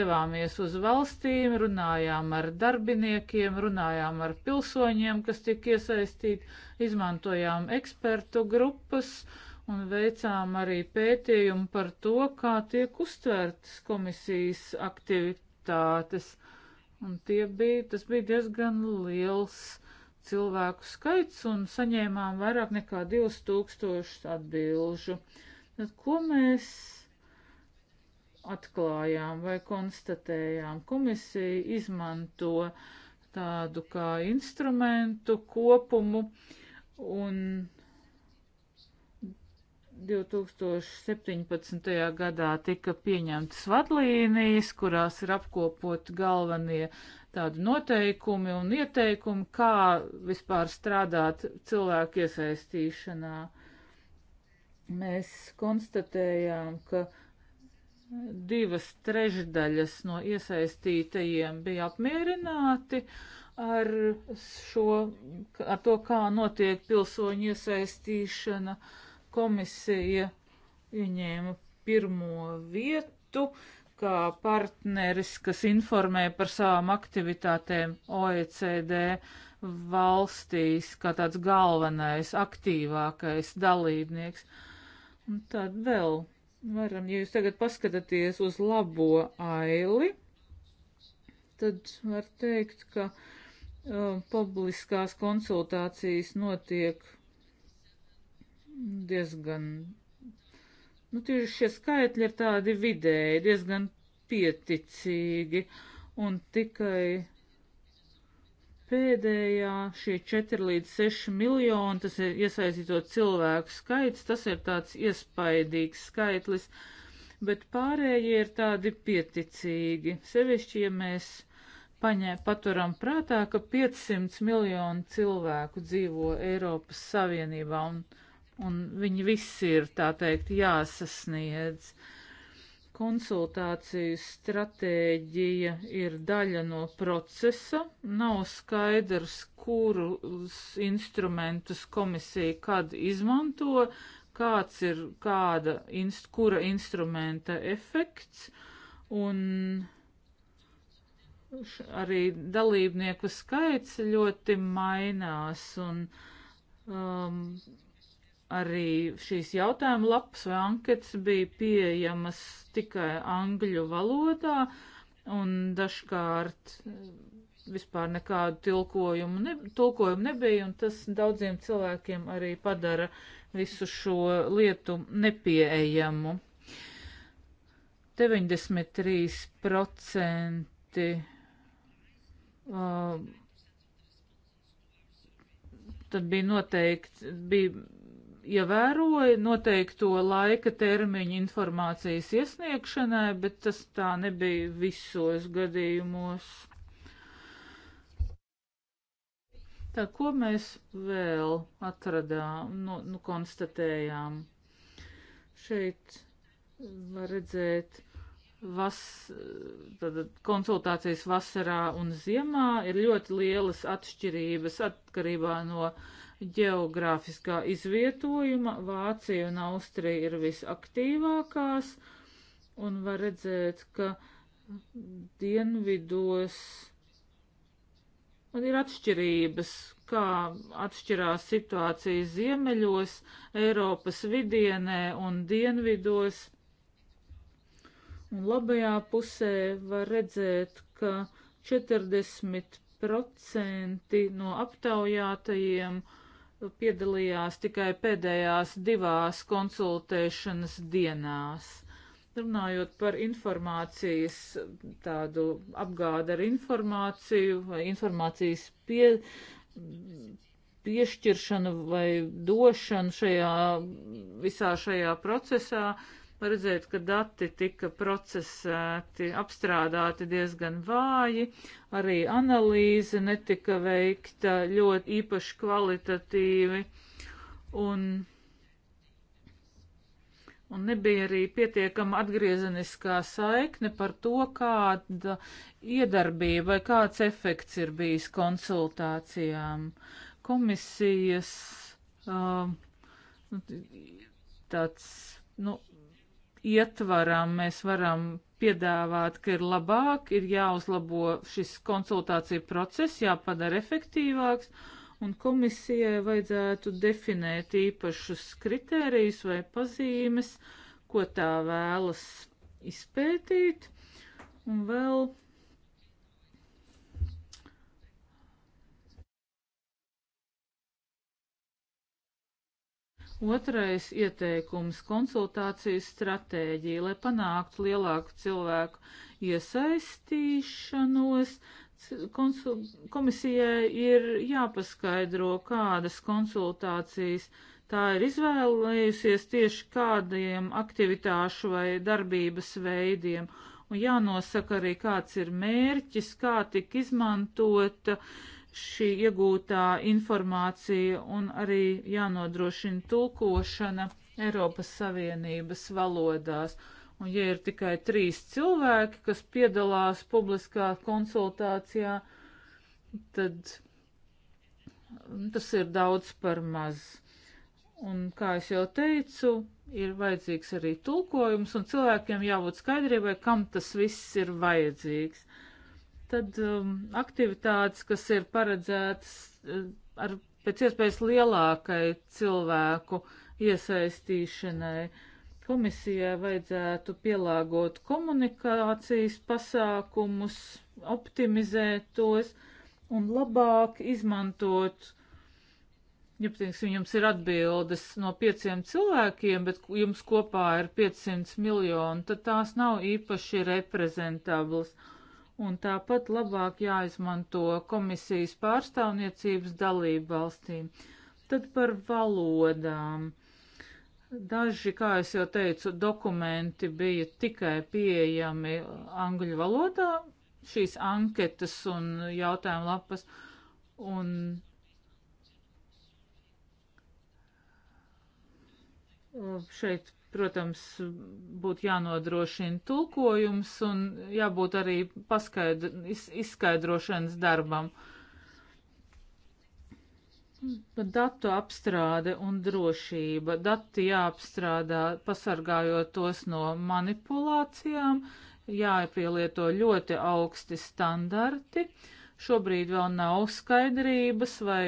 devāmies uz valstīm, runājām ar darbiniekiem, runājām ar pilsoņiem, kas tika iesaistīti, izmantojām ekspertu grupas. Uh, un veicām arī pētījumu par to, kā tiek uztvērtas komisijas aktivitātes. Un tie bija, tas bija diezgan liels cilvēku skaits un saņēmām vairāk nekā 2000 atbilžu. Tad ko mēs atklājām vai konstatējām? Komisija izmanto tādu kā instrumentu kopumu un 2017. gadā tika pieņemtas vadlīnijas, kurās ir apkopot galvenie tādi noteikumi un ieteikumi, kā vispār strādāt cilvēku iesaistīšanā. Mēs konstatējām, ka divas trešdaļas no iesaistītajiem bija apmierināti ar, šo, ar to, kā notiek pilsoņu iesaistīšana. Uh, komisija ieņēma pirmo vietu kā partneris, kas informē par savām aktivitātēm OECD valstīs, kā tāds galvenais, aktīvākais dalībnieks. Un tad vēl varam, ja jūs tagad paskatāties uz labo aili, tad var teikt, ka uh, publiskās konsultācijas notiek diezgan, nu tieši šie skaitļi ir tādi vidēji, diezgan pieticīgi, un tikai pēdējā šie 4 līdz 6 miljoni, tas ir iesaistīto cilvēku skaits, tas ir tāds iespaidīgs skaitlis, bet pārējie ir tādi pieticīgi, sevišķi, ja mēs paņē, paturam prātā, ka 500 miljonu cilvēku dzīvo Eiropas Savienībā un un viņi visi ir, tā teikt, jāsasniedz. Konsultāciju stratēģija ir daļa no procesa, nav skaidrs, kurus instrumentus komisija kad izmanto, kāds ir kāda, inst, kura instrumenta efekts, un arī dalībnieku skaits ļoti mainās, un um, arī šīs jautājuma lapas vai anketas bija pieejamas tikai angļu valodā, un dažkārt eh, vispār nekādu tilkojumu, ne, tulkojumu nebija, un tas daudziem cilvēkiem arī padara visu šo lietu nepieejamu. 93% uh, eh, tad bija noteikti, bija ievēroja noteikto laika termiņu informācijas iesniegšanai, bet tas tā nebija visos gadījumos. Tā, ko mēs vēl atradām, nu, nu konstatējām? Šeit var redzēt, vas, tad, konsultācijas vasarā un ziemā ir ļoti lielas atšķirības atkarībā no uh, ģeogrāfiskā izvietojuma Vācija un Austrija ir visaktīvākās, un var redzēt, ka dienvidos ir atšķirības, kā atšķirās situācija ziemeļos, Eiropas vidienē un dienvidos. Un labajā pusē var redzēt, ka 40% no aptaujātajiem uh, piedalījās tikai pēdējās divās konsultēšanas dienās. Runājot par informācijas, tādu apgādu ar informāciju vai informācijas pie, piešķiršanu vai došanu šajā visā šajā procesā, uh, var redzēt, ka dati tika procesēti, apstrādāti diezgan vāji, arī analīze netika veikta ļoti īpaši kvalitatīvi un, un nebija arī pietiekama atgriezeniskā saikne par to, kāda iedarbība vai kāds efekts ir bijis konsultācijām. Komisijas uh, nu, tāds, nu, ietvaram mēs varam piedāvāt, ka ir labāk, ir jāuzlabo šis konsultāciju process, jāpadara efektīvāks, un komisijai vajadzētu definēt īpašus kritērijus vai pazīmes, ko tā vēlas izpētīt. Un vēl Otrais ieteikums - konsultācijas stratēģija, lai panāktu lielāku cilvēku iesaistīšanos. Konsul komisijai ir jāpaskaidro, kādas konsultācijas tā ir izvēlējusies tieši kādiem aktivitāšu vai darbības veidiem. Un jānosaka arī, kāds ir mērķis, kā tik izmantota uh, šī iegūtā informācija un arī jānodrošina tulkošana Eiropas Savienības valodās. Un ja ir tikai trīs cilvēki, kas piedalās publiskā konsultācijā, tad mm, tas ir daudz par maz. Un, kā es jau teicu, ir vajadzīgs arī tulkojums, un cilvēkiem jābūt skaidrībai, kam tas viss ir vajadzīgs tad um, aktivitātes, kas ir paredzētas uh, ar pēc iespējas lielākai cilvēku iesaistīšanai. Komisijai vajadzētu pielāgot komunikācijas pasākumus, optimizēt tos un labāk izmantot. Ja, teiksim, jums ir atbildes no pieciem cilvēkiem, bet jums kopā ir 500 miljoni, tad tās nav īpaši reprezentablas. Uh, un tāpat labāk jāizmanto komisijas pārstāvniecības dalību valstīm. Tad par valodām. Daži, kā es jau teicu, dokumenti bija tikai pieejami angļu valodā, šīs anketas un jautājumu lapas, un šeit Protams, būtu jānodrošina tulkojums un jābūt arī paskaidr, iz, izskaidrošanas darbam. Datu apstrāde un drošība. Dati jāapstrādā, pasargājot tos no manipulācijām, jāpielieto ļoti augsti standarti. Šobrīd vēl nav skaidrības vai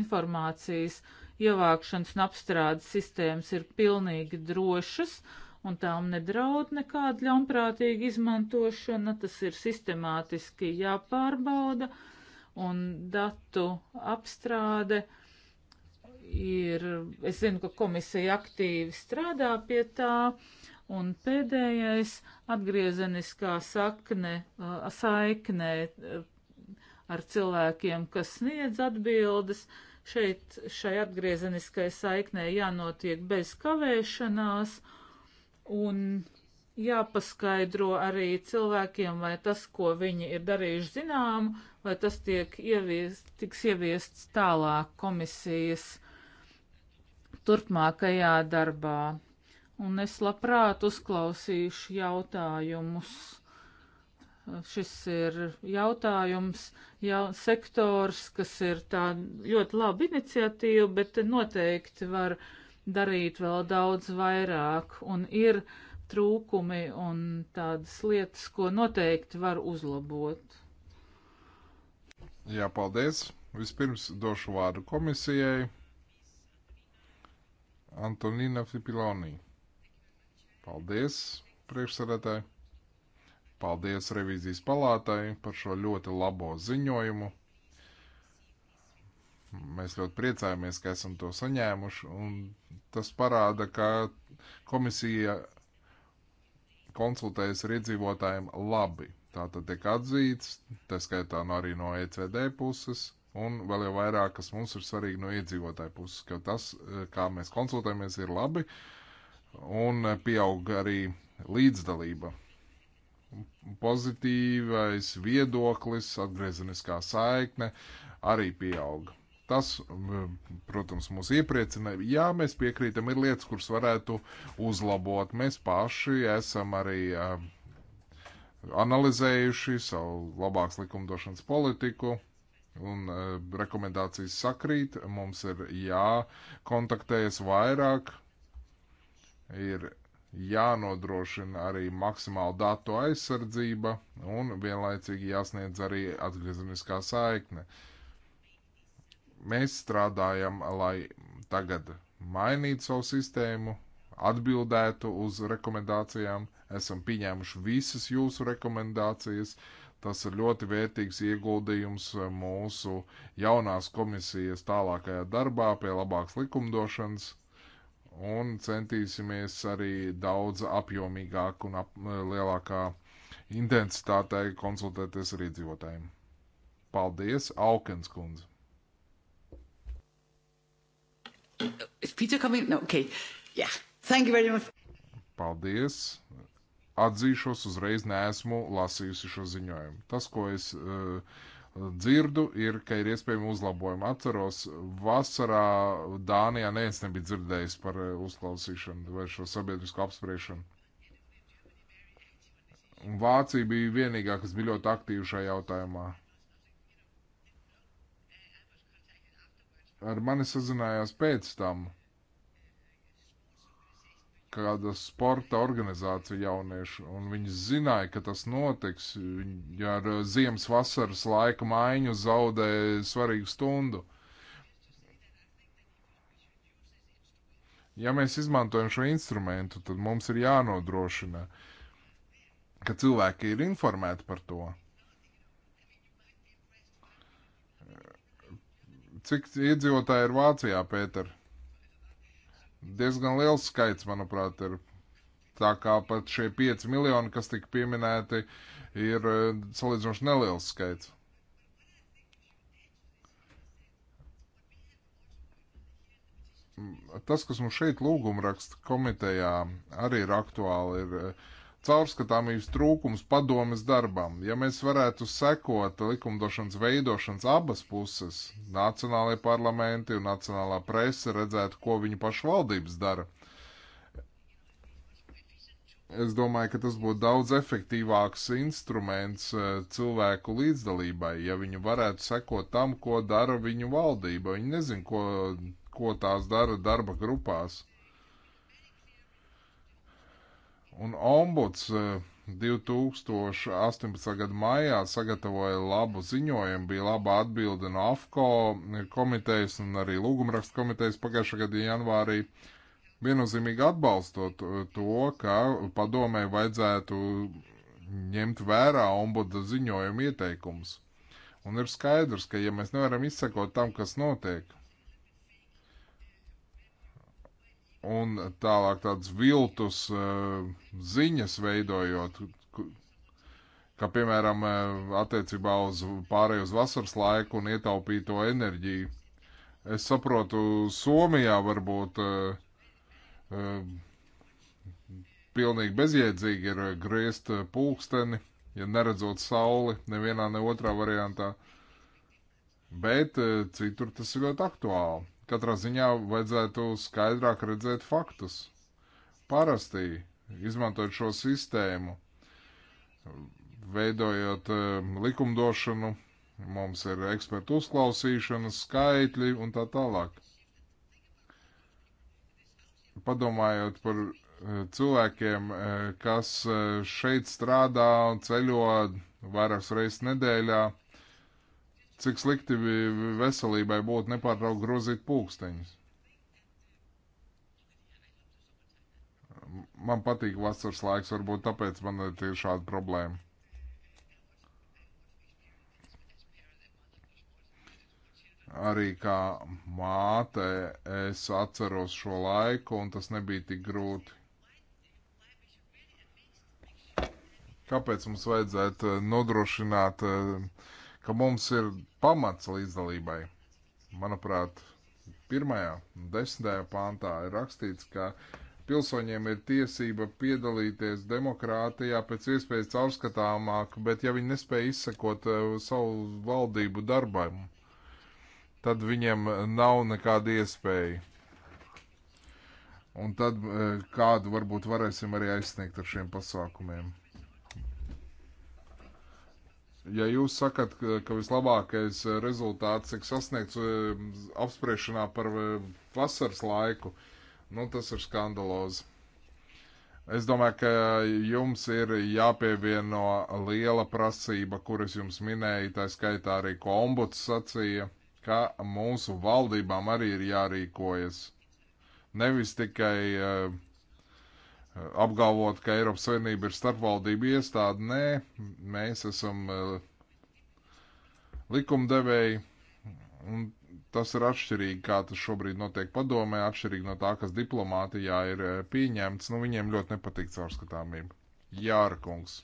informācijas ievākšanas un apstrādes sistēmas ir pilnīgi drošas un tām nedraud nekāda ļaunprātīga izmantošana. Tas ir sistemātiski jāpārbauda un datu apstrāde ir, es zinu, ka komisija aktīvi strādā pie tā, un pēdējais atgriezeniskā sakne, uh, saiknē uh, ar cilvēkiem, kas sniedz atbildes, uh, Šeit šai atgriezeniskai saiknē jānotiek bez kavēšanās un jāpaskaidro arī cilvēkiem, vai tas, ko viņi ir darījuši zinām, vai tas tiek ieviest, tiks ieviests tālāk komisijas turpmākajā darbā. Un es labprāt uzklausīšu jautājumus šis ir jautājums, jau sektors, kas ir tā ļoti laba iniciatīva, bet noteikti var darīt vēl daudz vairāk un ir trūkumi un tādas lietas, ko noteikti var uzlabot. Jā, paldies. Vispirms došu vārdu komisijai. Antonina Fipilonī. Paldies, priekšsēdētāji. Paldies revīzijas palātai par šo ļoti labo ziņojumu. Mēs ļoti priecājamies, ka esam to saņēmuši, un tas parāda, ka komisija konsultējas ar iedzīvotājiem labi. Tā tad tiek atzīts, tā skaitā no arī no ECD puses, un vēl jau vairāk, kas mums ir svarīgi no iedzīvotāju puses, ka tas, kā mēs konsultējamies, ir labi, un pieaug arī līdzdalība pozitīvais viedoklis, atgriezeniskā saikne arī pieauga. Tas, protams, mūs iepriecina. Jā, mēs piekrītam, ir lietas, kuras varētu uzlabot. Mēs paši esam arī uh, analizējuši savu labākas likumdošanas politiku. Un uh, rekomendācijas sakrīt, mums ir jākontaktējas vairāk, ir jānodrošina arī maksimāla datu aizsardzība un vienlaicīgi jāsniedz arī atgriezeniskā saikne. Mēs strādājam, lai tagad mainītu savu sistēmu, atbildētu uz rekomendācijām. Esam pieņēmuši visas jūsu rekomendācijas. Tas ir ļoti vērtīgs ieguldījums mūsu jaunās komisijas tālākajā darbā pie labākas likumdošanas un centīsimies arī daudz apjomīgāk un ap, eh, lielākā intensitātē konsultēties ar iedzīvotājiem. Paldies, Alkens kundze! Is Peter coming? No, okay. Yeah. Thank you very much. Paldies. Atzīšos uzreiz, neesmu lasījusi šo ziņojumu. Tas, ko es uh, dzirdu, ir, ka ir iespējami uzlabojumi. Atceros, vasarā Dānijā neviens nebija dzirdējis par eh, uzklausīšanu vai šo sabiedrisko apspriešanu. Un Vācija bija vienīgā, kas bija ļoti aktīva šajā jautājumā. Ar mani sazinājās pēc tam kāda sporta organizācija jauniešu, un viņi zināja, ka tas notiks, viņi ar ziemas vasaras laika maiņu zaudē svarīgu stundu. Ja mēs izmantojam šo instrumentu, tad mums ir jānodrošina, ka cilvēki ir informēti par to. Cik iedzīvotāji ir Vācijā, Pēter? Diezgan liels skaits, manuprāt, ir. Tā kā pat šie 5 miljoni, kas tika pieminēti, ir eh, salīdzinoši neliels skaits. Tas, kas mums šeit lūgumraksta komitejā arī ir aktuāli, ir uh, caurskatāmības trūkums padomas darbam. Ja mēs varētu sekot likumdošanas veidošanas abas puses, nacionālajie parlamenti un nacionālā presa redzētu, ko viņu pašu valdības dara. Es domāju, ka tas būtu daudz efektīvāks instruments eh, cilvēku līdzdalībai, ja viņi varētu sekot tam, ko dara viņu valdība. Viņi nezin, ko, ko tās dara darba grupās Un ombuds 2018. Eh, gada maijā sagatavoja labu ziņojumu, bija laba atbilde no AFCO komitejas un arī lūgumrakstu komitejas pagājušā gada janvārī. Viennozīmīgi atbalstot eh, to, ka padomē vajadzētu ņemt vērā ombuda ziņojumu ieteikumus. Un ir skaidrs, ka ja mēs nevaram izsekot tam, kas notiek, un tālāk tādas viltus uh, ziņas veidojot, kā piemēram eh, attiecībā uz pārējo uz vasaras laiku un ietaupīto enerģiju. Es saprotu, Somijā varbūt uh, uh, pilnīgi bezjēdzīgi ir griezt pulksteni, ja neredzot sauli nevienā ne otrā variantā, bet citur tas ir ļoti aktuāli. Katrā ziņā vajadzētu skaidrāk redzēt faktus. Parasti, izmantojot šo sistēmu, veidojot eh, likumdošanu, mums ir ekspertu uzklausīšanas, skaitļi un tā tālāk. Padomājot par eh, cilvēkiem, eh, kas šeit strādā un ceļo vairākas reizes nedēļā, Cik slikti veselībai būtu nepārtraukt grozīt pulksteņus. Man patīk vasaras laiks, varbūt tāpēc man ir šāda problēma. Arī kā māte es atceros šo laiku, un tas nebija tik grūti. kāpēc mums vajadzētu nodrošināt uh, ka mums ir pamats līdzdalībai. Manuprāt, pirmajā un desmitajā pāntā ir rakstīts, ka pilsoņiem ir tiesība piedalīties demokrātijā pēc iespējas caurskatāmāk, bet ja viņi nespēja izsekot eh, savu valdību darbam, tad viņiem nav nekāda iespēja. Un tad eh, kādu varbūt varēsim arī aizsniegt ar šiem pasākumiem. Ja jūs sakat, ka vislabākais eh, rezultāts tiek sasniegts eh, apspriešanā par eh, vasaras laiku, nu tas ir skandalozi. Es domāju, ka jums ir jāpievieno liela prasība, kuras jums minēja, tā skaitā arī, ko ombuds sacīja, ka mūsu valdībām arī ir jārīkojas. Nevis tikai uh, apgalvot, ka Eiropas Savienība ir starpvaldība iestāde. Nē, mēs esam eh, likumdevēji, un tas ir atšķirīgi, kā tas šobrīd notiek padomē, atšķirīgi no tā, kas diplomātijā ir eh, pieņemts. Nu, viņiem ļoti nepatīk caurskatāmība. Jāra kungs.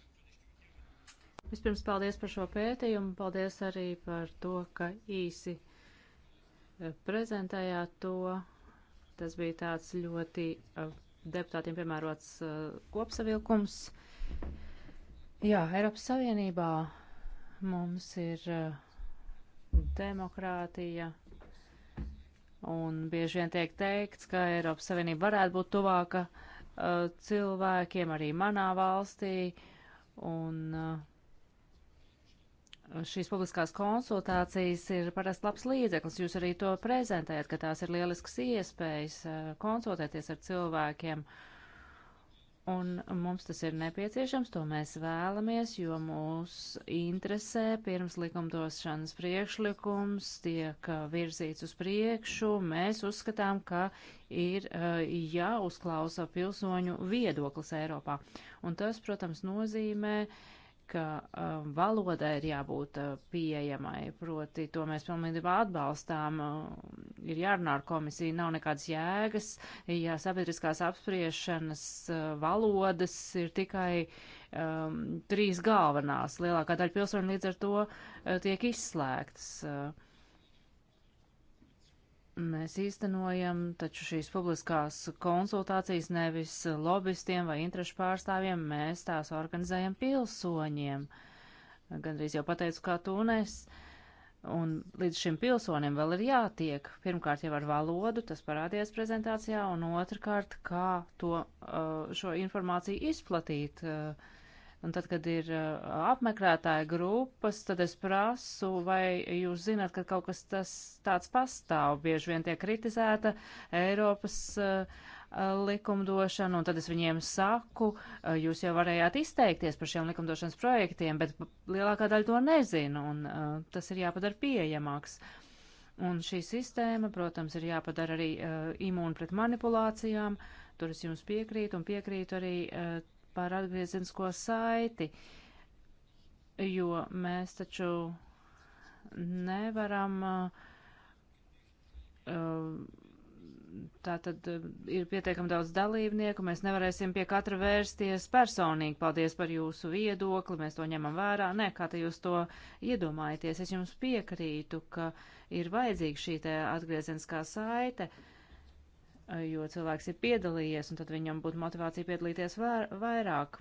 Vispirms paldies par šo pētījumu, paldies arī par to, ka īsi eh, prezentējāt to. Tas bija tāds ļoti deputātiem piemērots uh, kopsavilkums. Jā, Eiropas Savienībā mums ir uh, demokrātija, un bieži vien tiek teikts, ka Eiropas Savienība varētu būt tuvāka uh, cilvēkiem arī manā valstī, un uh, šīs publiskās konsultācijas ir parasti labs līdzeklis. Jūs arī to prezentējat, ka tās ir lielisks iespējas eh, konsultēties ar cilvēkiem. Un mums tas ir nepieciešams, to mēs vēlamies, jo mūs interesē pirms likumdošanas priekšlikums tiek eh, virzīts uz priekšu. Mēs uzskatām, ka ir eh, jāuzklausa pilsoņu viedoklis Eiropā. Un tas, protams, nozīmē uh, ka uh, valodai ir jābūt uh, pieejamai, proti to mēs pilnībā atbalstām, uh, ir jārunā ar komisiju, nav nekādas jēgas, ja sabiedriskās apspriešanas uh, valodas ir tikai um, trīs galvenās, lielākā daļa pilsoņu līdz ar to uh, tiek izslēgtas. Uh, mēs īstenojam, taču šīs publiskās konsultācijas nevis lobbystiem vai interešu pārstāvjiem, mēs tās organizējam pilsoņiem. Gandrīz jau pateicu, kā tu un es. Un līdz šim pilsonim vēl ir jātiek, pirmkārt jau ar valodu, tas parādījās prezentācijā, un otrkārt, kā to, uh, šo informāciju izplatīt. Uh, Un tad, kad ir apmeklētāja grupas, tad es prasu, vai jūs zināt, ka kaut kas tas, tāds pastāv. Bieži vien tiek kritizēta Eiropas uh, likumdošana, un tad es viņiem saku, uh, jūs jau varējāt izteikties par šiem likumdošanas projektiem, bet lielākā daļa to nezina, un uh, tas ir jāpadara pieejamāks. Un šī sistēma, protams, ir jāpadara arī uh, imūna pret manipulācijām. Tur es jums piekrītu un piekrītu arī uh, par atgriezenisko saiti, jo mēs taču nevaram. Uh, tā tad uh, ir pietiekami daudz dalībnieku, mēs nevarēsim pie katra vērsties personīgi. Paldies par jūsu viedokli, mēs to ņemam vērā. Nē, kā te jūs to iedomājaties, es jums piekrītu, ka ir vajadzīga šī te atgriezeniskā saite. Uh, jo cilvēks ir piedalījies, un tad viņam būtu motivācija piedalīties vairāk.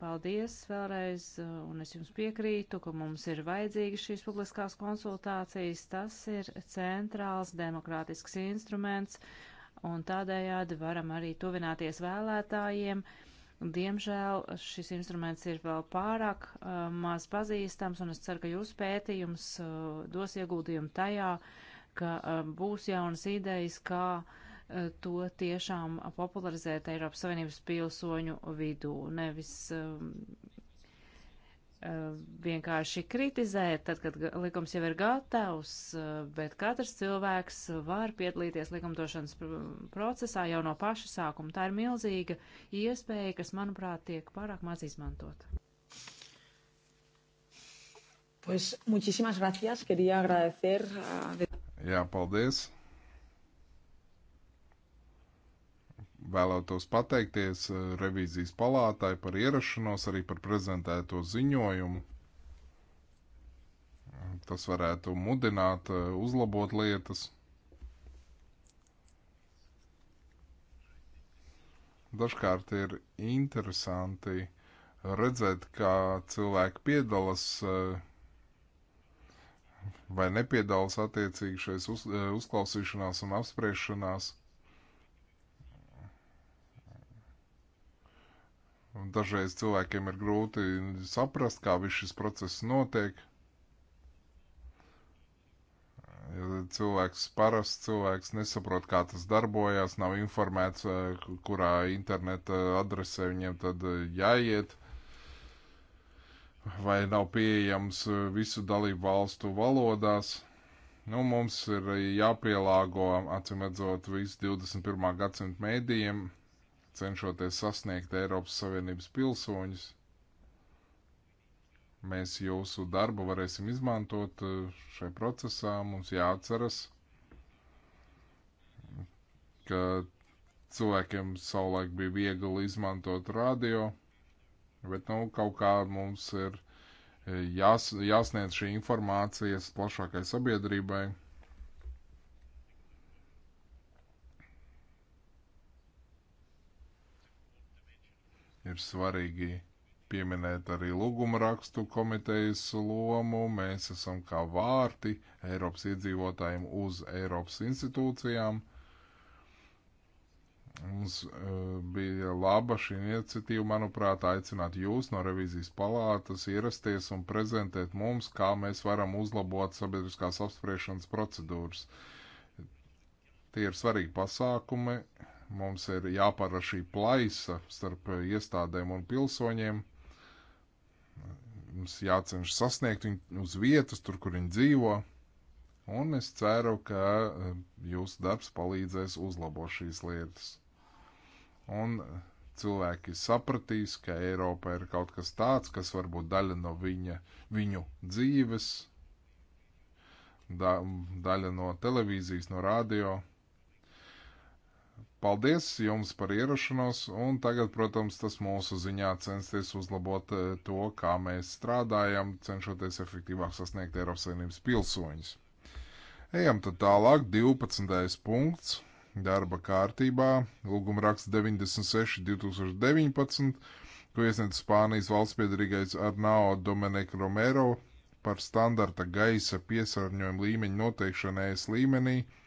Paldies vēlreiz, uh, un es jums piekrītu, ka mums ir vajadzīgas šīs publiskās konsultācijas. Tas ir centrāls demokrātisks instruments, un tādējādi varam arī tuvināties vēlētājiem. Diemžēl šis instruments ir vēl pārāk uh, maz pazīstams, un es ceru, ka jūsu pētījums uh, dos ieguldījumu tajā, ka uh, būs jaunas idejas, kā uh, to tiešām popularizēt Eiropas Savienības pilsoņu vidū, nevis um, uh, vienkārši kritizēt, tad, kad likums jau ir gatavs, uh, bet katrs cilvēks var piedalīties likumdošanas procesā jau no paša sākuma. Tā ir milzīga iespēja, kas, manuprāt, tiek pārāk maz izmantot. Pues muchísimas gracias, quería agradecer. A... Jā, paldies. Vēlētos pateikties eh, revīzijas palātai par ierašanos, arī par prezentēto ziņojumu. Tas varētu mudināt, eh, uzlabot lietas. Dažkārt ir interesanti redzēt, kā cilvēki piedalās eh, vai nepiedalās attiecīgi šajās uz, uzklausīšanās un apspriešanās. Un dažreiz cilvēkiem ir grūti saprast, kā viss šis process notiek. Ja cilvēks, parasts cilvēks, nesaprot, kā tas darbojas, nav informēts, eh, kurā interneta adresē viņiem tad eh, jāiet, vai nav pieejams eh, visu dalību valstu valodās. Nu, mums ir jāpielāgo, acīm redzot, visu 21. gadsimtu mēdījiem, cenšoties sasniegt Eiropas Savienības pilsoņus. Mēs jūsu darbu varēsim izmantot eh, šajā procesā. Mums jāatceras, ka cilvēkiem savulaik bija viegli izmantot radio, bet nu, kaut kā mums ir eh, jās, jāsniedz šī informācija plašākai sabiedrībai. ir svarīgi pieminēt arī lūguma rakstu komitejas lomu. Mēs esam kā vārti Eiropas iedzīvotājiem uz Eiropas institūcijām. Mums e, bija laba šī iniciatīva, manuprāt, aicināt jūs no revizijas palātas ierasties un prezentēt mums, kā mēs varam uzlabot sabiedriskās apspriešanas procedūras. Tie ir svarīgi pasākumi, Mums ir jāpara šī plaisa starp iestādēm un pilsoņiem. Mums jācenšas sasniegt viņu uz vietas, tur, kur viņi dzīvo. Un es ceru, ka eh, jūsu darbs palīdzēs uzlabot šīs lietas. Un eh, cilvēki sapratīs, ka Eiropa ir kaut kas tāds, kas varbūt daļa no viņa, viņu dzīves, da, daļa no televīzijas, no radio. Paldies jums par ierašanos, un tagad, protams, tas mūsu ziņā censties uzlabot eh, to, kā mēs strādājam, cenšoties efektīvāk sasniegt Eiropas Savienības pilsoņus. Ejam tad tālāk, 12. punkts darba kārtībā, lūgumraksts 96 2019, ko iesniedz Spānijas valstspiedrīgais Arnao Domenek Romero par standarta gaisa piesārņojuma līmeņu noteikšanu ES līmenī. līmenī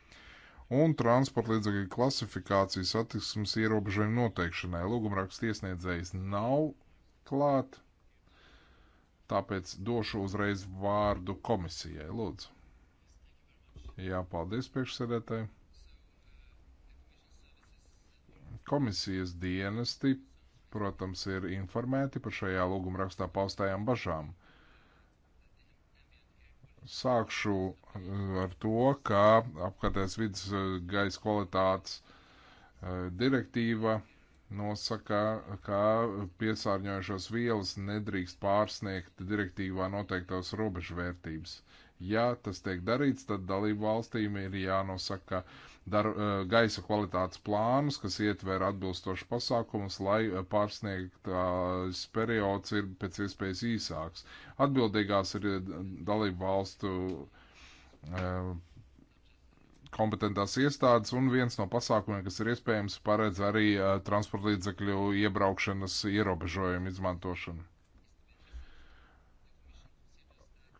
un transporta līdzekļu klasifikācijas attieksmes ierobežojumu noteikšanai. Lūgumraksta iesniedzējs nav klāt, tāpēc došu uzreiz vārdu komisijai. Lūdzu. Jā, paldies priekšsēdētāji. Komisijas dienesti, protams, ir informēti par šajā lūgumrakstā paustajām bažām. Sākšu eh, ar to, ka apkārtējās vidas eh, gaisa kvalitātes eh, direktīva nosaka, ka piesārņojušos vielas nedrīkst pārsniegt direktīvā noteiktos robežvērtības. Ja tas tiek darīts, tad dalību valstīm ir jānosaka dar, eh, gaisa kvalitātes plānus, kas ietver atbilstošus pasākumus, lai eh, pārsniegtās periods ir pēc iespējas īsāks. Atbildīgās ir eh, dalību valstu kompetentās iestādes, un viens no pasākumiem, kas ir iespējams, paredz arī uh, transporta līdzekļu iebraukšanas ierobežojumu izmantošanu.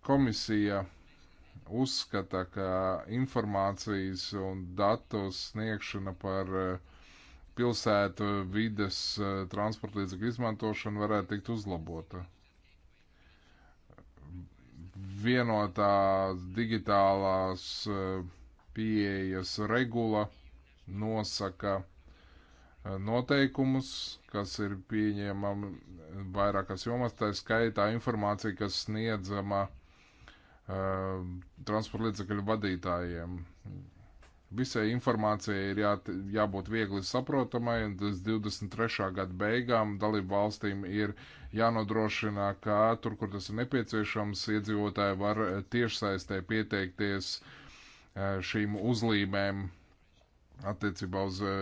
Komisija uzskata, ka informācijas un datu sniegšana par eh, pilsētu vides eh, transporta līdzekļu izmantošanu varētu tikt uzlabota. Vienotās digitālās eh, pieejas regula nosaka noteikumus, kas ir pieņemami vairākās jomās, tā skaitā informācija, kas sniedzama uh, Ehm, transporta līdzekļu vadītājiem. Visai informācijai ir jā, jābūt viegli saprotamai, un tas 23. gada beigām dalību valstīm ir jānodrošina, ka tur, kur tas ir nepieciešams, iedzīvotāji var tiešsaistē pieteikties e, šīm uzlīmēm attiecībā uz e,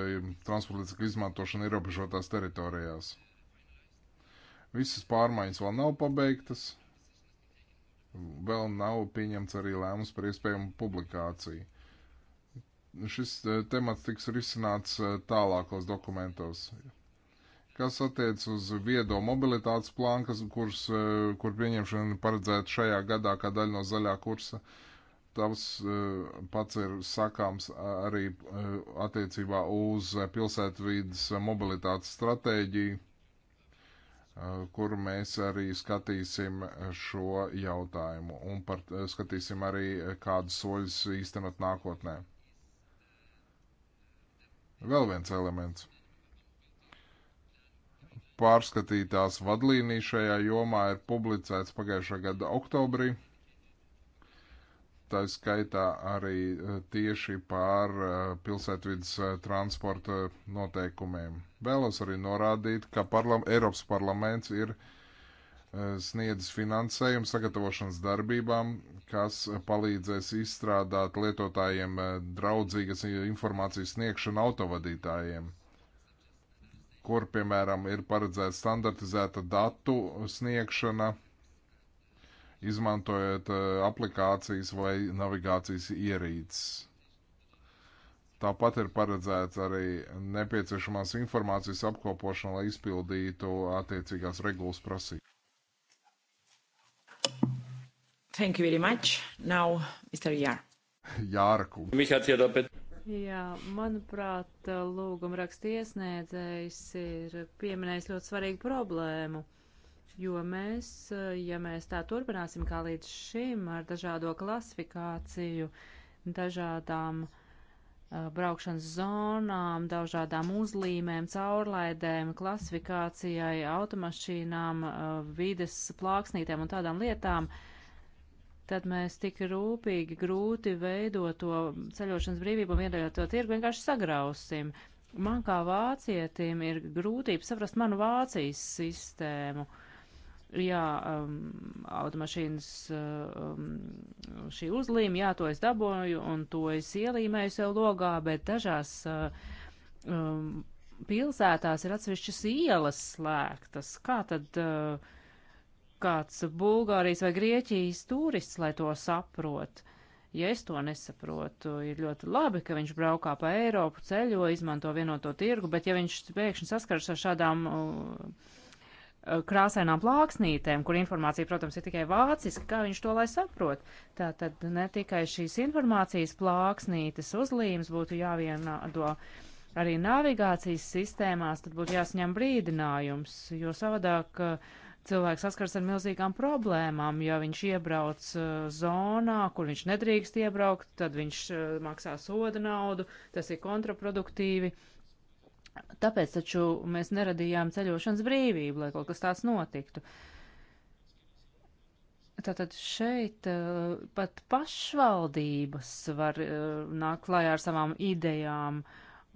transporta līdzekļu izmantošanu ierobežotās teritorijās. Visas pārmaiņas vēl nav pabeigtas vēl nav pieņemts arī lēmums par iespējamu publikāciju. Šis e, temats tiks risināts e, tālākos dokumentos. Kas attiec uz viedo mobilitātes plānu, kas, kurs, e, kur pieņemšana paredzēta šajā gadā kā daļa no zaļā kursa, tas pats ir sakāms arī attiecībā uz pilsētvidas mobilitātes stratēģiju Eh, kur mēs arī skatīsim šo jautājumu un par, eh, skatīsim arī, eh, kādus soļus īstenot nākotnē. Vēl viens elements. Pārskatītās vadlīnijas šajā jomā ir publicēts pagājušā gada oktobrī tā skaitā arī eh, tieši pār eh, pilsētvidas eh, transporta noteikumiem. Vēlos arī norādīt, ka parlam Eiropas parlaments ir sniedzis finansējumu sagatavošanas darbībām, kas palīdzēs izstrādāt lietotājiem draudzīgas informācijas sniegšanu autovadītājiem kur, piemēram, ir paredzēta standartizēta datu sniegšana izmantojot eh, aplikācijas vai navigācijas ierīces. Tāpat ir paredzēts arī nepieciešamās informācijas apkopošana, lai izpildītu attiecīgās regulas prasības. Thank you very much. Now, Mr. Jār. Jāra kungs. Jā, manuprāt, lūguma raksta iesniedzējs ir pieminējis ļoti svarīgu problēmu jo mēs, eh, ja mēs tā turpināsim kā līdz šim ar dažādo klasifikāciju, dažādām uh, braukšanas zonām, dažādām uzlīmēm, caurlaidēm, klasifikācijai, automašīnām, uh, vides plāksnītēm un tādām lietām, tad mēs tik rūpīgi, grūti veidot to ceļošanas brīvību un vienreizēto tirgu vienkārši sagrausim. Man kā vācietim ir grūtība saprast manu Vācijas sistēmu. Uh, jā, um, automašīnas um, šī uzlīme, jā, to es daboju un to es ielīmēju sev logā, bet dažās uh, um, pilsētās ir atsevišķas ielas slēgtas. Kā tad uh, kāds Bulgārijas vai Grieķijas turists, lai to saprot? Ja es to nesaprotu, ir ļoti labi, ka viņš braukā pa Eiropu, ceļo, izmanto vienoto tirgu, bet ja viņš pēkšņi saskars ar šādām uh, Eh, krāsainām plāksnītēm, kur informācija, protams, ir tikai vāciska, kā viņš to lai saprot. Tātad ne tikai šīs informācijas plāksnītes uzlīmes būtu jāvienādo arī navigācijas sistēmās, tad būtu jāsņem brīdinājums, jo savādāk eh, cilvēks saskars ar milzīgām problēmām, ja viņš iebrauc eh, zonā, kur viņš nedrīkst iebraukt, tad viņš maksā soda naudu, tas ir kontraproduktīvi. Uh, Tāpēc taču mēs neradījām ceļošanas brīvību, lai kaut kas tāds notiktu. Tātad šeit eh, pat pašvaldības var eh, nākt klājā ar savām idejām,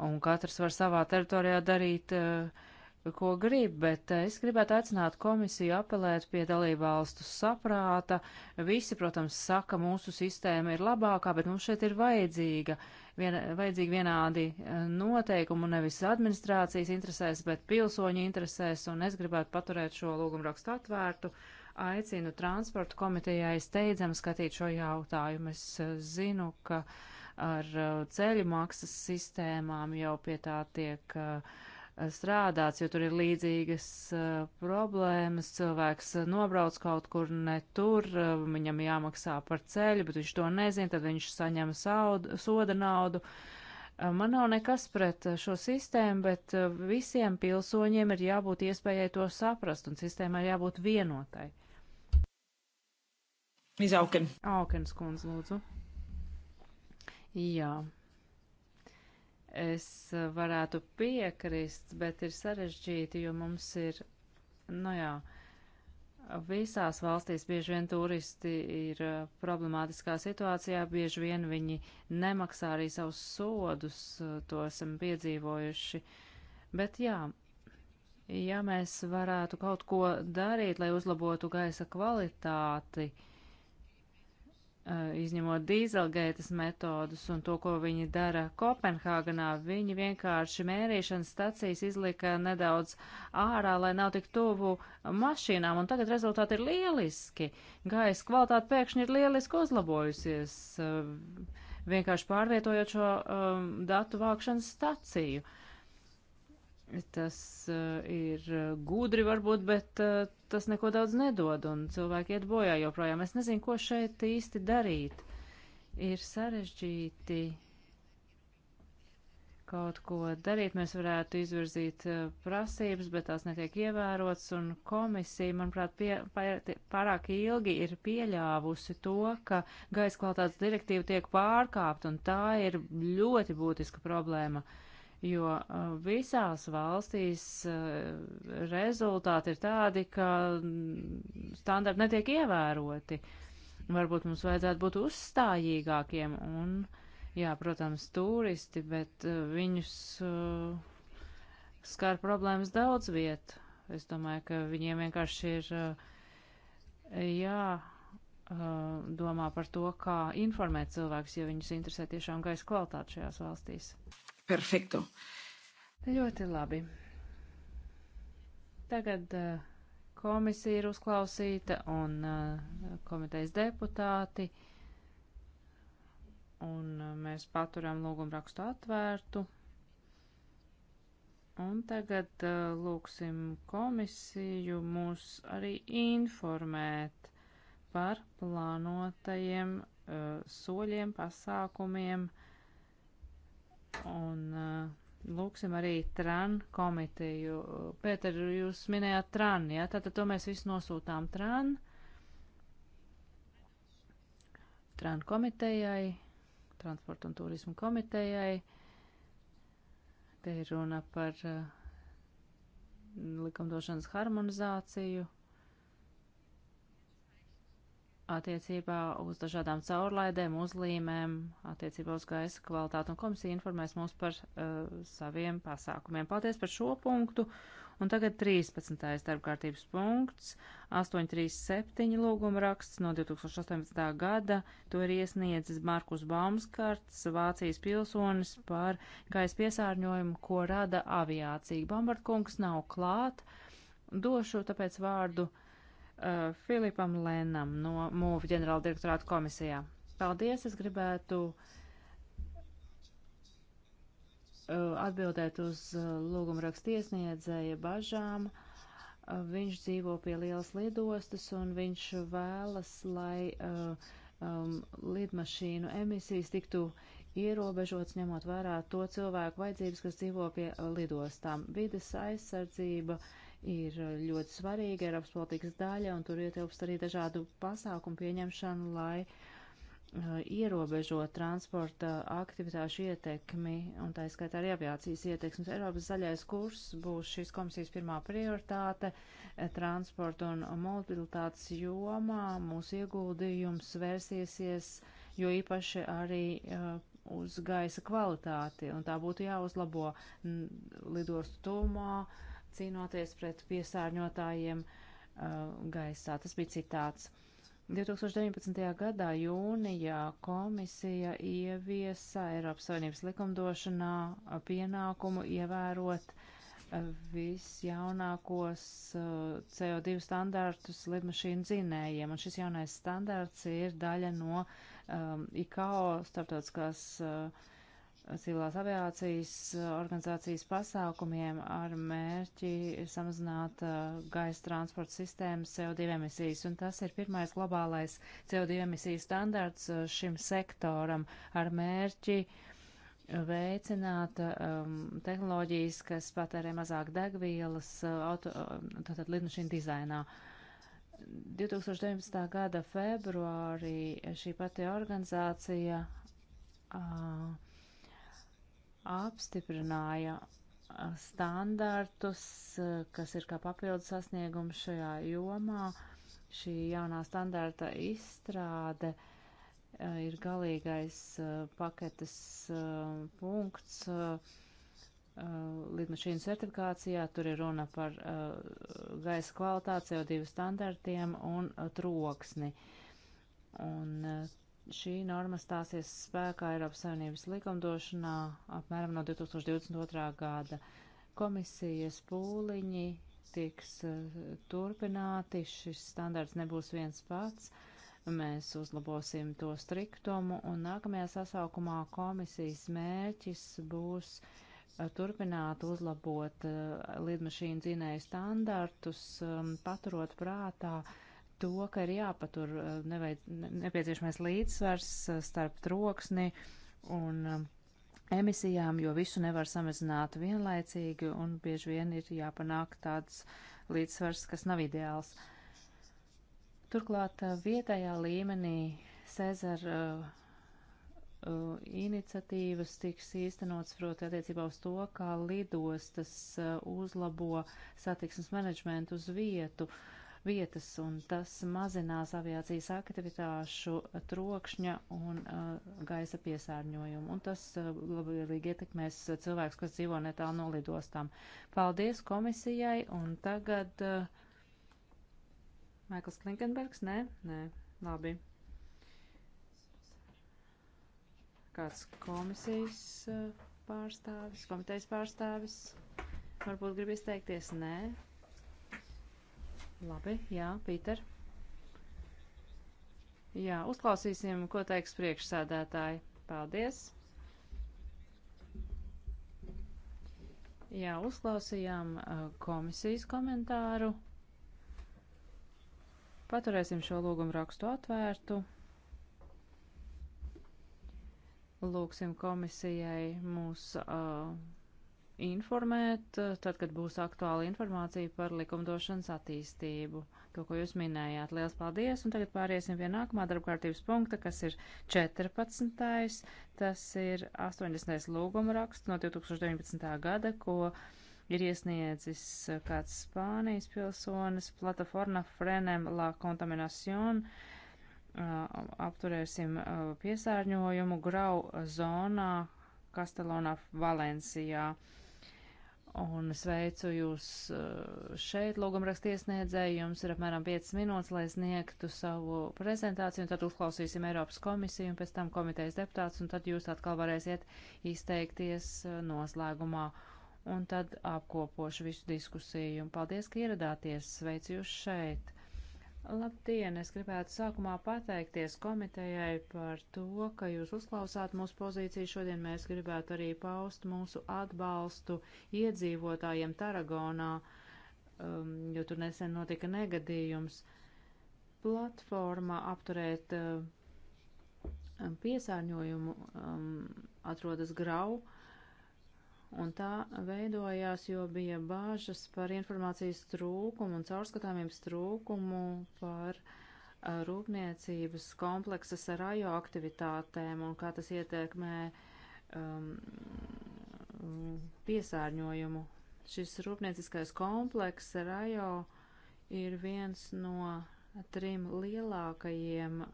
un katrs var savā teritorijā darīt uh, ko grib, bet eh, es gribētu aicināt komisiju apelēt pie dalībvalstu saprāta. Visi, protams, saka, mūsu sistēma ir labākā, bet mums šeit ir vajadzīga, vien, vajadzīgi vienādi eh, noteikumi, nevis administrācijas interesēs, bet pilsoņu interesēs, un es gribētu paturēt šo lūgumrakstu atvērtu. Aicinu transportu komitejai steidzam skatīt šo jautājumu. Es eh, zinu, ka ar ceļu maksas sistēmām jau pie tā tiek uh, strādāts, jo tur ir līdzīgas problēmas. Cilvēks nobrauc kaut kur ne tur, viņam jāmaksā par ceļu, bet viņš to nezina, tad viņš saņem saudu, soda naudu. Man nav nekas pret šo sistēmu, bet visiem pilsoņiem ir jābūt iespējai to saprast, un sistēmai ir jābūt vienotai. Izauken. Aukens kundze, lūdzu. Jā es varētu piekrist, bet ir sarežģīti, jo mums ir, nu jā, visās valstīs bieži vien turisti ir problemātiskā situācijā, bieži vien viņi nemaksā arī savus sodus, to esam piedzīvojuši. Bet jā, ja mēs varētu kaut ko darīt, lai uzlabotu gaisa kvalitāti, uh, Eh, izņemot dīzelgaitas metodus un to, ko viņi dara Kopenhāganā, viņi vienkārši mērīšanas stacijas izlika nedaudz ārā, lai nav tik tuvu mašīnām, un tagad rezultāti ir lieliski. Gaisa kvalitāte pēkšņi ir lieliski uzlabojusies, eh, vienkārši pārvietojot šo um, datu vākšanas staciju. Uh, Tas uh, ir eh, gudri varbūt, bet uh, tas neko daudz nedod un cilvēki iet bojā joprojām. Es nezinu, ko šeit īsti darīt. Ir sarežģīti kaut ko darīt. Mēs varētu izvirzīt uh, prasības, bet tās netiek ievērots un komisija, manuprāt, pie, pie, pārāk ilgi ir pieļāvusi to, ka gaisa kvalitātes direktīva tiek pārkāpt un tā ir ļoti būtiska problēma. Uh, jo uh, visās valstīs uh, rezultāti ir tādi, ka mm, standarti netiek ievēroti. Varbūt mums vajadzētu būt uzstājīgākiem un, jā, protams, turisti, bet uh, viņus skar problēmas daudz viet. Es domāju, ka viņiem vienkārši ir jā domā par to, kā informēt cilvēkus, ja viņus interesē tiešām gaisa kvalitāte šajās valstīs. Perfekto. Ļoti labi. Tagad uh, komisija ir uzklausīta un uh, komitejas deputāti. Un uh, mēs paturam lūgumu rakstu atvērtu. Un tagad uh, lūksim komisiju mūs arī informēt par plānotajiem uh, soļiem, pasākumiem Un uh, lūksim arī TRAN komiteju. Pēter, jūs minējāt TRAN, jā? Ja? Tātad to mēs visu nosūtām TRAN. TRAN komitejai, Transporta un turismu komitejai. Te ir runa par uh, likumdošanas harmonizāciju attiecībā uz dažādām caurlaidēm, uzlīmēm, attiecībā uz gaisa kvalitāti, un komisija informēs mūs par uh, saviem pasākumiem. Paldies par šo punktu, un tagad 13. darbkārtības punkts, 837 lūguma raksts no 2018. gada, to ir iesniedzis Markus Baumskarts, Vācijas pilsonis par gaisa piesārņojumu, ko rada aviācija. Bambartkungs nav klāt, došu tāpēc vārdu uh, Filipam Lēnam no MUV ģenerāla direktorāta komisijā. Paldies, es gribētu uh, atbildēt uz uh, lūgumu rakstiesniedzēja bažām. Uh, viņš dzīvo pie lielas lidostas un viņš vēlas, lai uh, um, lidmašīnu emisijas tiktu ierobežots ņemot vērā to cilvēku vajadzības, kas dzīvo pie uh, lidostām. Vides aizsardzība uh, ir eh, ļoti svarīga Eiropas politikas daļa, un tur ietilpst arī dažādu pasākumu pieņemšanu, lai uh, eh, ierobežo transporta aktivitāšu ietekmi, un tā skaitā arī aviācijas ietekmes. Eiropas zaļais kurs būs šīs komisijas pirmā prioritāte eh, transporta un mobilitātes jomā. Mūsu ieguldījums vērsiesies, jo īpaši arī uh, uz gaisa kvalitāti, un tā būtu jāuzlabo lidostu tūmā, uh, cīnoties pret piesārņotājiem uh, gaisā. Tas bija citāts. 2019. gadā jūnijā komisija ieviesa Eiropas Savienības likumdošanā uh, pienākumu ievērot uh, visjaunākos uh, CO2 standārtus lidmašīnu dzinējiem, un šis jaunais standārts ir daļa no um, ICAO starptautiskās uh, civilās aviācijas eh, organizācijas pasākumiem ar mērķi samazināt uh, gaisa transporta sistēmas CO2 emisijas. Un tas ir pirmais globālais CO2 emisiju standarts uh, šim sektoram ar mērķi veicināt um, tehnoloģijas, kas patērē mazāk degvielas, uh, auto, tātad lidmašīnu dizainā. 2019. gada februārī šī pati organizācija uh, apstiprināja standartus, kas ir kā papildu sasniegums šajā jomā. Šī jaunā standarta izstrāde e, ir galīgais e, paketes e, punkts lidmašīnu certifikācijā. Tur ir runa par gaisa kvalitāti, CO2 standartiem un troksni. Un šī norma stāsies spēkā Eiropas Savienības likumdošanā apmēram no 2022. gada. Komisijas pūliņi tiks eh, turpināti, šis standarts nebūs viens pats. Mēs uzlabosim to striktumu un nākamajā sasaukumā komisijas mērķis būs eh, turpināt uzlabot eh, lidmašīnu dzinēju standartus, um, paturot prātā uh, to, ka ir jāpatur eh, nevajad, nepieciešamais līdzsvars eh, starp troksni un eh, emisijām, jo visu nevar samazināt vienlaicīgi un bieži vien ir jāpanāk tāds līdzsvars, kas nav ideāls. Turklāt vietējā līmenī Cezara uh, iniciatīvas tiks īstenots, proti, attiecībā uz to, kā lidostas uzlabo satiksmes menedžmentu uz vietu. Uh, vietas, un tas mazinās aviācijas aktivitāšu trokšņa un uh, gaisa piesārņojumu. Un tas uh, labvēlīgi ietekmēs cilvēks, kas dzīvo netālu no lidostām. Paldies komisijai, un tagad uh, Maikls Klinkenbergs? Nē, nē, labi. Kāds komisijas uh, pārstāvis, komitejas pārstāvis? Varbūt grib izteikties? Nē. Labi, jā, Pīter. Jā, uzklausīsim, ko teiks priekšsēdētāji. Paldies! Jā, uzklausījām komisijas komentāru. Paturēsim šo lūgumu rakstu atvērtu. Lūksim komisijai mūs uh, informēt, eh, tad, kad būs aktuāla informācija par likumdošanas attīstību. To, ko jūs minējāt, liels paldies, un tagad pāriesim pie nākamā darbkārtības punkta, kas ir 14. Tas ir 80. lūguma raksts no 2019. gada, ko ir iesniedzis eh, kāds Spānijas pilsonis Plataforma Frenem la Contaminacion. Eh, apturēsim piesārņojumu grau zonā Kastelonā, Valencijā un sveicu jūs eh, šeit, lūgumraksta iesniedzēju. Jums ir apmēram 5 minūtes, lai sniegtu savu prezentāciju, un tad uzklausīsim Eiropas komisiju, un pēc tam komitejas deputāts, un tad jūs atkal varēsiet izteikties eh, noslēgumā. Un tad apkopošu visu diskusiju. Paldies, ka ieradāties. Sveicu jūs šeit! Labdien! Es gribētu sākumā pateikties komitejai par to, ka jūs uzklausāt mūsu pozīciju. Šodien mēs gribētu arī paust mūsu atbalstu iedzīvotājiem Taragonā, um, jo tur nesen notika negadījums. Platforma apturēt uh, um, piesārņojumu um, atrodas grau. Uh, un tā veidojās, jo bija bāžas par informācijas trūkumu un caurskatāmības trūkumu par rūpniecības kompleksas ar ajo aktivitātēm un kā tas ietekmē um, piesārņojumu. Šis rūpnieciskais komplekss ar ajo ir viens no trim lielākajiem uh,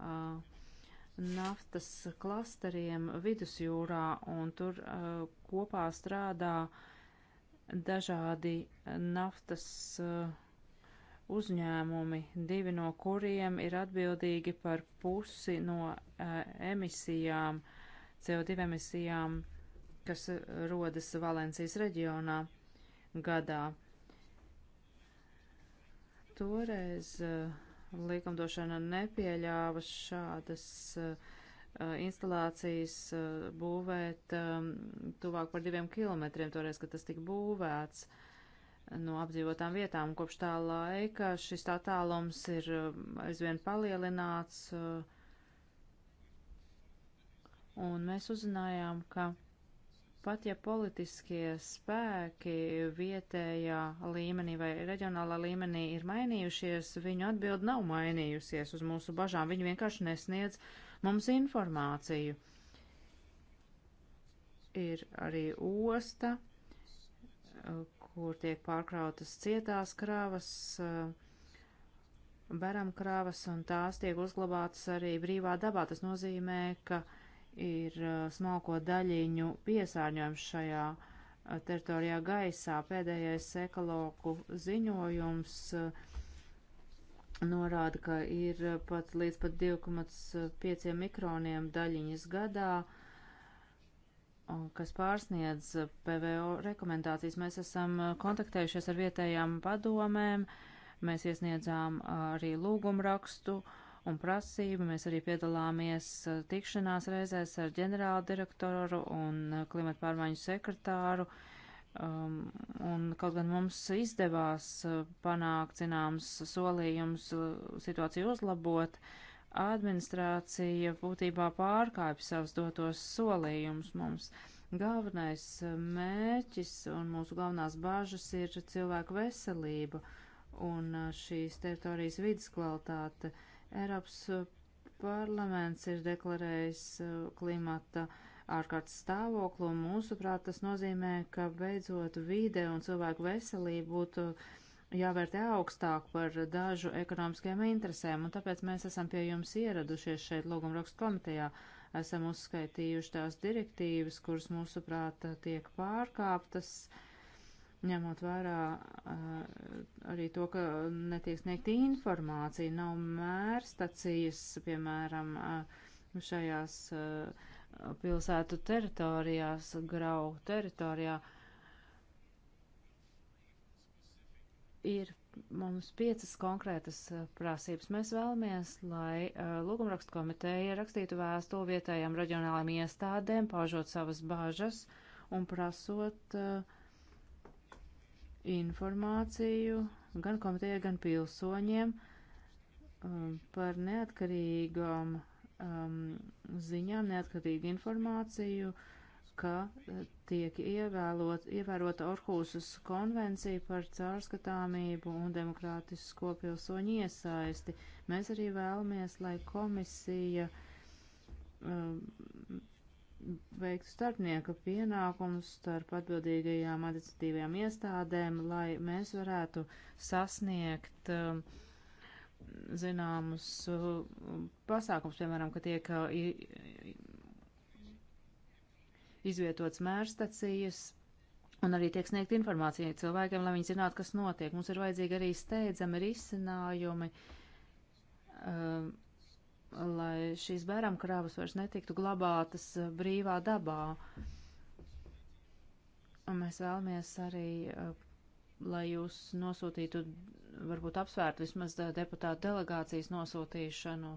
naftas klasteriem vidusjūrā, un tur uh, kopā strādā dažādi eh, naftas eh, uzņēmumi, divi no kuriem ir atbildīgi par pusi no eh, emisijām, CO2 emisijām, kas rodas Valencijas reģionā gadā. Toreiz likumdošana nepieļāva šādas uh, instalācijas būvēt tuvāk par diviem kilometriem, toreiz, kad tas tika būvēts no apdzīvotām vietām. Kopš tā laika šis attālums ir aizvien palielināts, un mēs uzzinājām, ka pat ja politiskie spēki vietējā līmenī vai reģionālā līmenī ir mainījušies, viņu atbildi nav mainījusies uz mūsu bažām. Viņi vienkārši nesniedz uh, mums informāciju. Ir arī osta, kur tiek pārkrautas cietās krāvas, beram krāvas, un tās tiek uzglabātas arī brīvā dabā. Tas nozīmē, ka ir uh, smalko daļiņu piesārņojums šajā uh, teritorijā gaisā. Pēdējais ekologu ziņojums uh, norāda, ka ir pat līdz pat 2,5 mikroniem daļiņas gadā, kas pārsniedz PVO rekomendācijas. Mēs esam kontaktējušies ar vietējām padomēm, mēs iesniedzām arī lūgumu rakstu un prasību. Mēs arī piedalāmies tikšanās reizēs ar ģenerāldirektoru un klimata pārmaiņu sekretāru. Uh, Um, un kaut gan mums izdevās uh, panākt zināms solījums uh, situāciju uzlabot, administrācija būtībā pārkāpj savus dotos solījumus mums. Galvenais uh, mērķis un mūsu galvenās bāžas ir cilvēku veselība un šīs teritorijas vidas kvalitāte. Eiropas parlaments ir deklarējis klimata uh, ārkārtas stāvoklu, un mūsuprāt tas nozīmē, ka beidzot vide un cilvēku veselība būtu jāvērtē augstāk par dažu ekonomiskajām interesēm, un tāpēc mēs esam pie jums ieradušies šeit lūgumrakstu komitejā. Esam uzskaitījuši tās direktīvas, kuras mūsuprāt tiek pārkāptas, ņemot vērā arī to, ka netiek sniegta informācija, nav mērstacijas, piemēram, šajās uh, pilsētu teritorijās, grau teritorijā. Ir mums piecas konkrētas eh, prasības. Mēs vēlamies, lai eh, lūgumrakstu komiteja rakstītu vēstuli vietējām reģionālām iestādēm, paužot savas bažas un prasot eh, informāciju gan komitejai, gan pilsoņiem par neatkarīgām um, ziņām, neatkarīgu informāciju, ka eh, tiek ievēlot, ievērota Orhusas konvencija par caurskatāmību un demokrātisko pilsoņu iesaisti. Mēs arī vēlamies, lai komisija um, veiktu starpnieka pienākumus starp atbildīgajām administratīvajām iestādēm, lai mēs varētu sasniegt uh, um, zināmus uh, pasākums, piemēram, ka tiek uh, izvietots mērstacijas un arī tiek sniegt informācija cilvēkiem, lai viņi zinātu, kas notiek. Mums ir vajadzīgi arī steidzami risinājumi, uh, lai šīs bērnkrāvas vairs netiktu glabātas brīvā dabā. Un mēs vēlamies arī lai jūs nosūtītu, varbūt apsvērtu vismaz deputātu delegācijas nosūtīšanu.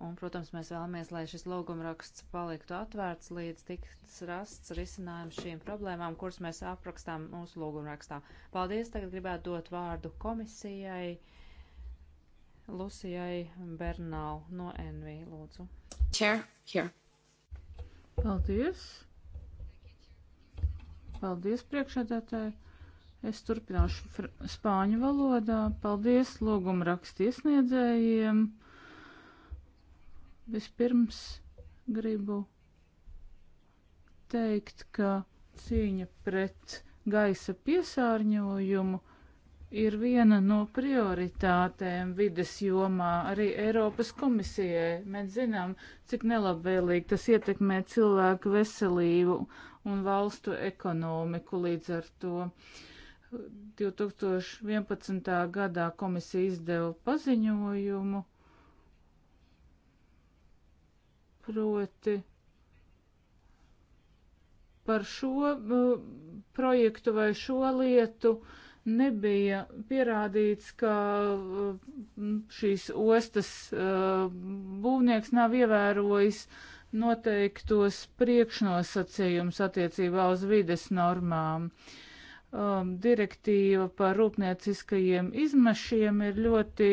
Un, protams, mēs vēlamies, lai šis logumraksts paliktu atvērts līdz tiks rasts risinājums šīm problēmām, kuras mēs aprakstām mūsu logumrakstā. Paldies, tagad gribētu dot vārdu komisijai Lucijai Bernau no NV, lūdzu. Chair, here. Paldies. Paldies, priekšādātāji. Es turpināšu spāņu valodā. Paldies lūguma rakstiesniedzējiem. Vispirms gribu teikt, ka cīņa pret gaisa piesārņojumu ir viena no prioritātēm vides jomā arī Eiropas komisijai. Mēs zinām, cik nelabvēlīgi tas ietekmē cilvēku veselību un valstu ekonomiku līdz ar to. Uh, 2011. gadā komisija izdeva paziņojumu, proti par šo projektu vai šo lietu nebija pierādīts, ka šīs ostas e, būvnieks nav ievērojis noteiktos priekšnosacījums attiecībā uz vides normām. Uh, um, direktīva par rūpnieciskajiem izmešiem ir ļoti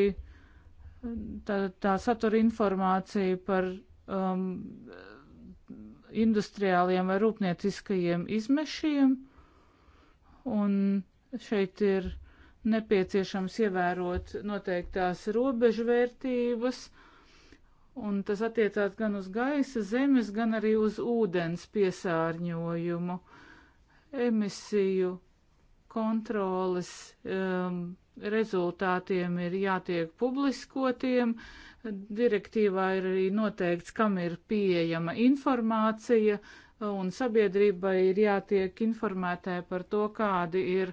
tā, tā satura informācija par um, industriāliem vai rūpnieciskajiem izmešiem. Un šeit ir nepieciešams ievērot noteiktās robežvērtības, un tas attiecās gan uz gaisa, zemes, gan arī uz ūdens piesārņojumu, emisiju kontroles um, rezultātiem ir jātiek publiskotiem. Direktīvā ir arī noteikts, kam ir pieejama informācija, un sabiedrībai ir jātiek informētē par to, kādi ir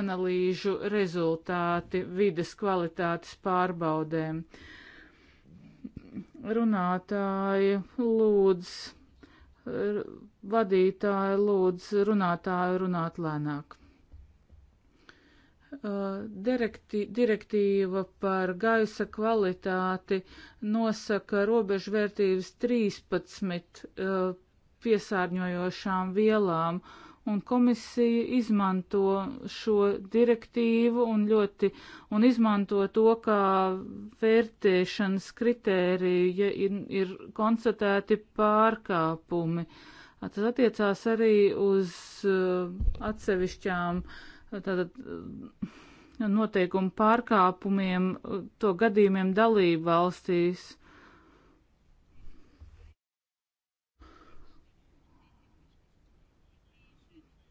analīžu rezultāti vides kvalitātes pārbaudēm. Runātāji lūdz, vadītāji lūdz runātāju runāt lēnāk. Uh, direkti, direktīva par gaisa kvalitāti nosaka robežvērtības 13 uh, piesārņojošām vielām, un komisija izmanto šo direktīvu un ļoti, un izmanto to kā vērtēšanas kritēriju, ja ir, ir konstatēti pārkāpumi. Tas attiecās arī uz uh, atsevišķām uh, tātad eh, noteikumu pārkāpumiem, eh, to gadījumiem dalību valstīs.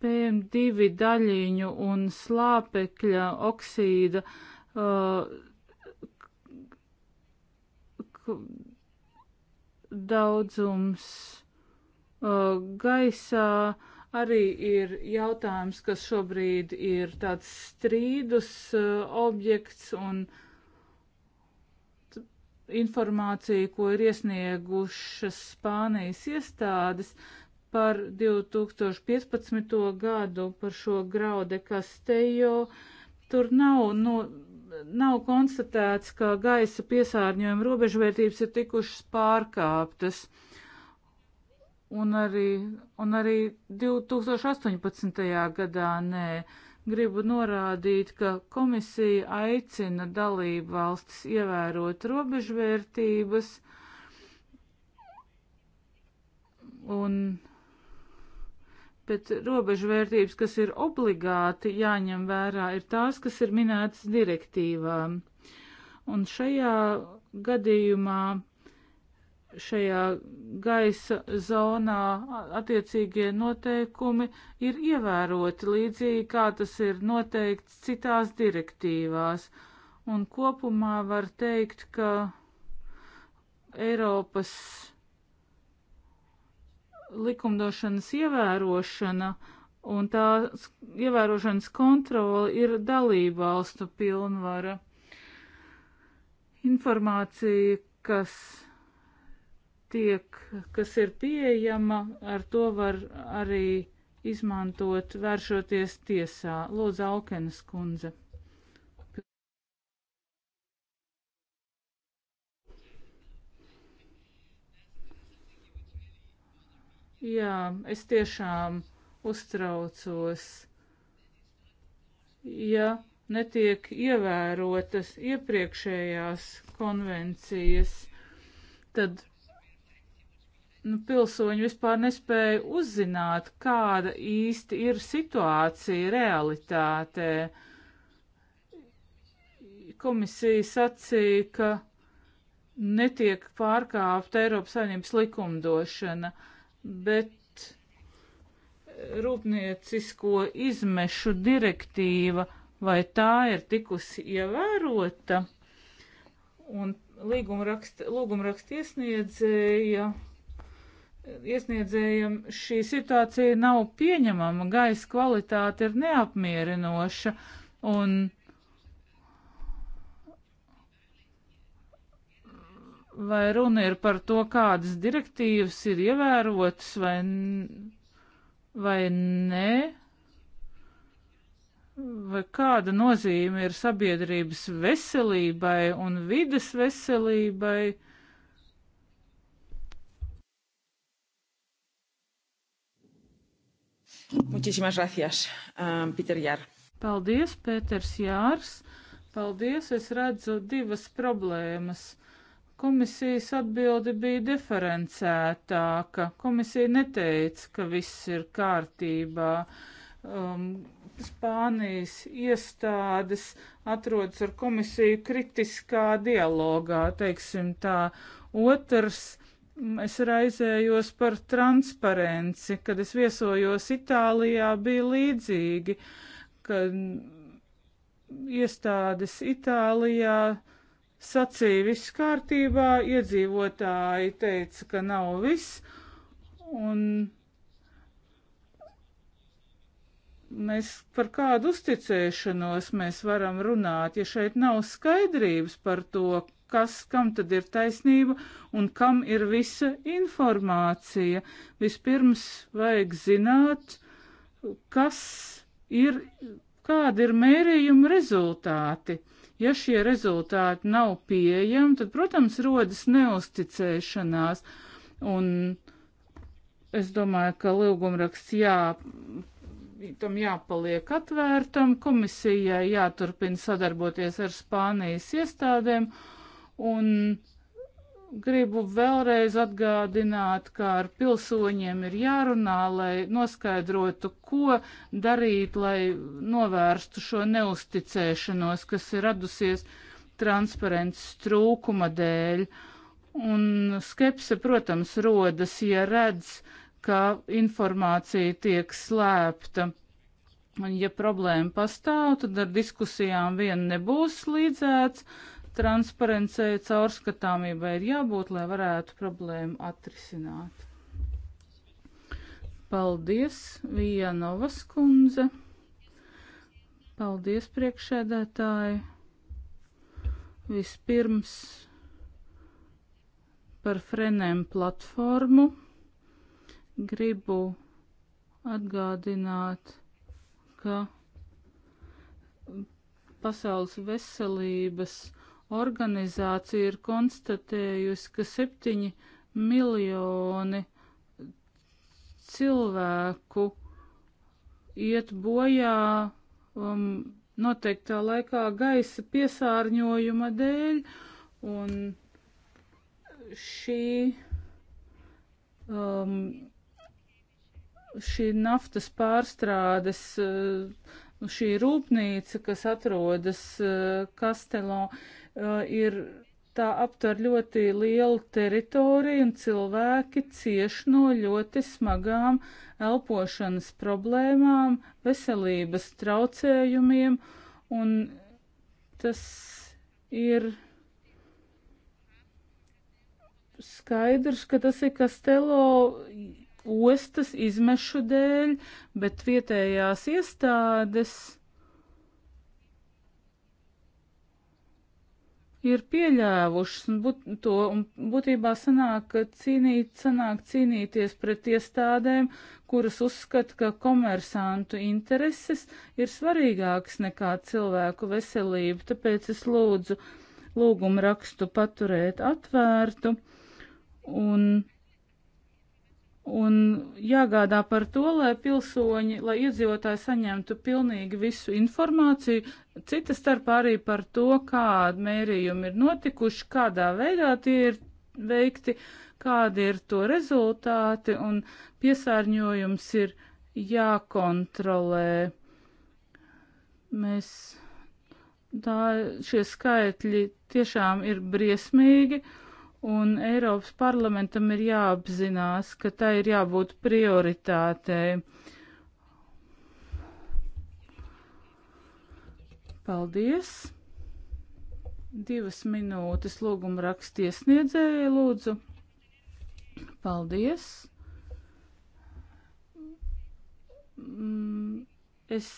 PM2 daļiņu un slāpekļa oksīda uh, daudzums uh, gaisā uh, arī ir jautājums, kas šobrīd ir tāds strīdus uh, objekts un informācija, ko ir iesniegušas Spānijas iestādes par 2015. gadu, par šo graude Kastejo. Tur nav, no, nu, nav konstatēts, ka gaisa piesārņojuma robežvērtības ir tikušas pārkāptas. Uh, un arī, un arī 2018. gadā nē. Gribu norādīt, ka komisija aicina dalību valstis ievērot robežvērtības un bet robežvērtības, kas ir obligāti jāņem vērā, ir tās, kas ir minētas direktīvā. Un šajā gadījumā šajā gaisa zonā attiecīgie noteikumi ir ievēroti līdzīgi, kā tas ir noteikts citās direktīvās. Un kopumā var teikt, ka Eiropas likumdošanas ievērošana un tās ievērošanas kontrola ir dalībvalstu pilnvara. Informācija, kas tiek, kas ir pieejama, ar to var arī izmantot, vēršoties tiesā. Lūdzu, Alkenas kundze. Jā, es tiešām uztraucos, ja netiek ievērotas iepriekšējās konvencijas, tad nu, pilsoņi vispār nespēja uzzināt, kāda īsti ir situācija realitātē. Komisija sacīja, ka netiek pārkāpta Eiropas saimnības likumdošana, bet rūpniecisko izmešu direktīva vai tā ir tikusi ievērota? Un līgumraksta, lūgumraksta iesniedzēja. Ja iesniedzējiem šī situācija nav pieņemama, gaisa kvalitāte ir neapmierinoša un vai runa ir par to, kādas direktīvas ir ievērotas vai, vai nē, vai kāda nozīme ir sabiedrības veselībai un vides veselībai. Muchísimas gracias, um, Peter Jār. Paldies, Pēters Jārs. Paldies, es redzu divas problēmas. Komisijas atbildi bija diferencētāka. Komisija neteica, ka viss ir kārtībā. Um, Spānijas iestādes atrodas ar komisiju kritiskā dialogā, teiksim tā. Otrs es raizējos par transparenci. Kad es viesojos Itālijā, bija līdzīgi, kad iestādes Itālijā sacīja viss kārtībā, iedzīvotāji teica, ka nav viss, un mēs par kādu uzticēšanos mēs varam runāt, ja šeit nav skaidrības par to, kas, kam tad ir taisnība un kam ir visa informācija. Vispirms vajag zināt, kas ir, kāda ir mērījuma rezultāti. Ja šie rezultāti nav pieejami, tad, protams, rodas neusticēšanās. Un es domāju, ka lūgumraksts jā, tam jāpaliek atvērtam, komisijai jāturpina sadarboties ar Spānijas iestādēm. Uh, Un gribu vēlreiz atgādināt, ka ar pilsoņiem ir jārunā, lai noskaidrotu, ko darīt, lai novērstu šo neusticēšanos, kas ir radusies transparences trūkuma dēļ. Un skepse, protams, rodas, ja redz, ka informācija tiek slēpta. Un ja problēma pastāv, tad ar diskusijām vien nebūs līdzēts transparencei, caurskatāmībai ir jābūt, lai varētu problēmu atrisināt. Paldies, Vijanovas kundze. Paldies, priekšēdētāji. Vispirms par frenēm platformu gribu atgādināt, ka Pasaules veselības organizācija ir konstatējusi, ka septiņi miljoni cilvēku iet bojā um, noteiktā laikā gaisa piesārņojuma dēļ, un šī, um, šī naftas pārstrādes uh, šī rūpnīca, kas atrodas uh, Kastelon, ir tā aptver ļoti lielu teritoriju un cilvēki cieš no ļoti smagām elpošanas problēmām, veselības traucējumiem, un tas ir skaidrs, ka tas ir Kastelo ostas izmešu dēļ, bet vietējās iestādes ir pieļāvušas un būt, to, un būtībā sanāk, cīnīt, sanāk cīnīties pret iestādēm, kuras uzskata, ka komersantu intereses ir svarīgākas nekā cilvēku veselība, tāpēc es lūdzu lūgumu rakstu paturēt atvērtu un un jāgādā par to, lai pilsoņi, lai iedzīvotāji saņemtu pilnīgi visu informāciju, cita starpā arī par to, kādi mērījumi ir notikuši, kādā veidā tie ir veikti, kādi ir to rezultāti, un piesārņojums ir jākontrolē. Mēs tā, šie skaitļi tiešām ir briesmīgi. Uh, un Eiropas parlamentam ir jāapzinās, ka tā ir jābūt prioritātei. Paldies! Divas minūtes lūguma rakstiesniedzēja lūdzu. Paldies! Mm, es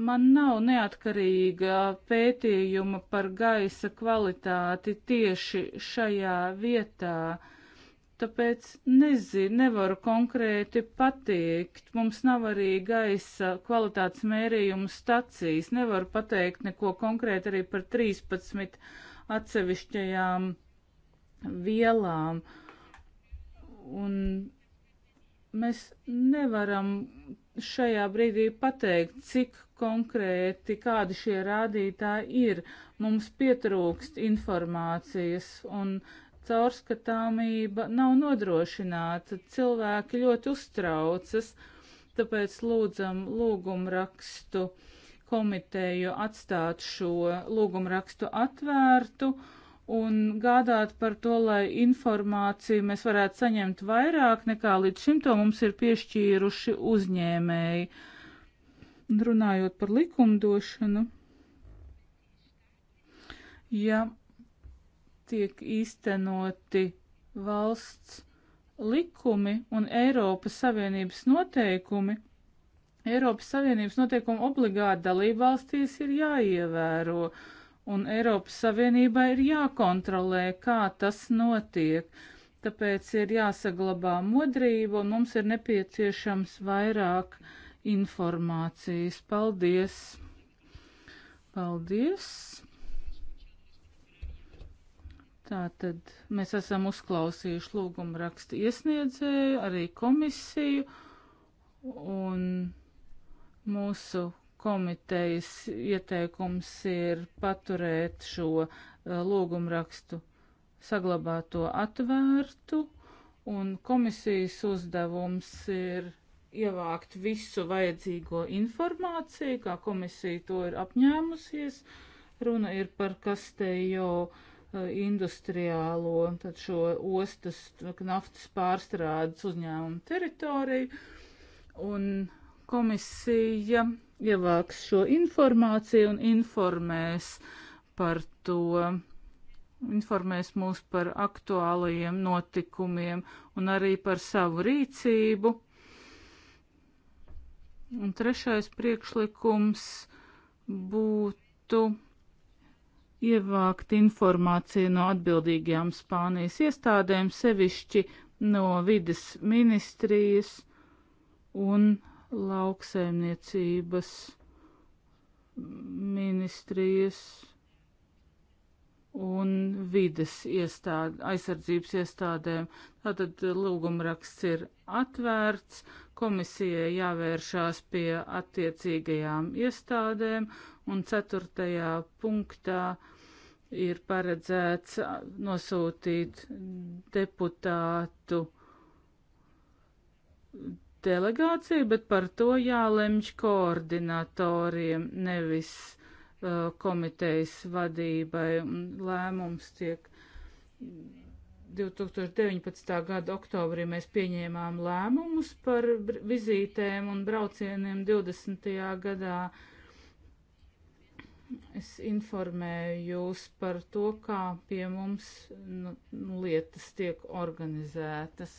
Man nav neatkarīga pētījuma par gaisa kvalitāti tieši šajā vietā, tāpēc nezinu, nevaru konkrēti pateikt. Mums nav arī gaisa kvalitātes mērījumu stacijas, nevaru pateikt neko konkrēti arī par 13 atsevišķajām vielām. Un mēs nevaram šajā brīdī pateikt, cik konkrēti, kādi šie rādītāji ir. Mums pietrūkst informācijas un caurskatāmība nav nodrošināta. Cilvēki ļoti uztraucas, tāpēc lūdzam lūgumrakstu komiteju atstāt šo lūgumrakstu atvērtu un gādāt par to, lai informāciju mēs varētu saņemt vairāk nekā līdz šim to mums ir piešķīruši uzņēmēji. Uh, Un runājot par likumdošanu, ja tiek īstenoti valsts likumi un Eiropas Savienības noteikumi, Eiropas Savienības noteikumi obligāti dalībvalstīs ir jāievēro, un Eiropas Savienībai ir jākontrolē, kā tas notiek. Tāpēc ir jāsaglabā modrība, un mums ir nepieciešams vairāk uh, informācijas. Paldies! Paldies! Tātad mēs esam uzklausījuši lūgumu rakstu iesniedzēju, arī komisiju un mūsu komitejas ieteikums ir paturēt šo eh, lūgumrakstu saglabāto atvērtu, un komisijas uzdevums ir ievākt visu vajadzīgo informāciju, kā komisija to ir apņēmusies. Runa ir par Kastejo eh, industriālo, tad šo ostas naftas pārstrādes uzņēmumu teritoriju. Un komisija ievāks šo informāciju un informēs par to, informēs mūs par aktuālajiem notikumiem un arī par savu rīcību Un trešais priekšlikums būtu ievākt informāciju no atbildīgajām Spānijas iestādēm, sevišķi no vides ministrijas un lauksaimniecības ministrijas un vides iestād, aizsardzības iestādēm. Tātad lūgumraksts ir atvērts, Komisijai jāvēršās pie attiecīgajām iestādēm, un ceturtajā punktā ir paredzēts nosūtīt deputātu delegāciju, bet par to jālemj koordinatoriem, nevis uh, komitejas vadībai, un lēmums tiek 2019. gada oktobrī mēs pieņēmām lēmumus par vizītēm un braucieniem 20. gadā. Es informēju jūs par to, kā pie mums nu, nu, lietas tiek organizētas.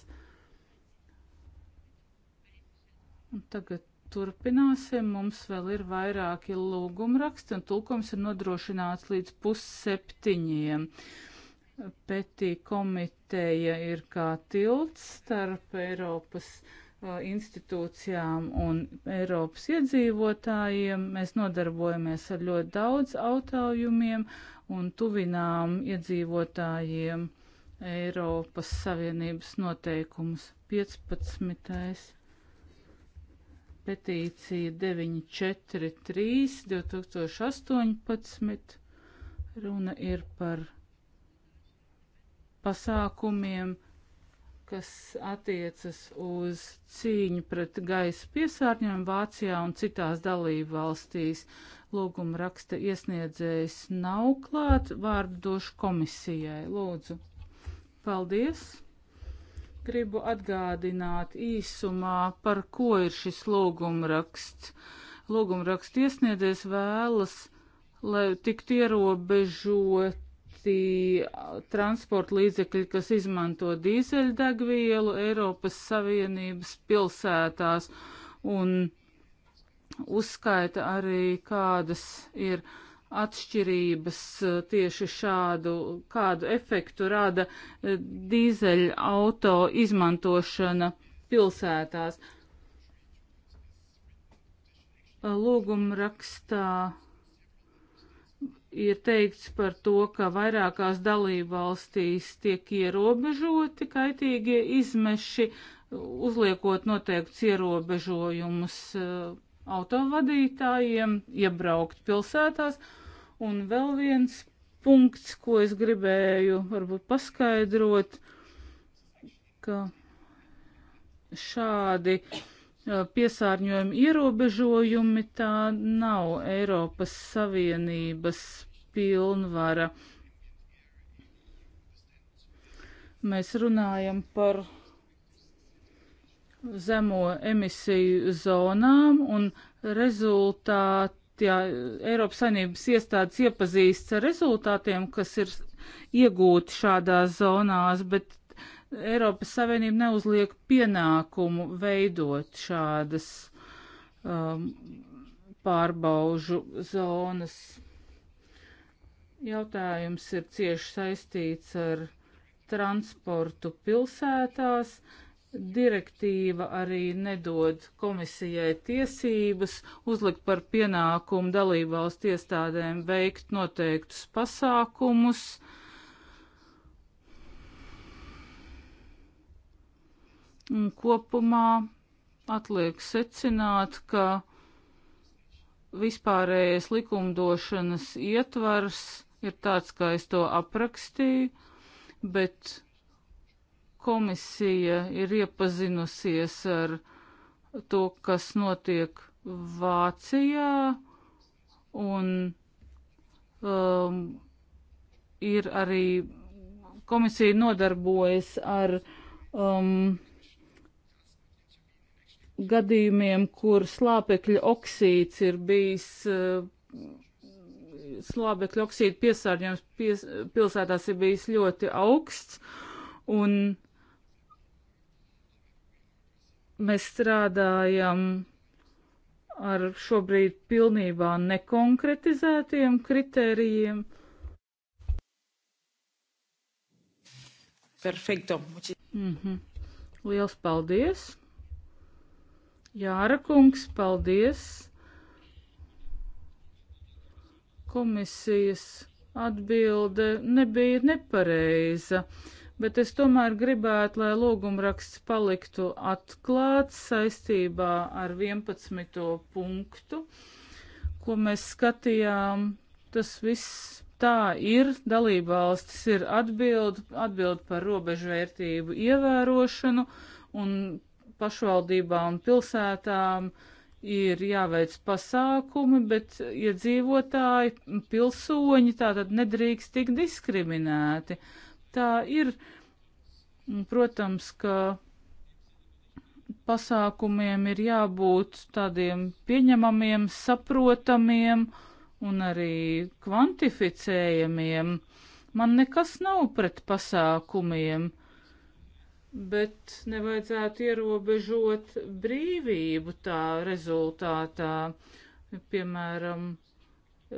Un tagad turpināsim. Mums vēl ir vairāki lūgumraksti, un tulkums ir nodrošināts līdz pusseptiņiem. septiņiem. Petī komiteja ir kā tilts starp Eiropas uh, institūcijām un Eiropas iedzīvotājiem. Mēs nodarbojamies ar ļoti daudz autājumiem un tuvinām iedzīvotājiem Eiropas Savienības noteikumus. 15. petīcija 943 2018. Runa ir par pasākumiem, kas attiecas uz cīņu pret gaisa piesārņojumu Vācijā un citās dalību valstīs. Lūguma raksta iesniedzējs nav klāt, vārdu došu komisijai. Lūdzu. Paldies! Gribu atgādināt īsumā, par ko ir šis lūgumraksts. Lūgumraksta iesniedzējs vēlas, lai tiktu ierobežot noteikti transporta līdzekļi, kas izmanto dīzeļdegvielu Eiropas Savienības pilsētās un uzskaita arī, kādas ir atšķirības e, tieši šādu, kādu efektu rada e, dīzeļa auto izmantošana pilsētās. Lūgumrakstā rakstā ir teikts par to, ka vairākās dalībvalstīs tiek ierobežoti kaitīgie izmeši, uzliekot noteikts ierobežojumus eh, autovadītājiem iebraukt pilsētās. Un vēl viens punkts, ko es gribēju varbūt paskaidrot, ka šādi uh, piesārņojuma ierobežojumi, tā nav Eiropas Savienības pilnvara. Mēs runājam par zemo emisiju zonām un rezultāti, ja Eiropas saimnības iestādes iepazīsts ar rezultātiem, kas ir iegūti šādās zonās, bet Eiropas Savienība neuzliek pienākumu veidot šādas um, pārbaužu zonas. Jautājums ir cieši saistīts ar transportu pilsētās. Direktīva arī nedod komisijai tiesības uzlikt par pienākumu dalībvalstu iestādēm veikt noteiktus pasākumus. Uh, Un kopumā atliek secināt, ka vispārējais likumdošanas ietvars ir tāds, kā es to aprakstīju, bet komisija ir iepazinusies ar to, kas notiek Vācijā, un um, ir arī komisija nodarbojas ar um, gadījumiem, kur slāpekļa oksīds ir bijis, eh, slāpekļa oksīda piesārņojums pies, pilsētās ir bijis ļoti augsts, un mēs strādājam ar šobrīd pilnībā nekonkretizētiem kritērijiem. Perfekto. Mm mhm. -hmm. Liels paldies! Jāra kungs, paldies! Komisijas atbilde nebija nepareiza, bet es tomēr gribētu, lai lūgumraksts paliktu atklāts saistībā ar 11. punktu, ko mēs skatījām. Tas viss tā ir, dalībvalstis ir atbild, atbild par robežvērtību ievērošanu un pašvaldībām un pilsētām ir jāveic pasākumi, bet iedzīvotāji, ja pilsoņi tātad nedrīkst tik diskriminēti. Tā ir, protams, ka pasākumiem ir jābūt tādiem pieņemamiem, saprotamiem un arī kvantificējamiem. Man nekas nav pret pasākumiem bet nevajadzētu ierobežot brīvību tā rezultātā. Piemēram,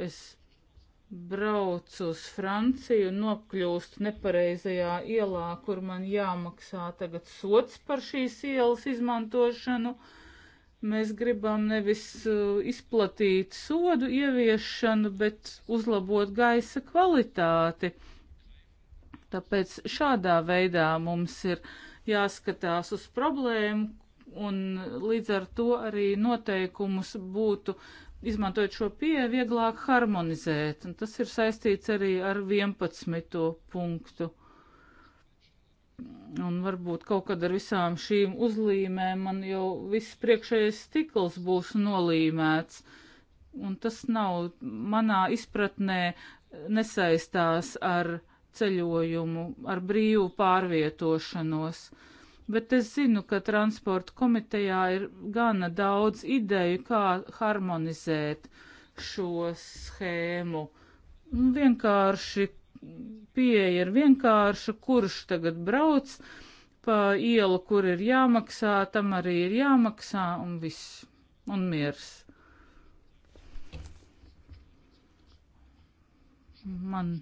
es braucu uz Franciju un nokļūstu nepareizajā ielā, kur man jāmaksā tagad sots par šīs ielas izmantošanu. Mēs gribam nevis uh, izplatīt sodu ieviešanu, bet uzlabot gaisa kvalitāti. Tāpēc šādā veidā mums ir jāskatās uz problēmu, un līdz ar to arī noteikumus būtu, izmantojot šo pieeju, vieglāk harmonizēt. Un tas ir saistīts arī ar 11. punktu. Un varbūt kaut kad ar visām šīm uzlīmēm man jau viss priekšējais stikls būs nolīmēts. Un tas nav manā izpratnē nesaistās ar uh, ceļojumu, ar brīvu pārvietošanos. Bet es zinu, ka transporta komitejā ir gana daudz ideju, kā harmonizēt šo schēmu. Vienkārši pieeja ir vienkārša, kurš tagad brauc pa ielu, kur ir jāmaksā, tam arī ir jāmaksā un viss, un miers. Man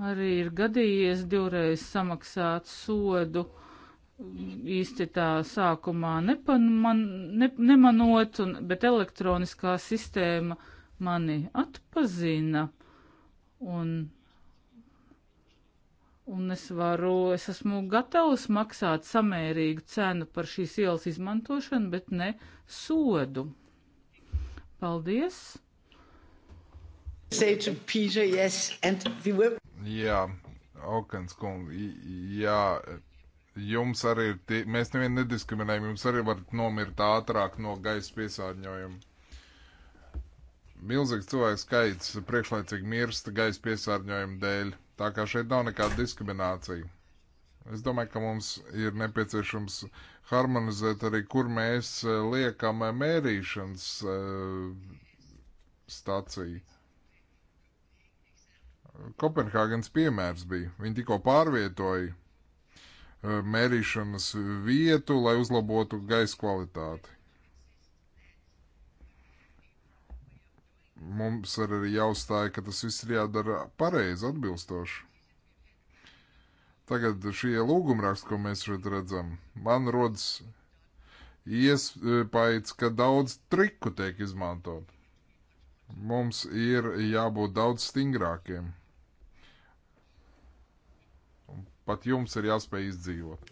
arī ir gadījies divreiz samaksāt sodu. Mm, īsti tā sākumā nepan, man, ne, nemanot, un, bet elektroniskā sistēma mani atpazina. Un, un es varu, es esmu gatavs maksāt samērīgu cenu par šīs ielas izmantošanu, bet ne sodu. Paldies! say to Peter, yes, and we were. Jā, Okens kungi, jā, jums arī ir, tie, mēs nevienu nediskriminējam, jums arī varat nomirt ātrāk no gaisa piesārņojuma. Milzīgs cilvēks skaits priekšlaicīgi mirst gaisa piesārņojuma dēļ, tā kā šeit nav nekāda diskriminācija. Es domāju, ka mums ir nepieciešams harmonizēt arī, kur mēs eh, liekam eh, mērīšanas eh, stāciju. Kopenhāgenes piemērs bija. Viņi tikko pārvietoja eh, mērīšanas vietu, lai uzlabotu gaisa kvalitāti. Mums arī jāuzstāja, ka tas viss ir jādara pareizi, atbilstoši. Tagad šie lūgumraksti, ko mēs šeit redzam, man rodas iespējas, ka daudz triku tiek izmantot. Mums ir jābūt daudz stingrākiem. Pat jums ir jāspēj izdzīvot.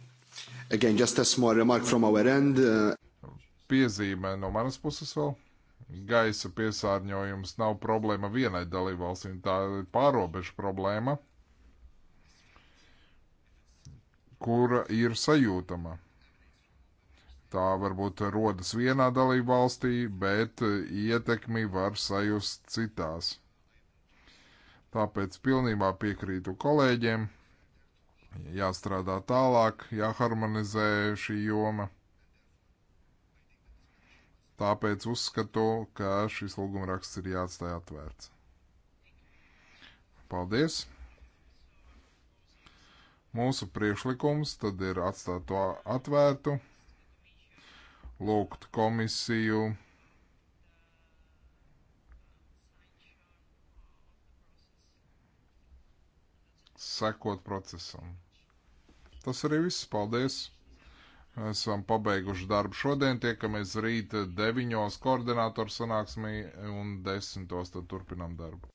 Again, just a small remark from our end. Uh, Piezīme no manas puses vēl. Gaisa piesārņojums nav problēma vienai dalībvalstīm, tā ir pārobežu problēma, kura ir sajūtama. Tā varbūt rodas vienā dalībvalstī, bet ietekmi var sajust citās. Tāpēc pilnībā piekrītu kolēģiem jāstrādā tālāk, jāharmonizē šī joma. Tāpēc uzskatu, ka šis lūguma raksts ir jāatstāj atvērts. Paldies! Mūsu priekšlikums tad ir atstāt to atvērtu, lūgt komisiju sekot procesam. Tas arī viss. Paldies! Esam pabeiguši darbu šodien, tiekamies rīt 9. koordinātoru sanāksmī un 10. tad turpinam darbu.